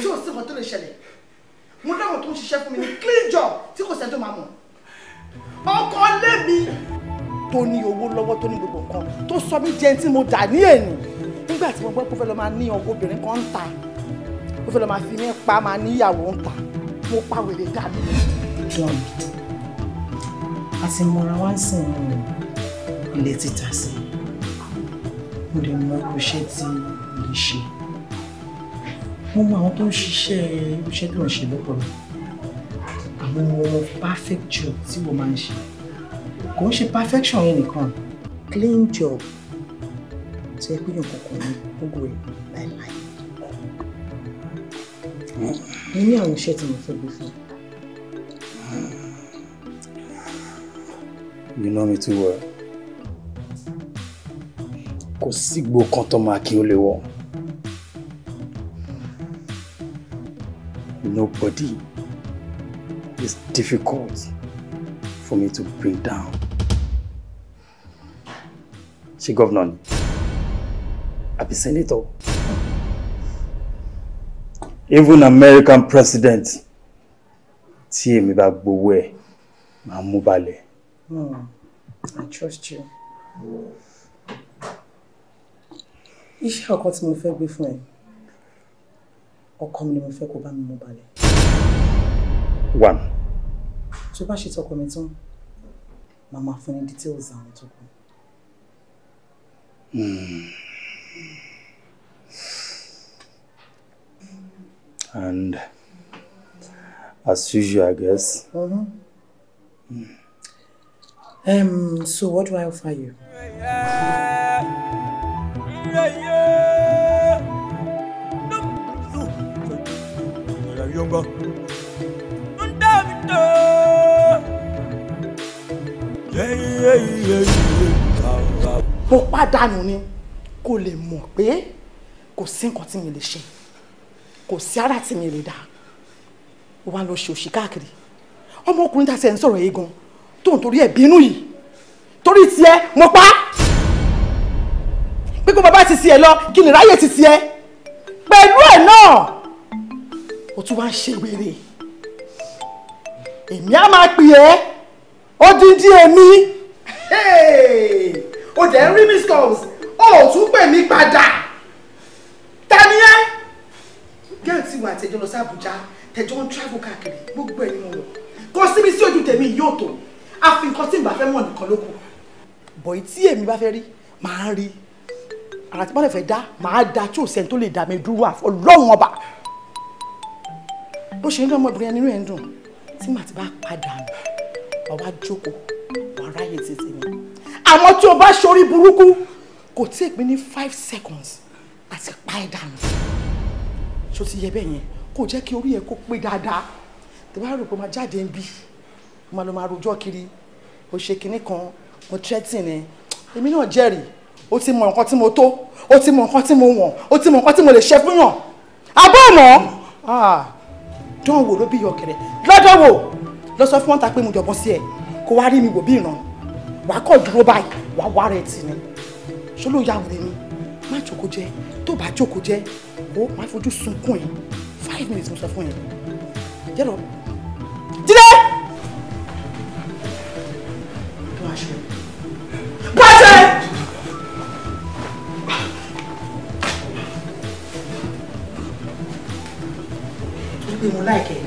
tí ò sí nǹkan tó lè ṣẹlẹ̀ mo dáhùn tó ń ṣiṣẹ́ fún mi ní clean job tí kò sẹ́ni tó máa mọ̀ ọkọ lé mi tó ní owó lọ́wọ́ tó ní gbogbo nǹkan tó sọ mí jẹun tí mo dà ní ènìyàn nígbà tí mo gbọ́ pé ó fẹ́ lọ máa ní ọkọ obìnrin kan ń ta ó fẹ́ lọ máa fi mí pa máa níyàwó ń ta mo pa wèrè dànù. john àti mọra wá ń sìn mí ilé títà sí mo lè mọ irú iṣẹ́ tí mo lè ṣe mo mọ àwọn tó ń ṣiṣẹ́ iṣẹ́ tó ń ṣe lọ́pọ̀lọpọ̀ àwọn ọmọ perfect job tí wọ́n máa ń ṣe kò ń ṣe perfection yẹn nìkan clean job tí pé yàn kankan ní gbogbo ẹ̀ láìláì. mo ní àwọn iṣẹ́ tí mo fẹ́ gbé fún. You know me too well. Kò sígbó kan tó máa kí ó lè wọ̀. Nobody is difficult for me to bring down. ṣé gọ́vnà ni àbí senator. even American president tí èmi bá gbowó ẹ̀ máa hmm, I trust you. Is she tí mo fẹ́ gbé or ẹ, ọkọ move ni mo fẹ́ kó One. Tó bá ṣe tọkọ mi tán, Mama, máa fún ní details àwọn tó Hmm. And as usual, I guess. Mm-hmm. Um, so what do I offer you? Mo pàdánù ni kó lè mọ̀ pé kò sí nǹkan tí mi lè ṣe kò sí ara tí mi lè dá wà lọ ṣe òṣì káàkiri ọmọkùnrin tá a ṣe ń sọ̀rọ̀ yìí gan tó ń torí ẹ̀ bínú yìí torí tiẹ̀ mo pa pé kó bàbá ti tiẹ̀ lọ kí ni ráyè ti tiẹ̀ pẹ̀lú ẹ̀ náà o tún wá ń ṣe wèrè èmi á máa pè ẹ́ ó dín dín èmi ó dẹ̀ rí miss calls o ò tún pè mí padà ta ni ẹ́ gẹ́ẹ̀ tí wà tẹ̀jọ́ lọ sí Àbújá tẹ̀jọ́ ń travel káàkiri gbogbo ẹ̀ ni mo lọ kò síbi sí ojú tèmi yóò tó àfi nǹkan tí n bá fẹ́ mọ̀ nìkan ló kù. bọ̀yì tí èmi bá fẹ́ rí màá rí ara tí bá lè fẹ́ dá màá da tí òsèǹ tó lè dà mí dúró àfọ lọ́wọ́n ọba bó ṣe ń dán ọmọbìnrin ẹni inú ẹ̀ ń dùn tí màá ti bá padà nù ọba jókòó wàá ráyè títí mi àmọ́ tí o bá ṣorí burúkú kò take mi ní five seconds àti pa ẹ̀ dànù ṣó ti yẹ bẹ́ẹ̀ yẹn kò jẹ́ kí orí ẹ̀ kó pé dáadáa tẹ́ bá rò pé ó máa jáde ń bí ó máa lọ máa rojọ́ kiri ó ṣe kinní kan mo threatening ni èmi náà jẹ́rìí ó ti mọ nǹkan tí mo tó ó ti mọ nǹkan tí mo wọ̀n ó ti mọ nǹkan tí mo lè ṣe fún yàn abọ́ ọ̀nà ah, dán wò ló bí ọ̀kẹ́rẹ́ lọ́dọ̀ wò lọ sọ fún wọn ta pé mo jọ̀bọ sí ẹ kó wá rí mi wò bí ìran wàá kọ̀ dúró báyìí wàá wá rẹ̀ tì ní ṣó ló ya òde ni má jókòó jẹ tó bá jókòó jẹ ó má fojú sunkún ẹ five minutes mo sọ fún ẹ jẹ lọ jíde. bó a ṣe bó a ṣe. tó gbé wọn láìkẹ́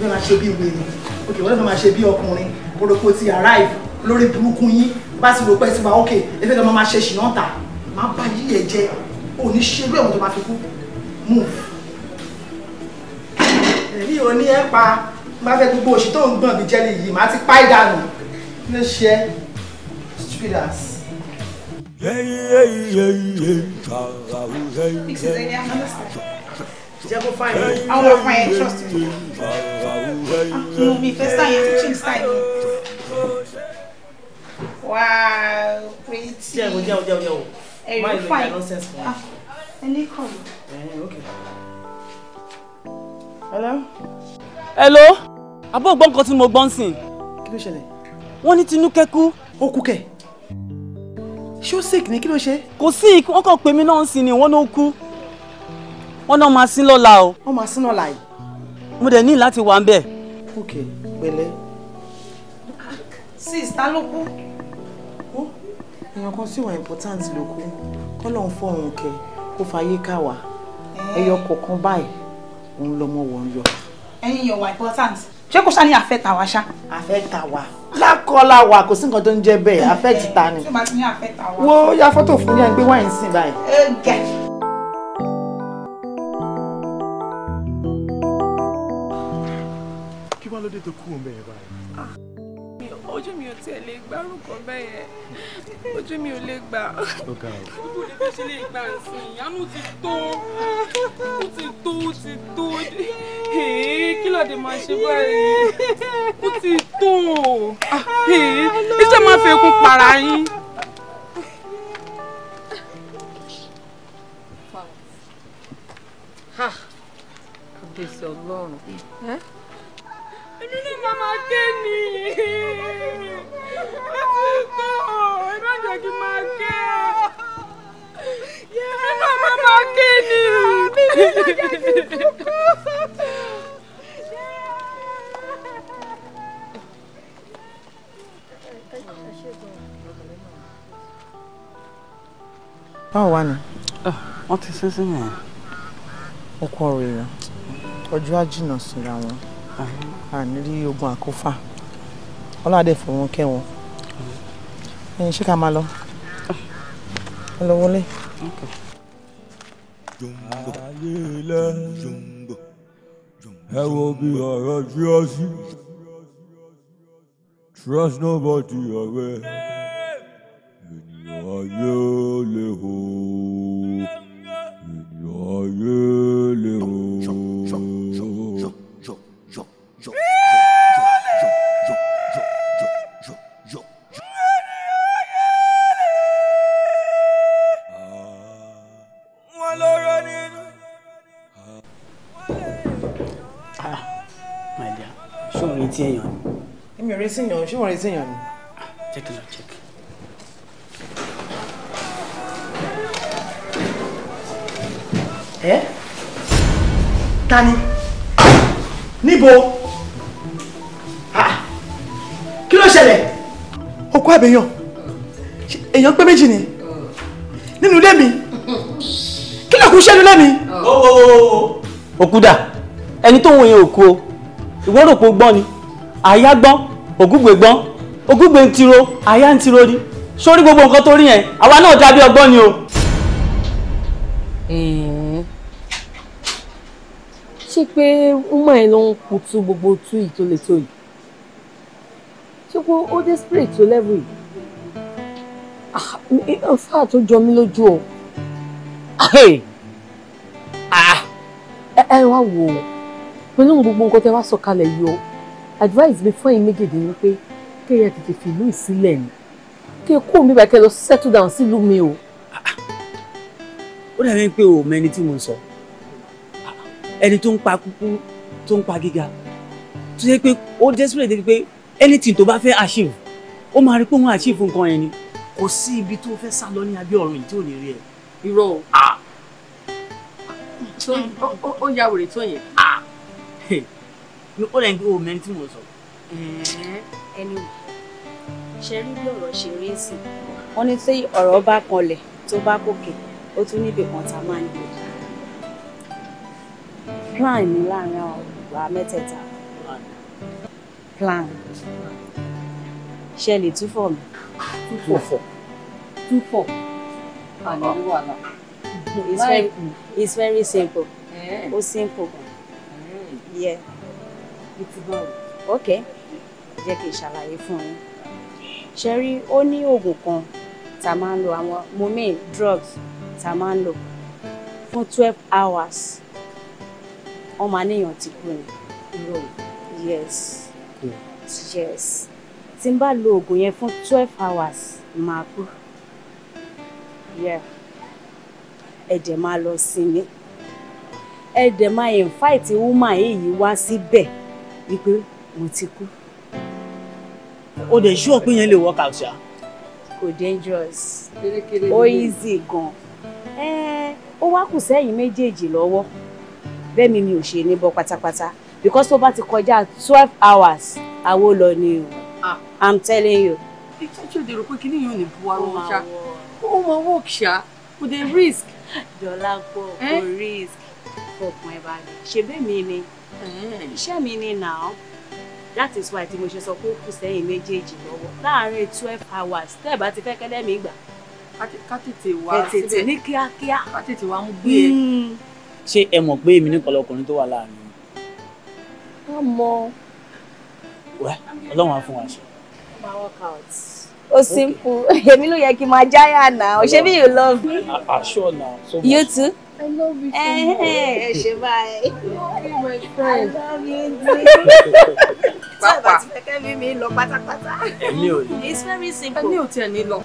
wọ́n máa ṣe bí wèrè òkè wọ́n máa ṣe bí ọkùnrin olóko ti arrive lórí burúkú yín bá sì rò pé sí wa ok ebi lọ́mọ máa ṣe ṣìnà ta máa bá yíyẹ jẹ òní ẹ̀wọ̀n tó máa fi kú mú. èmi ò ní ẹ pa bá fẹ́ gbogbo òṣì tó ń gbọ̀n bí jẹ́lì yìí màá ti pa ẹ̀ dànù kí ṣe é stupid ass. Mixes any understand? Jago trust in you. No, me first time you teaching Wow, pretty. Jẹ́wò jẹ́wò jẹ́wò jẹ́wò. Ẹ̀rù fine. Máa ìlú nonsense fún wa. Ẹni kọ̀ mí. Hello. Hello. Àbọ̀ gbọ́ nǹkan tí mo gbọ́ ń sìn. Kí ló ṣẹlẹ̀? Wọ́n ní Tinúkẹ́ kú. Ó kú kẹ̀. Ṣé ó sick ni kí ló ṣe? Kò sí ikú, wọ́n kàn pè mí náà sìn ni wọ́n ló kú. Wọ́n náà máa sin lọ́la o. Wọ́n máa sin lọ́la yìí. Mo dẹ̀ ní láti wà ń bẹ̀. Kú kẹ̀ pẹ̀lẹ́. Sis, ta ló kú? èèyàn kan sì wà important ló kú kọ́ ló ń fọ òun kẹ kó fàyè ká wà ẹyọ kọ̀ọ̀kan báyìí òun lọmọ wọn yọ. ẹyin yẹn wà important ṣé kò sá ní affect àwa ṣá. affect àwa lákọ́lá wa kò sí nǹkan tó ń jẹ́ bẹ́ẹ̀ affect ta ni wo ya fọ́tò fún yẹn gbé wáyé sí báyìí. kí wàá ló tó kú òun bẹ́ẹ̀ bá tiẹ̀ lè gbárùkọ bẹ́yẹn ojú mi ò lè gbà. ojú lè fi ṣe lè gbà sí ìyanu ti tó ó ti tó ó ti tó kí lóde máa ṣe báyìí ó ti tó iṣẹ́ máa fi eku para yín. Ha! Kàbíyèsí ọlọ́run mama Kenny ó ti tó ẹ má mama Kenny. báwo wá ni. Ah, wọ́n ti sín sí mi. ọkọ rẹ̀ ọjọ́ ajínà síra wọn àní rí ogun àkófà ọlọ́dẹ fọwọ́n kẹ́ wọn ṣé ká máa lọ ẹ lọ wọlé. ẹ wo bí ọ̀rọ̀ jí ọ sí trust nobody ọ̀rẹ́ ènìyàn ayé lè hó ènìyàn ayé lè hó. retí èèyàn ni. èmi ò retí èèyàn ṣé wọ́n retí èèyàn ni. jẹ́ kí n lọ jẹ́ kí. ẹ tani níbo kí ló ṣẹlẹ̀. okú àbẹ̀yàn èèyàn pé méjì ni nínú ilé mi kí ló kú ṣẹ́nu lẹ́mi. òkú dà ẹni tó ń wọ̀nyẹn òkú o ìwọ rò pé ó gbọ́n ni àyà gbọ́n ògúgbè gbọ́n ògúgbè ń tiro àyà ń tiro ni sórí gbogbo nǹkan tó rí yẹn àwa náà dàbí ọgbọ́n ni o. ṣé pé woman yìí ló ń kutu gbogbo tú yìí tó le tó yìí ṣé pé ó dé spirit tó level yìí àfáà ah, tó jọ mí lójú o ah, ẹ wá wò ó pẹ̀lú gbogbo nǹkan tẹ́ wá sọ̀kalẹ̀ yìí o advice mi fún ẹ̀yin méjèèjì ni pé kéèyàn tètè fìlú ìsílẹ̀ ni kí ikú mi bá kẹ́ lọ settle down sílùú mi o. ó dàbí pé o mẹni tí mo ń sọ ẹni tó ń pa kúkúrú tó ń pa gíga tó yẹ pé ó desperate débi pé anything tó bá fẹ́ achieve ó máa rí pé òun achieve nǹkan yẹn ni kò sí ibi tó fẹ́ sá lọ ní abẹ́ ọ̀run yìí tí ò ní rí ẹ. irọ́ o ah. Ah. ó yà wèrè tó yẹn. Ah ó lẹ́yìn pé o mẹ́ni tí mo sọ. ẹni ṣe rí bí ọ̀rọ̀ ṣe rí sí wọ́n ní tí ọ̀rọ̀ bá kanlẹ̀ tó bá kòkè ó tún níbi kan tá a máa ń gbé plan ní láàrin àwọn olùgbà mẹ́tẹ̀ẹ̀ta plan ṣe lè túfọ̀ mi. túfọ̀ túfọ̀ àná wàhálà. it's very it's very simple ó simple gan. Mm. yeah bí ti báwo. ok jẹ́ kí n ṣàlàyé fún yín ṣe rí ó ní oògùn kan tá a máa ń lo àwọn momin drugs tá a máa ń lò fún twelve hours wọ́n máa níyàn ti kú ni. no yes yes tí n bá lo oògùn yẹn fún twelve hours máa kú yeah ẹ̀dẹ̀ máa lọ sinmi ẹ̀dẹ̀ máa invite woman yìí wá síbẹ̀. Si wípé mo ti kú. o dẹ̀ ṣú ọ̀pẹ yẹn lè work out ṣá. kò dangerous ó easy gan ó wá kù sẹ́yìn méjèèjì lọ́wọ́ bẹ́ẹ̀ mi mi ò ṣe ní bọ́ pátápátá because tó bá ti kọjá twelve hours àwo lọ ni o i'm telling you. ìtọ́jú òde rò pé kí níyàn ò ní bu ara wọn ó mọ work ṣá kò dé risk. dọ́là pọ̀ kò risk fọkàn ẹ̀ balẹ̀ ṣe bẹ́ẹ̀ mi ni iṣẹ́ mi ni now that is why tí mo ṣe sọ pé ó kù sẹ́yìn méjèèjì lọ́wọ́ láàárín twelve hours tẹ́ ẹ̀ bá ti fẹ́ kẹ́lẹ́ mi gbà. ká tètè wá síbẹ̀ ní kíákíá ká tètè wá mú gbé e. ṣé ẹ mọ̀ pé èmi nìkan lọkùnrin tó wà láàárín wọn. wọ́n mọ. wẹ́ ọlọ́run á fún wa ṣe. máa work out. ó simple èmi ló yẹ kí n máa jáyà náà ṣé bí you love me. I, ah, I ah, sure now so much. you too. I love you so eh, much. Ẹ eh, eh, ṣe báyìí. *laughs* My friend. I love you *laughs* too. Sábà ti fẹ́kẹ́ mi mi lọ pátápátá. Èmi ò ní. It's very simple. Èmi ò tiẹ̀ ní lọ.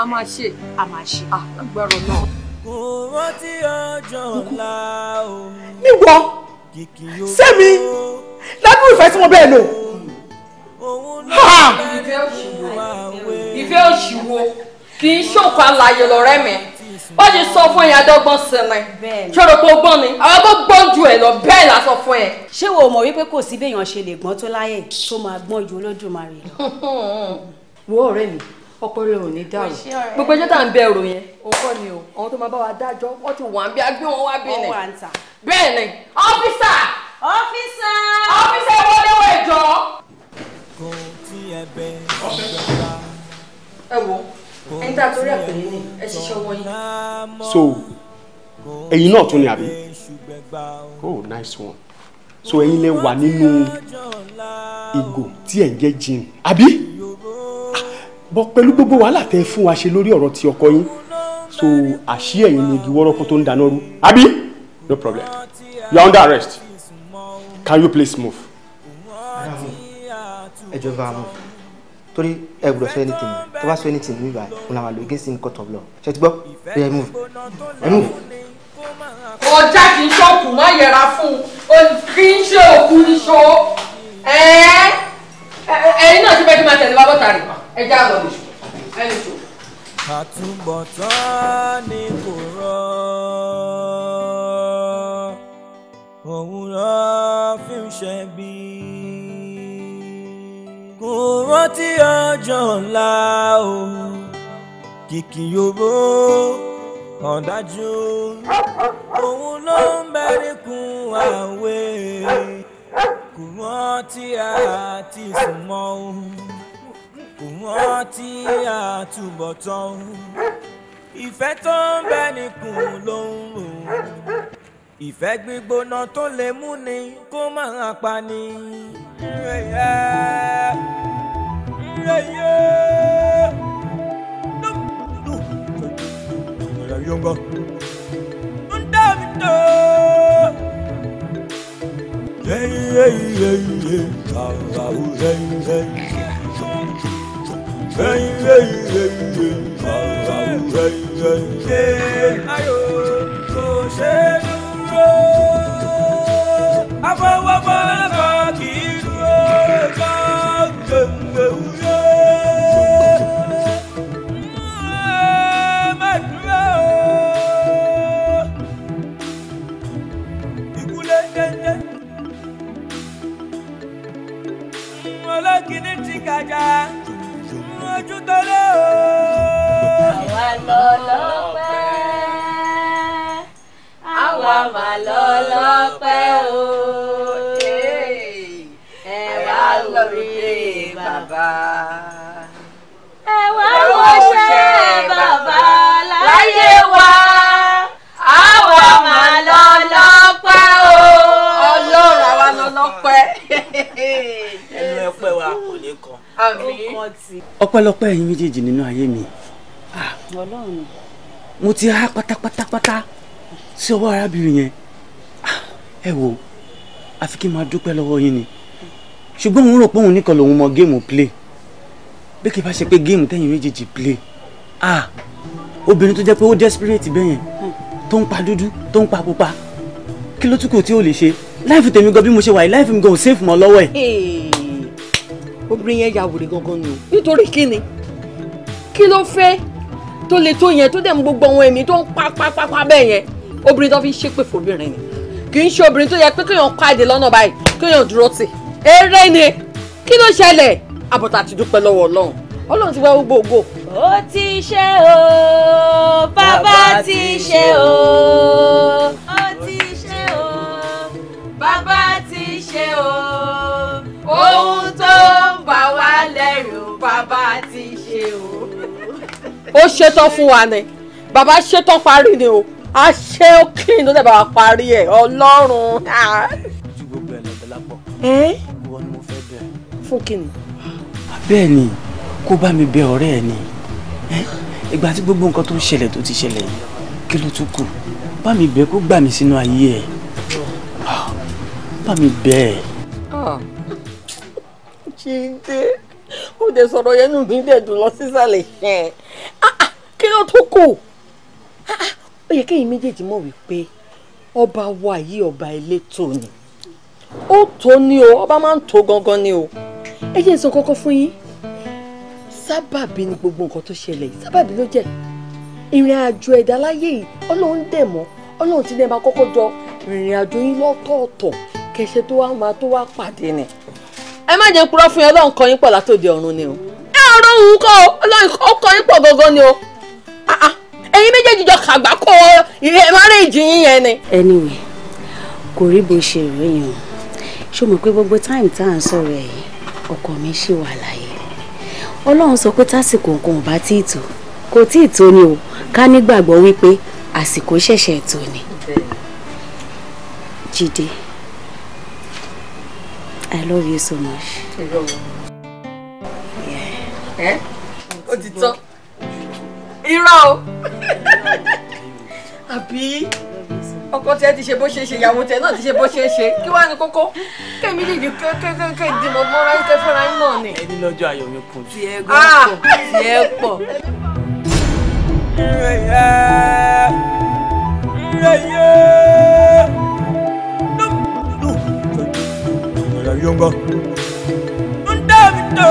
A máa ṣe. A máa ṣe. Agbára ah, náà. Kò rántí ọjọ́ ńlá o. Níwọ̀ sẹ́mi lábẹ́ ìfẹ́ tí mo bẹ́ẹ̀ lò. Ìfẹ́ òṣìwò kì í bá ṣe sọ fún ẹ̀yà dọ́gbọ́n sẹ́nà ṣòro kò gbọ́n ni àwọn tó gbọ́n ju ẹ̀ lọ bẹ́ẹ̀ la sọ fún ẹ. ṣé wo mọ̀ wípé kò sí béèyàn ṣe lè gbọ́n tó láyè tó máa gbọ́n ju olódùmarè lọ. *laughs* wo ọ̀rẹ́ mi ọpọlọ ò ní dáhùn gbogbo ẹjọ́ tá à ń bẹ ọ̀rọ̀ yẹn òun ni o àwọn tó máa bá wa dájọ́ wọ́n ti wà ń bí agbé wọn wá bí ni bẹ́ẹ̀ ni ọ́fíìsà ọ́fíìsà ọ́fíìsà wọlé wọ ẹjọ́. kò tí ẹ bẹ wa. ẹ so ẹ̀yin náà tún ni àbí oh nice one so ẹ̀yin lè wà nínú ìgò tí ẹ̀ ń jẹ́ gin àbí bọ́ pẹ̀lú gbogbo wàhálà tẹ́ fún wa ṣe lórí ọ̀rọ̀ ti ọkọ yín so àṣì ẹ̀yin ni igi wọ́rọ́kọ́ tó ń dáná rú àbí no problem you are under arrest can you please move. ẹ jọba move torí ẹ gbọ́dọ̀ sọ anything tó bá sọ anything mi bá òun làwọn àlò against in court of law ṣe ti gbọ́ ẹ move ẹ move. ọjà kì í ṣọ́ọ̀kù má yẹra fún un kì í ṣe òkú iṣó ẹ̀yin náà ṣe fẹ́ kí máa tẹ̀lé wa bọ́ta rẹ̀ ẹ já lọ lóṣù ẹ lè ṣò. àtúbọ̀tán ni kò rọ òun lọ fi ń ṣe kò rántí ọjọ́ ńlá o kìkì yòbó ọ̀dájú òun ló ń bẹ́ríkún àwẹ̀ kò rántí àti ìsúnmọ́ o kò rántí àtúbọ̀tán o ìfẹ́ tó ń bẹ́ríkún ló ń rò ìfẹ́ gbígbóná tó lè mú ni kó máa pa ni. Yongo. Ndamito. Yeah, yeah, yeah, yeah. Wow, wow, yeah, yeah. Yeah, yeah, yeah, yeah. Wow, wow, yeah, yeah. Yeah, ayo, kò ṣe é lọ dúró afọwọ́fọ́fọ́ kì í dúró kọ́ gbèǹgbè wúyọ́. má dúró ikú lé dédé ọlọ́kìnrin ti kàjá ojú tó lé o. àwa lọ lọ́pẹ́ wa mà lọ lọ́pẹ́ o. ẹ wá lórí bàbá. ẹ wá wọṣẹ́ bàbá láyé wa. àwa mà lọ lọ́pẹ́ o. ọlọ́run àwa lọ lọ́pẹ́. *laughs* ẹnu ẹpẹ́ wa kò ní kan. ọpẹ́lọpẹ́ ẹ̀yin méjèèjì nínú ayé mi. Ah, ọlọ́run. mo ti há pátápátápátá sí ọwọ́ arábìnrin yẹn ah, ẹ wo àfi kí n máa dúpẹ́ lọ́wọ́ yín ni ṣùgbọ́n òun rò pé òun nìkan lòun mọ géèmù play bí kì í bá ṣe pé géèmù tẹ̀yìn méjèèjì play ah obìnrin tó jẹ́ pé ó desperate bẹ́yẹn tó ń pa dúdú tó ń pa pupa kí ló tún kù tí ò lè ṣe láìfù tèmi gan bí mo ṣe wà yìí láìfù mi gan ò safe mọ́ lọ́wọ́ ẹ̀. obìnrin yẹn ya wèrè gangan ni o nítorí kí ni kí ló fẹ́ tó le tó yẹn tó dẹ̀ mú gbogbo ohun ẹ̀mí tó ń pa pa pa pa bẹ́ẹ̀ yẹn obìnrin tó fi ń ṣépè fòbìnrin ni kì í ṣe obìnrin tó yẹ pé kéèyàn káàdé lọ́nà báyìí kéèyàn dúró tì eré ni kí ló ṣẹlẹ̀ àbọ̀tà ti dúpẹ́ lọ́wọ́ ọlọ́run ọlọ́run ti wá gbogbo ògo. ó ti ṣe o bàbá ti ṣe o ó ti ṣe o bàbá ti ṣe o ohun tó ń bà wá lẹ́rù bàbá ti ṣe o. ó ṣetán fún wa ni bàbá ṣetán parí ni o àṣẹ òkè ló dẹ̀ bá wa parí ẹ̀ ọlọ́run. ojú gbogbo ẹ̀ lọ́dọ̀ lápọ̀. ìwọ ni mo fẹ́ bẹ̀. fún kìnnì. bẹ́ẹ̀ ni kó bá mi bẹ ọ̀rẹ́ ẹ̀ ni ìgbà tí gbogbo nǹkan tó ń ṣẹlẹ̀ tó ti ṣẹlẹ̀ yìí kí ló tún kù bá mi bẹ kó gbà mí sínú ayé ẹ̀ ah, bá mi bẹ ẹ̀. Ah. jíde ó dẹ̀ sọ̀rọ̀ yẹn nù mí dẹ̀ dùn lọ sísàlẹ̀ ah, kí ló tún kù yẹ kéyìn méjèèjì mọ̀ wípé ọba wa yìí ọba elétò ni ó tó ni o ọba máa ń tó gangan ni o ẹ jẹ́ n sọ kọ́kọ́ fún yín sábàbí ni gbogbo nǹkan tó ṣẹlẹ̀ yìí sábàbí ló jẹ́ ìrìn àjò ẹ̀dá láyé yìí ọlọ́run dẹ̀ mọ́ ọlọ́run ti ní ẹ máa kọ́kọ́ jọ ìrìn àjò yín lọ́tọ̀ọ̀tọ̀ kẹṣẹ tó wá máa tó wá pàdé ni ẹ má jẹ́ purọ́ fún yín ọlọ́run kọ́ yín pọ̀ látòdì ọ̀run ni o ẹ ọ̀rọ̀ òun kọ́ ọlọ́run kọ́ yín pọ̀ gangan ni o ah ah ẹ̀yin méjèèjì jọ kàgbá kó marriage yín yẹn ni. anyway kò rí bó ṣe rò yàn ṣó mọ̀ pé gbogbo táìmù tá à ń sọ̀rọ̀ ẹ̀ ọkọ mi ṣì wà láyé ọlọ́run sọ pé tásìkò nǹkan ò bá tí ì tó kò tí ì tó ni o ká nígbàgbọ́ wípé àsìkò ṣẹ̀ṣẹ̀ tó ni. Jídé I love you so much. ó ti tán irọ́ o àbí ọkọ tẹ ti ṣe bó ṣe ṣe ìyàwó tẹ náà ti ṣe bó ṣe ṣe kí wàá ní kókó kémi lè di kékeré dìbò mọ́ra ẹ̀ fúnra ẹ̀ náà ni. ẹni lọ́jọ́ ayọ̀ mi kù. tiẹ̀ gbọ́ tiẹ̀ pọ̀. Yongo. Ndabito.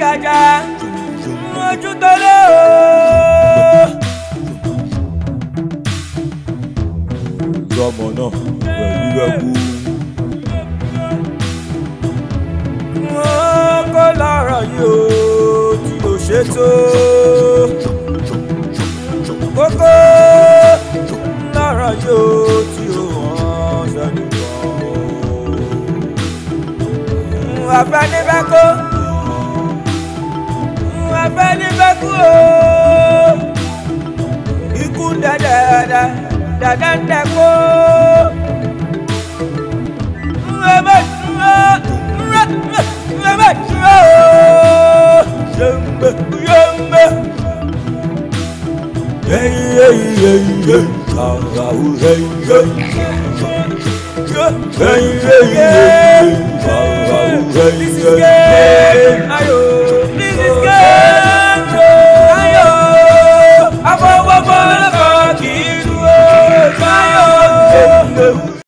gàjà ojú tó lé o. lọ́mọ náà pẹ̀lú ẹ̀kú. wọ́n kó lọ́rọ̀ yìí o tí o ṣe tó. kókó lọ́rọ̀ yìí o tí o hàn sẹ́nu wọ́n. àgbà kó fẹ́ ní fẹ́ kú o ikú dàdàdà dàdà ń tẹ̀ kó. Hey, hey, hey, hey, hey, hey, hey, hey, hey, hey, afọwọ́fọ́ lọ́kọ̀ kì í dúró.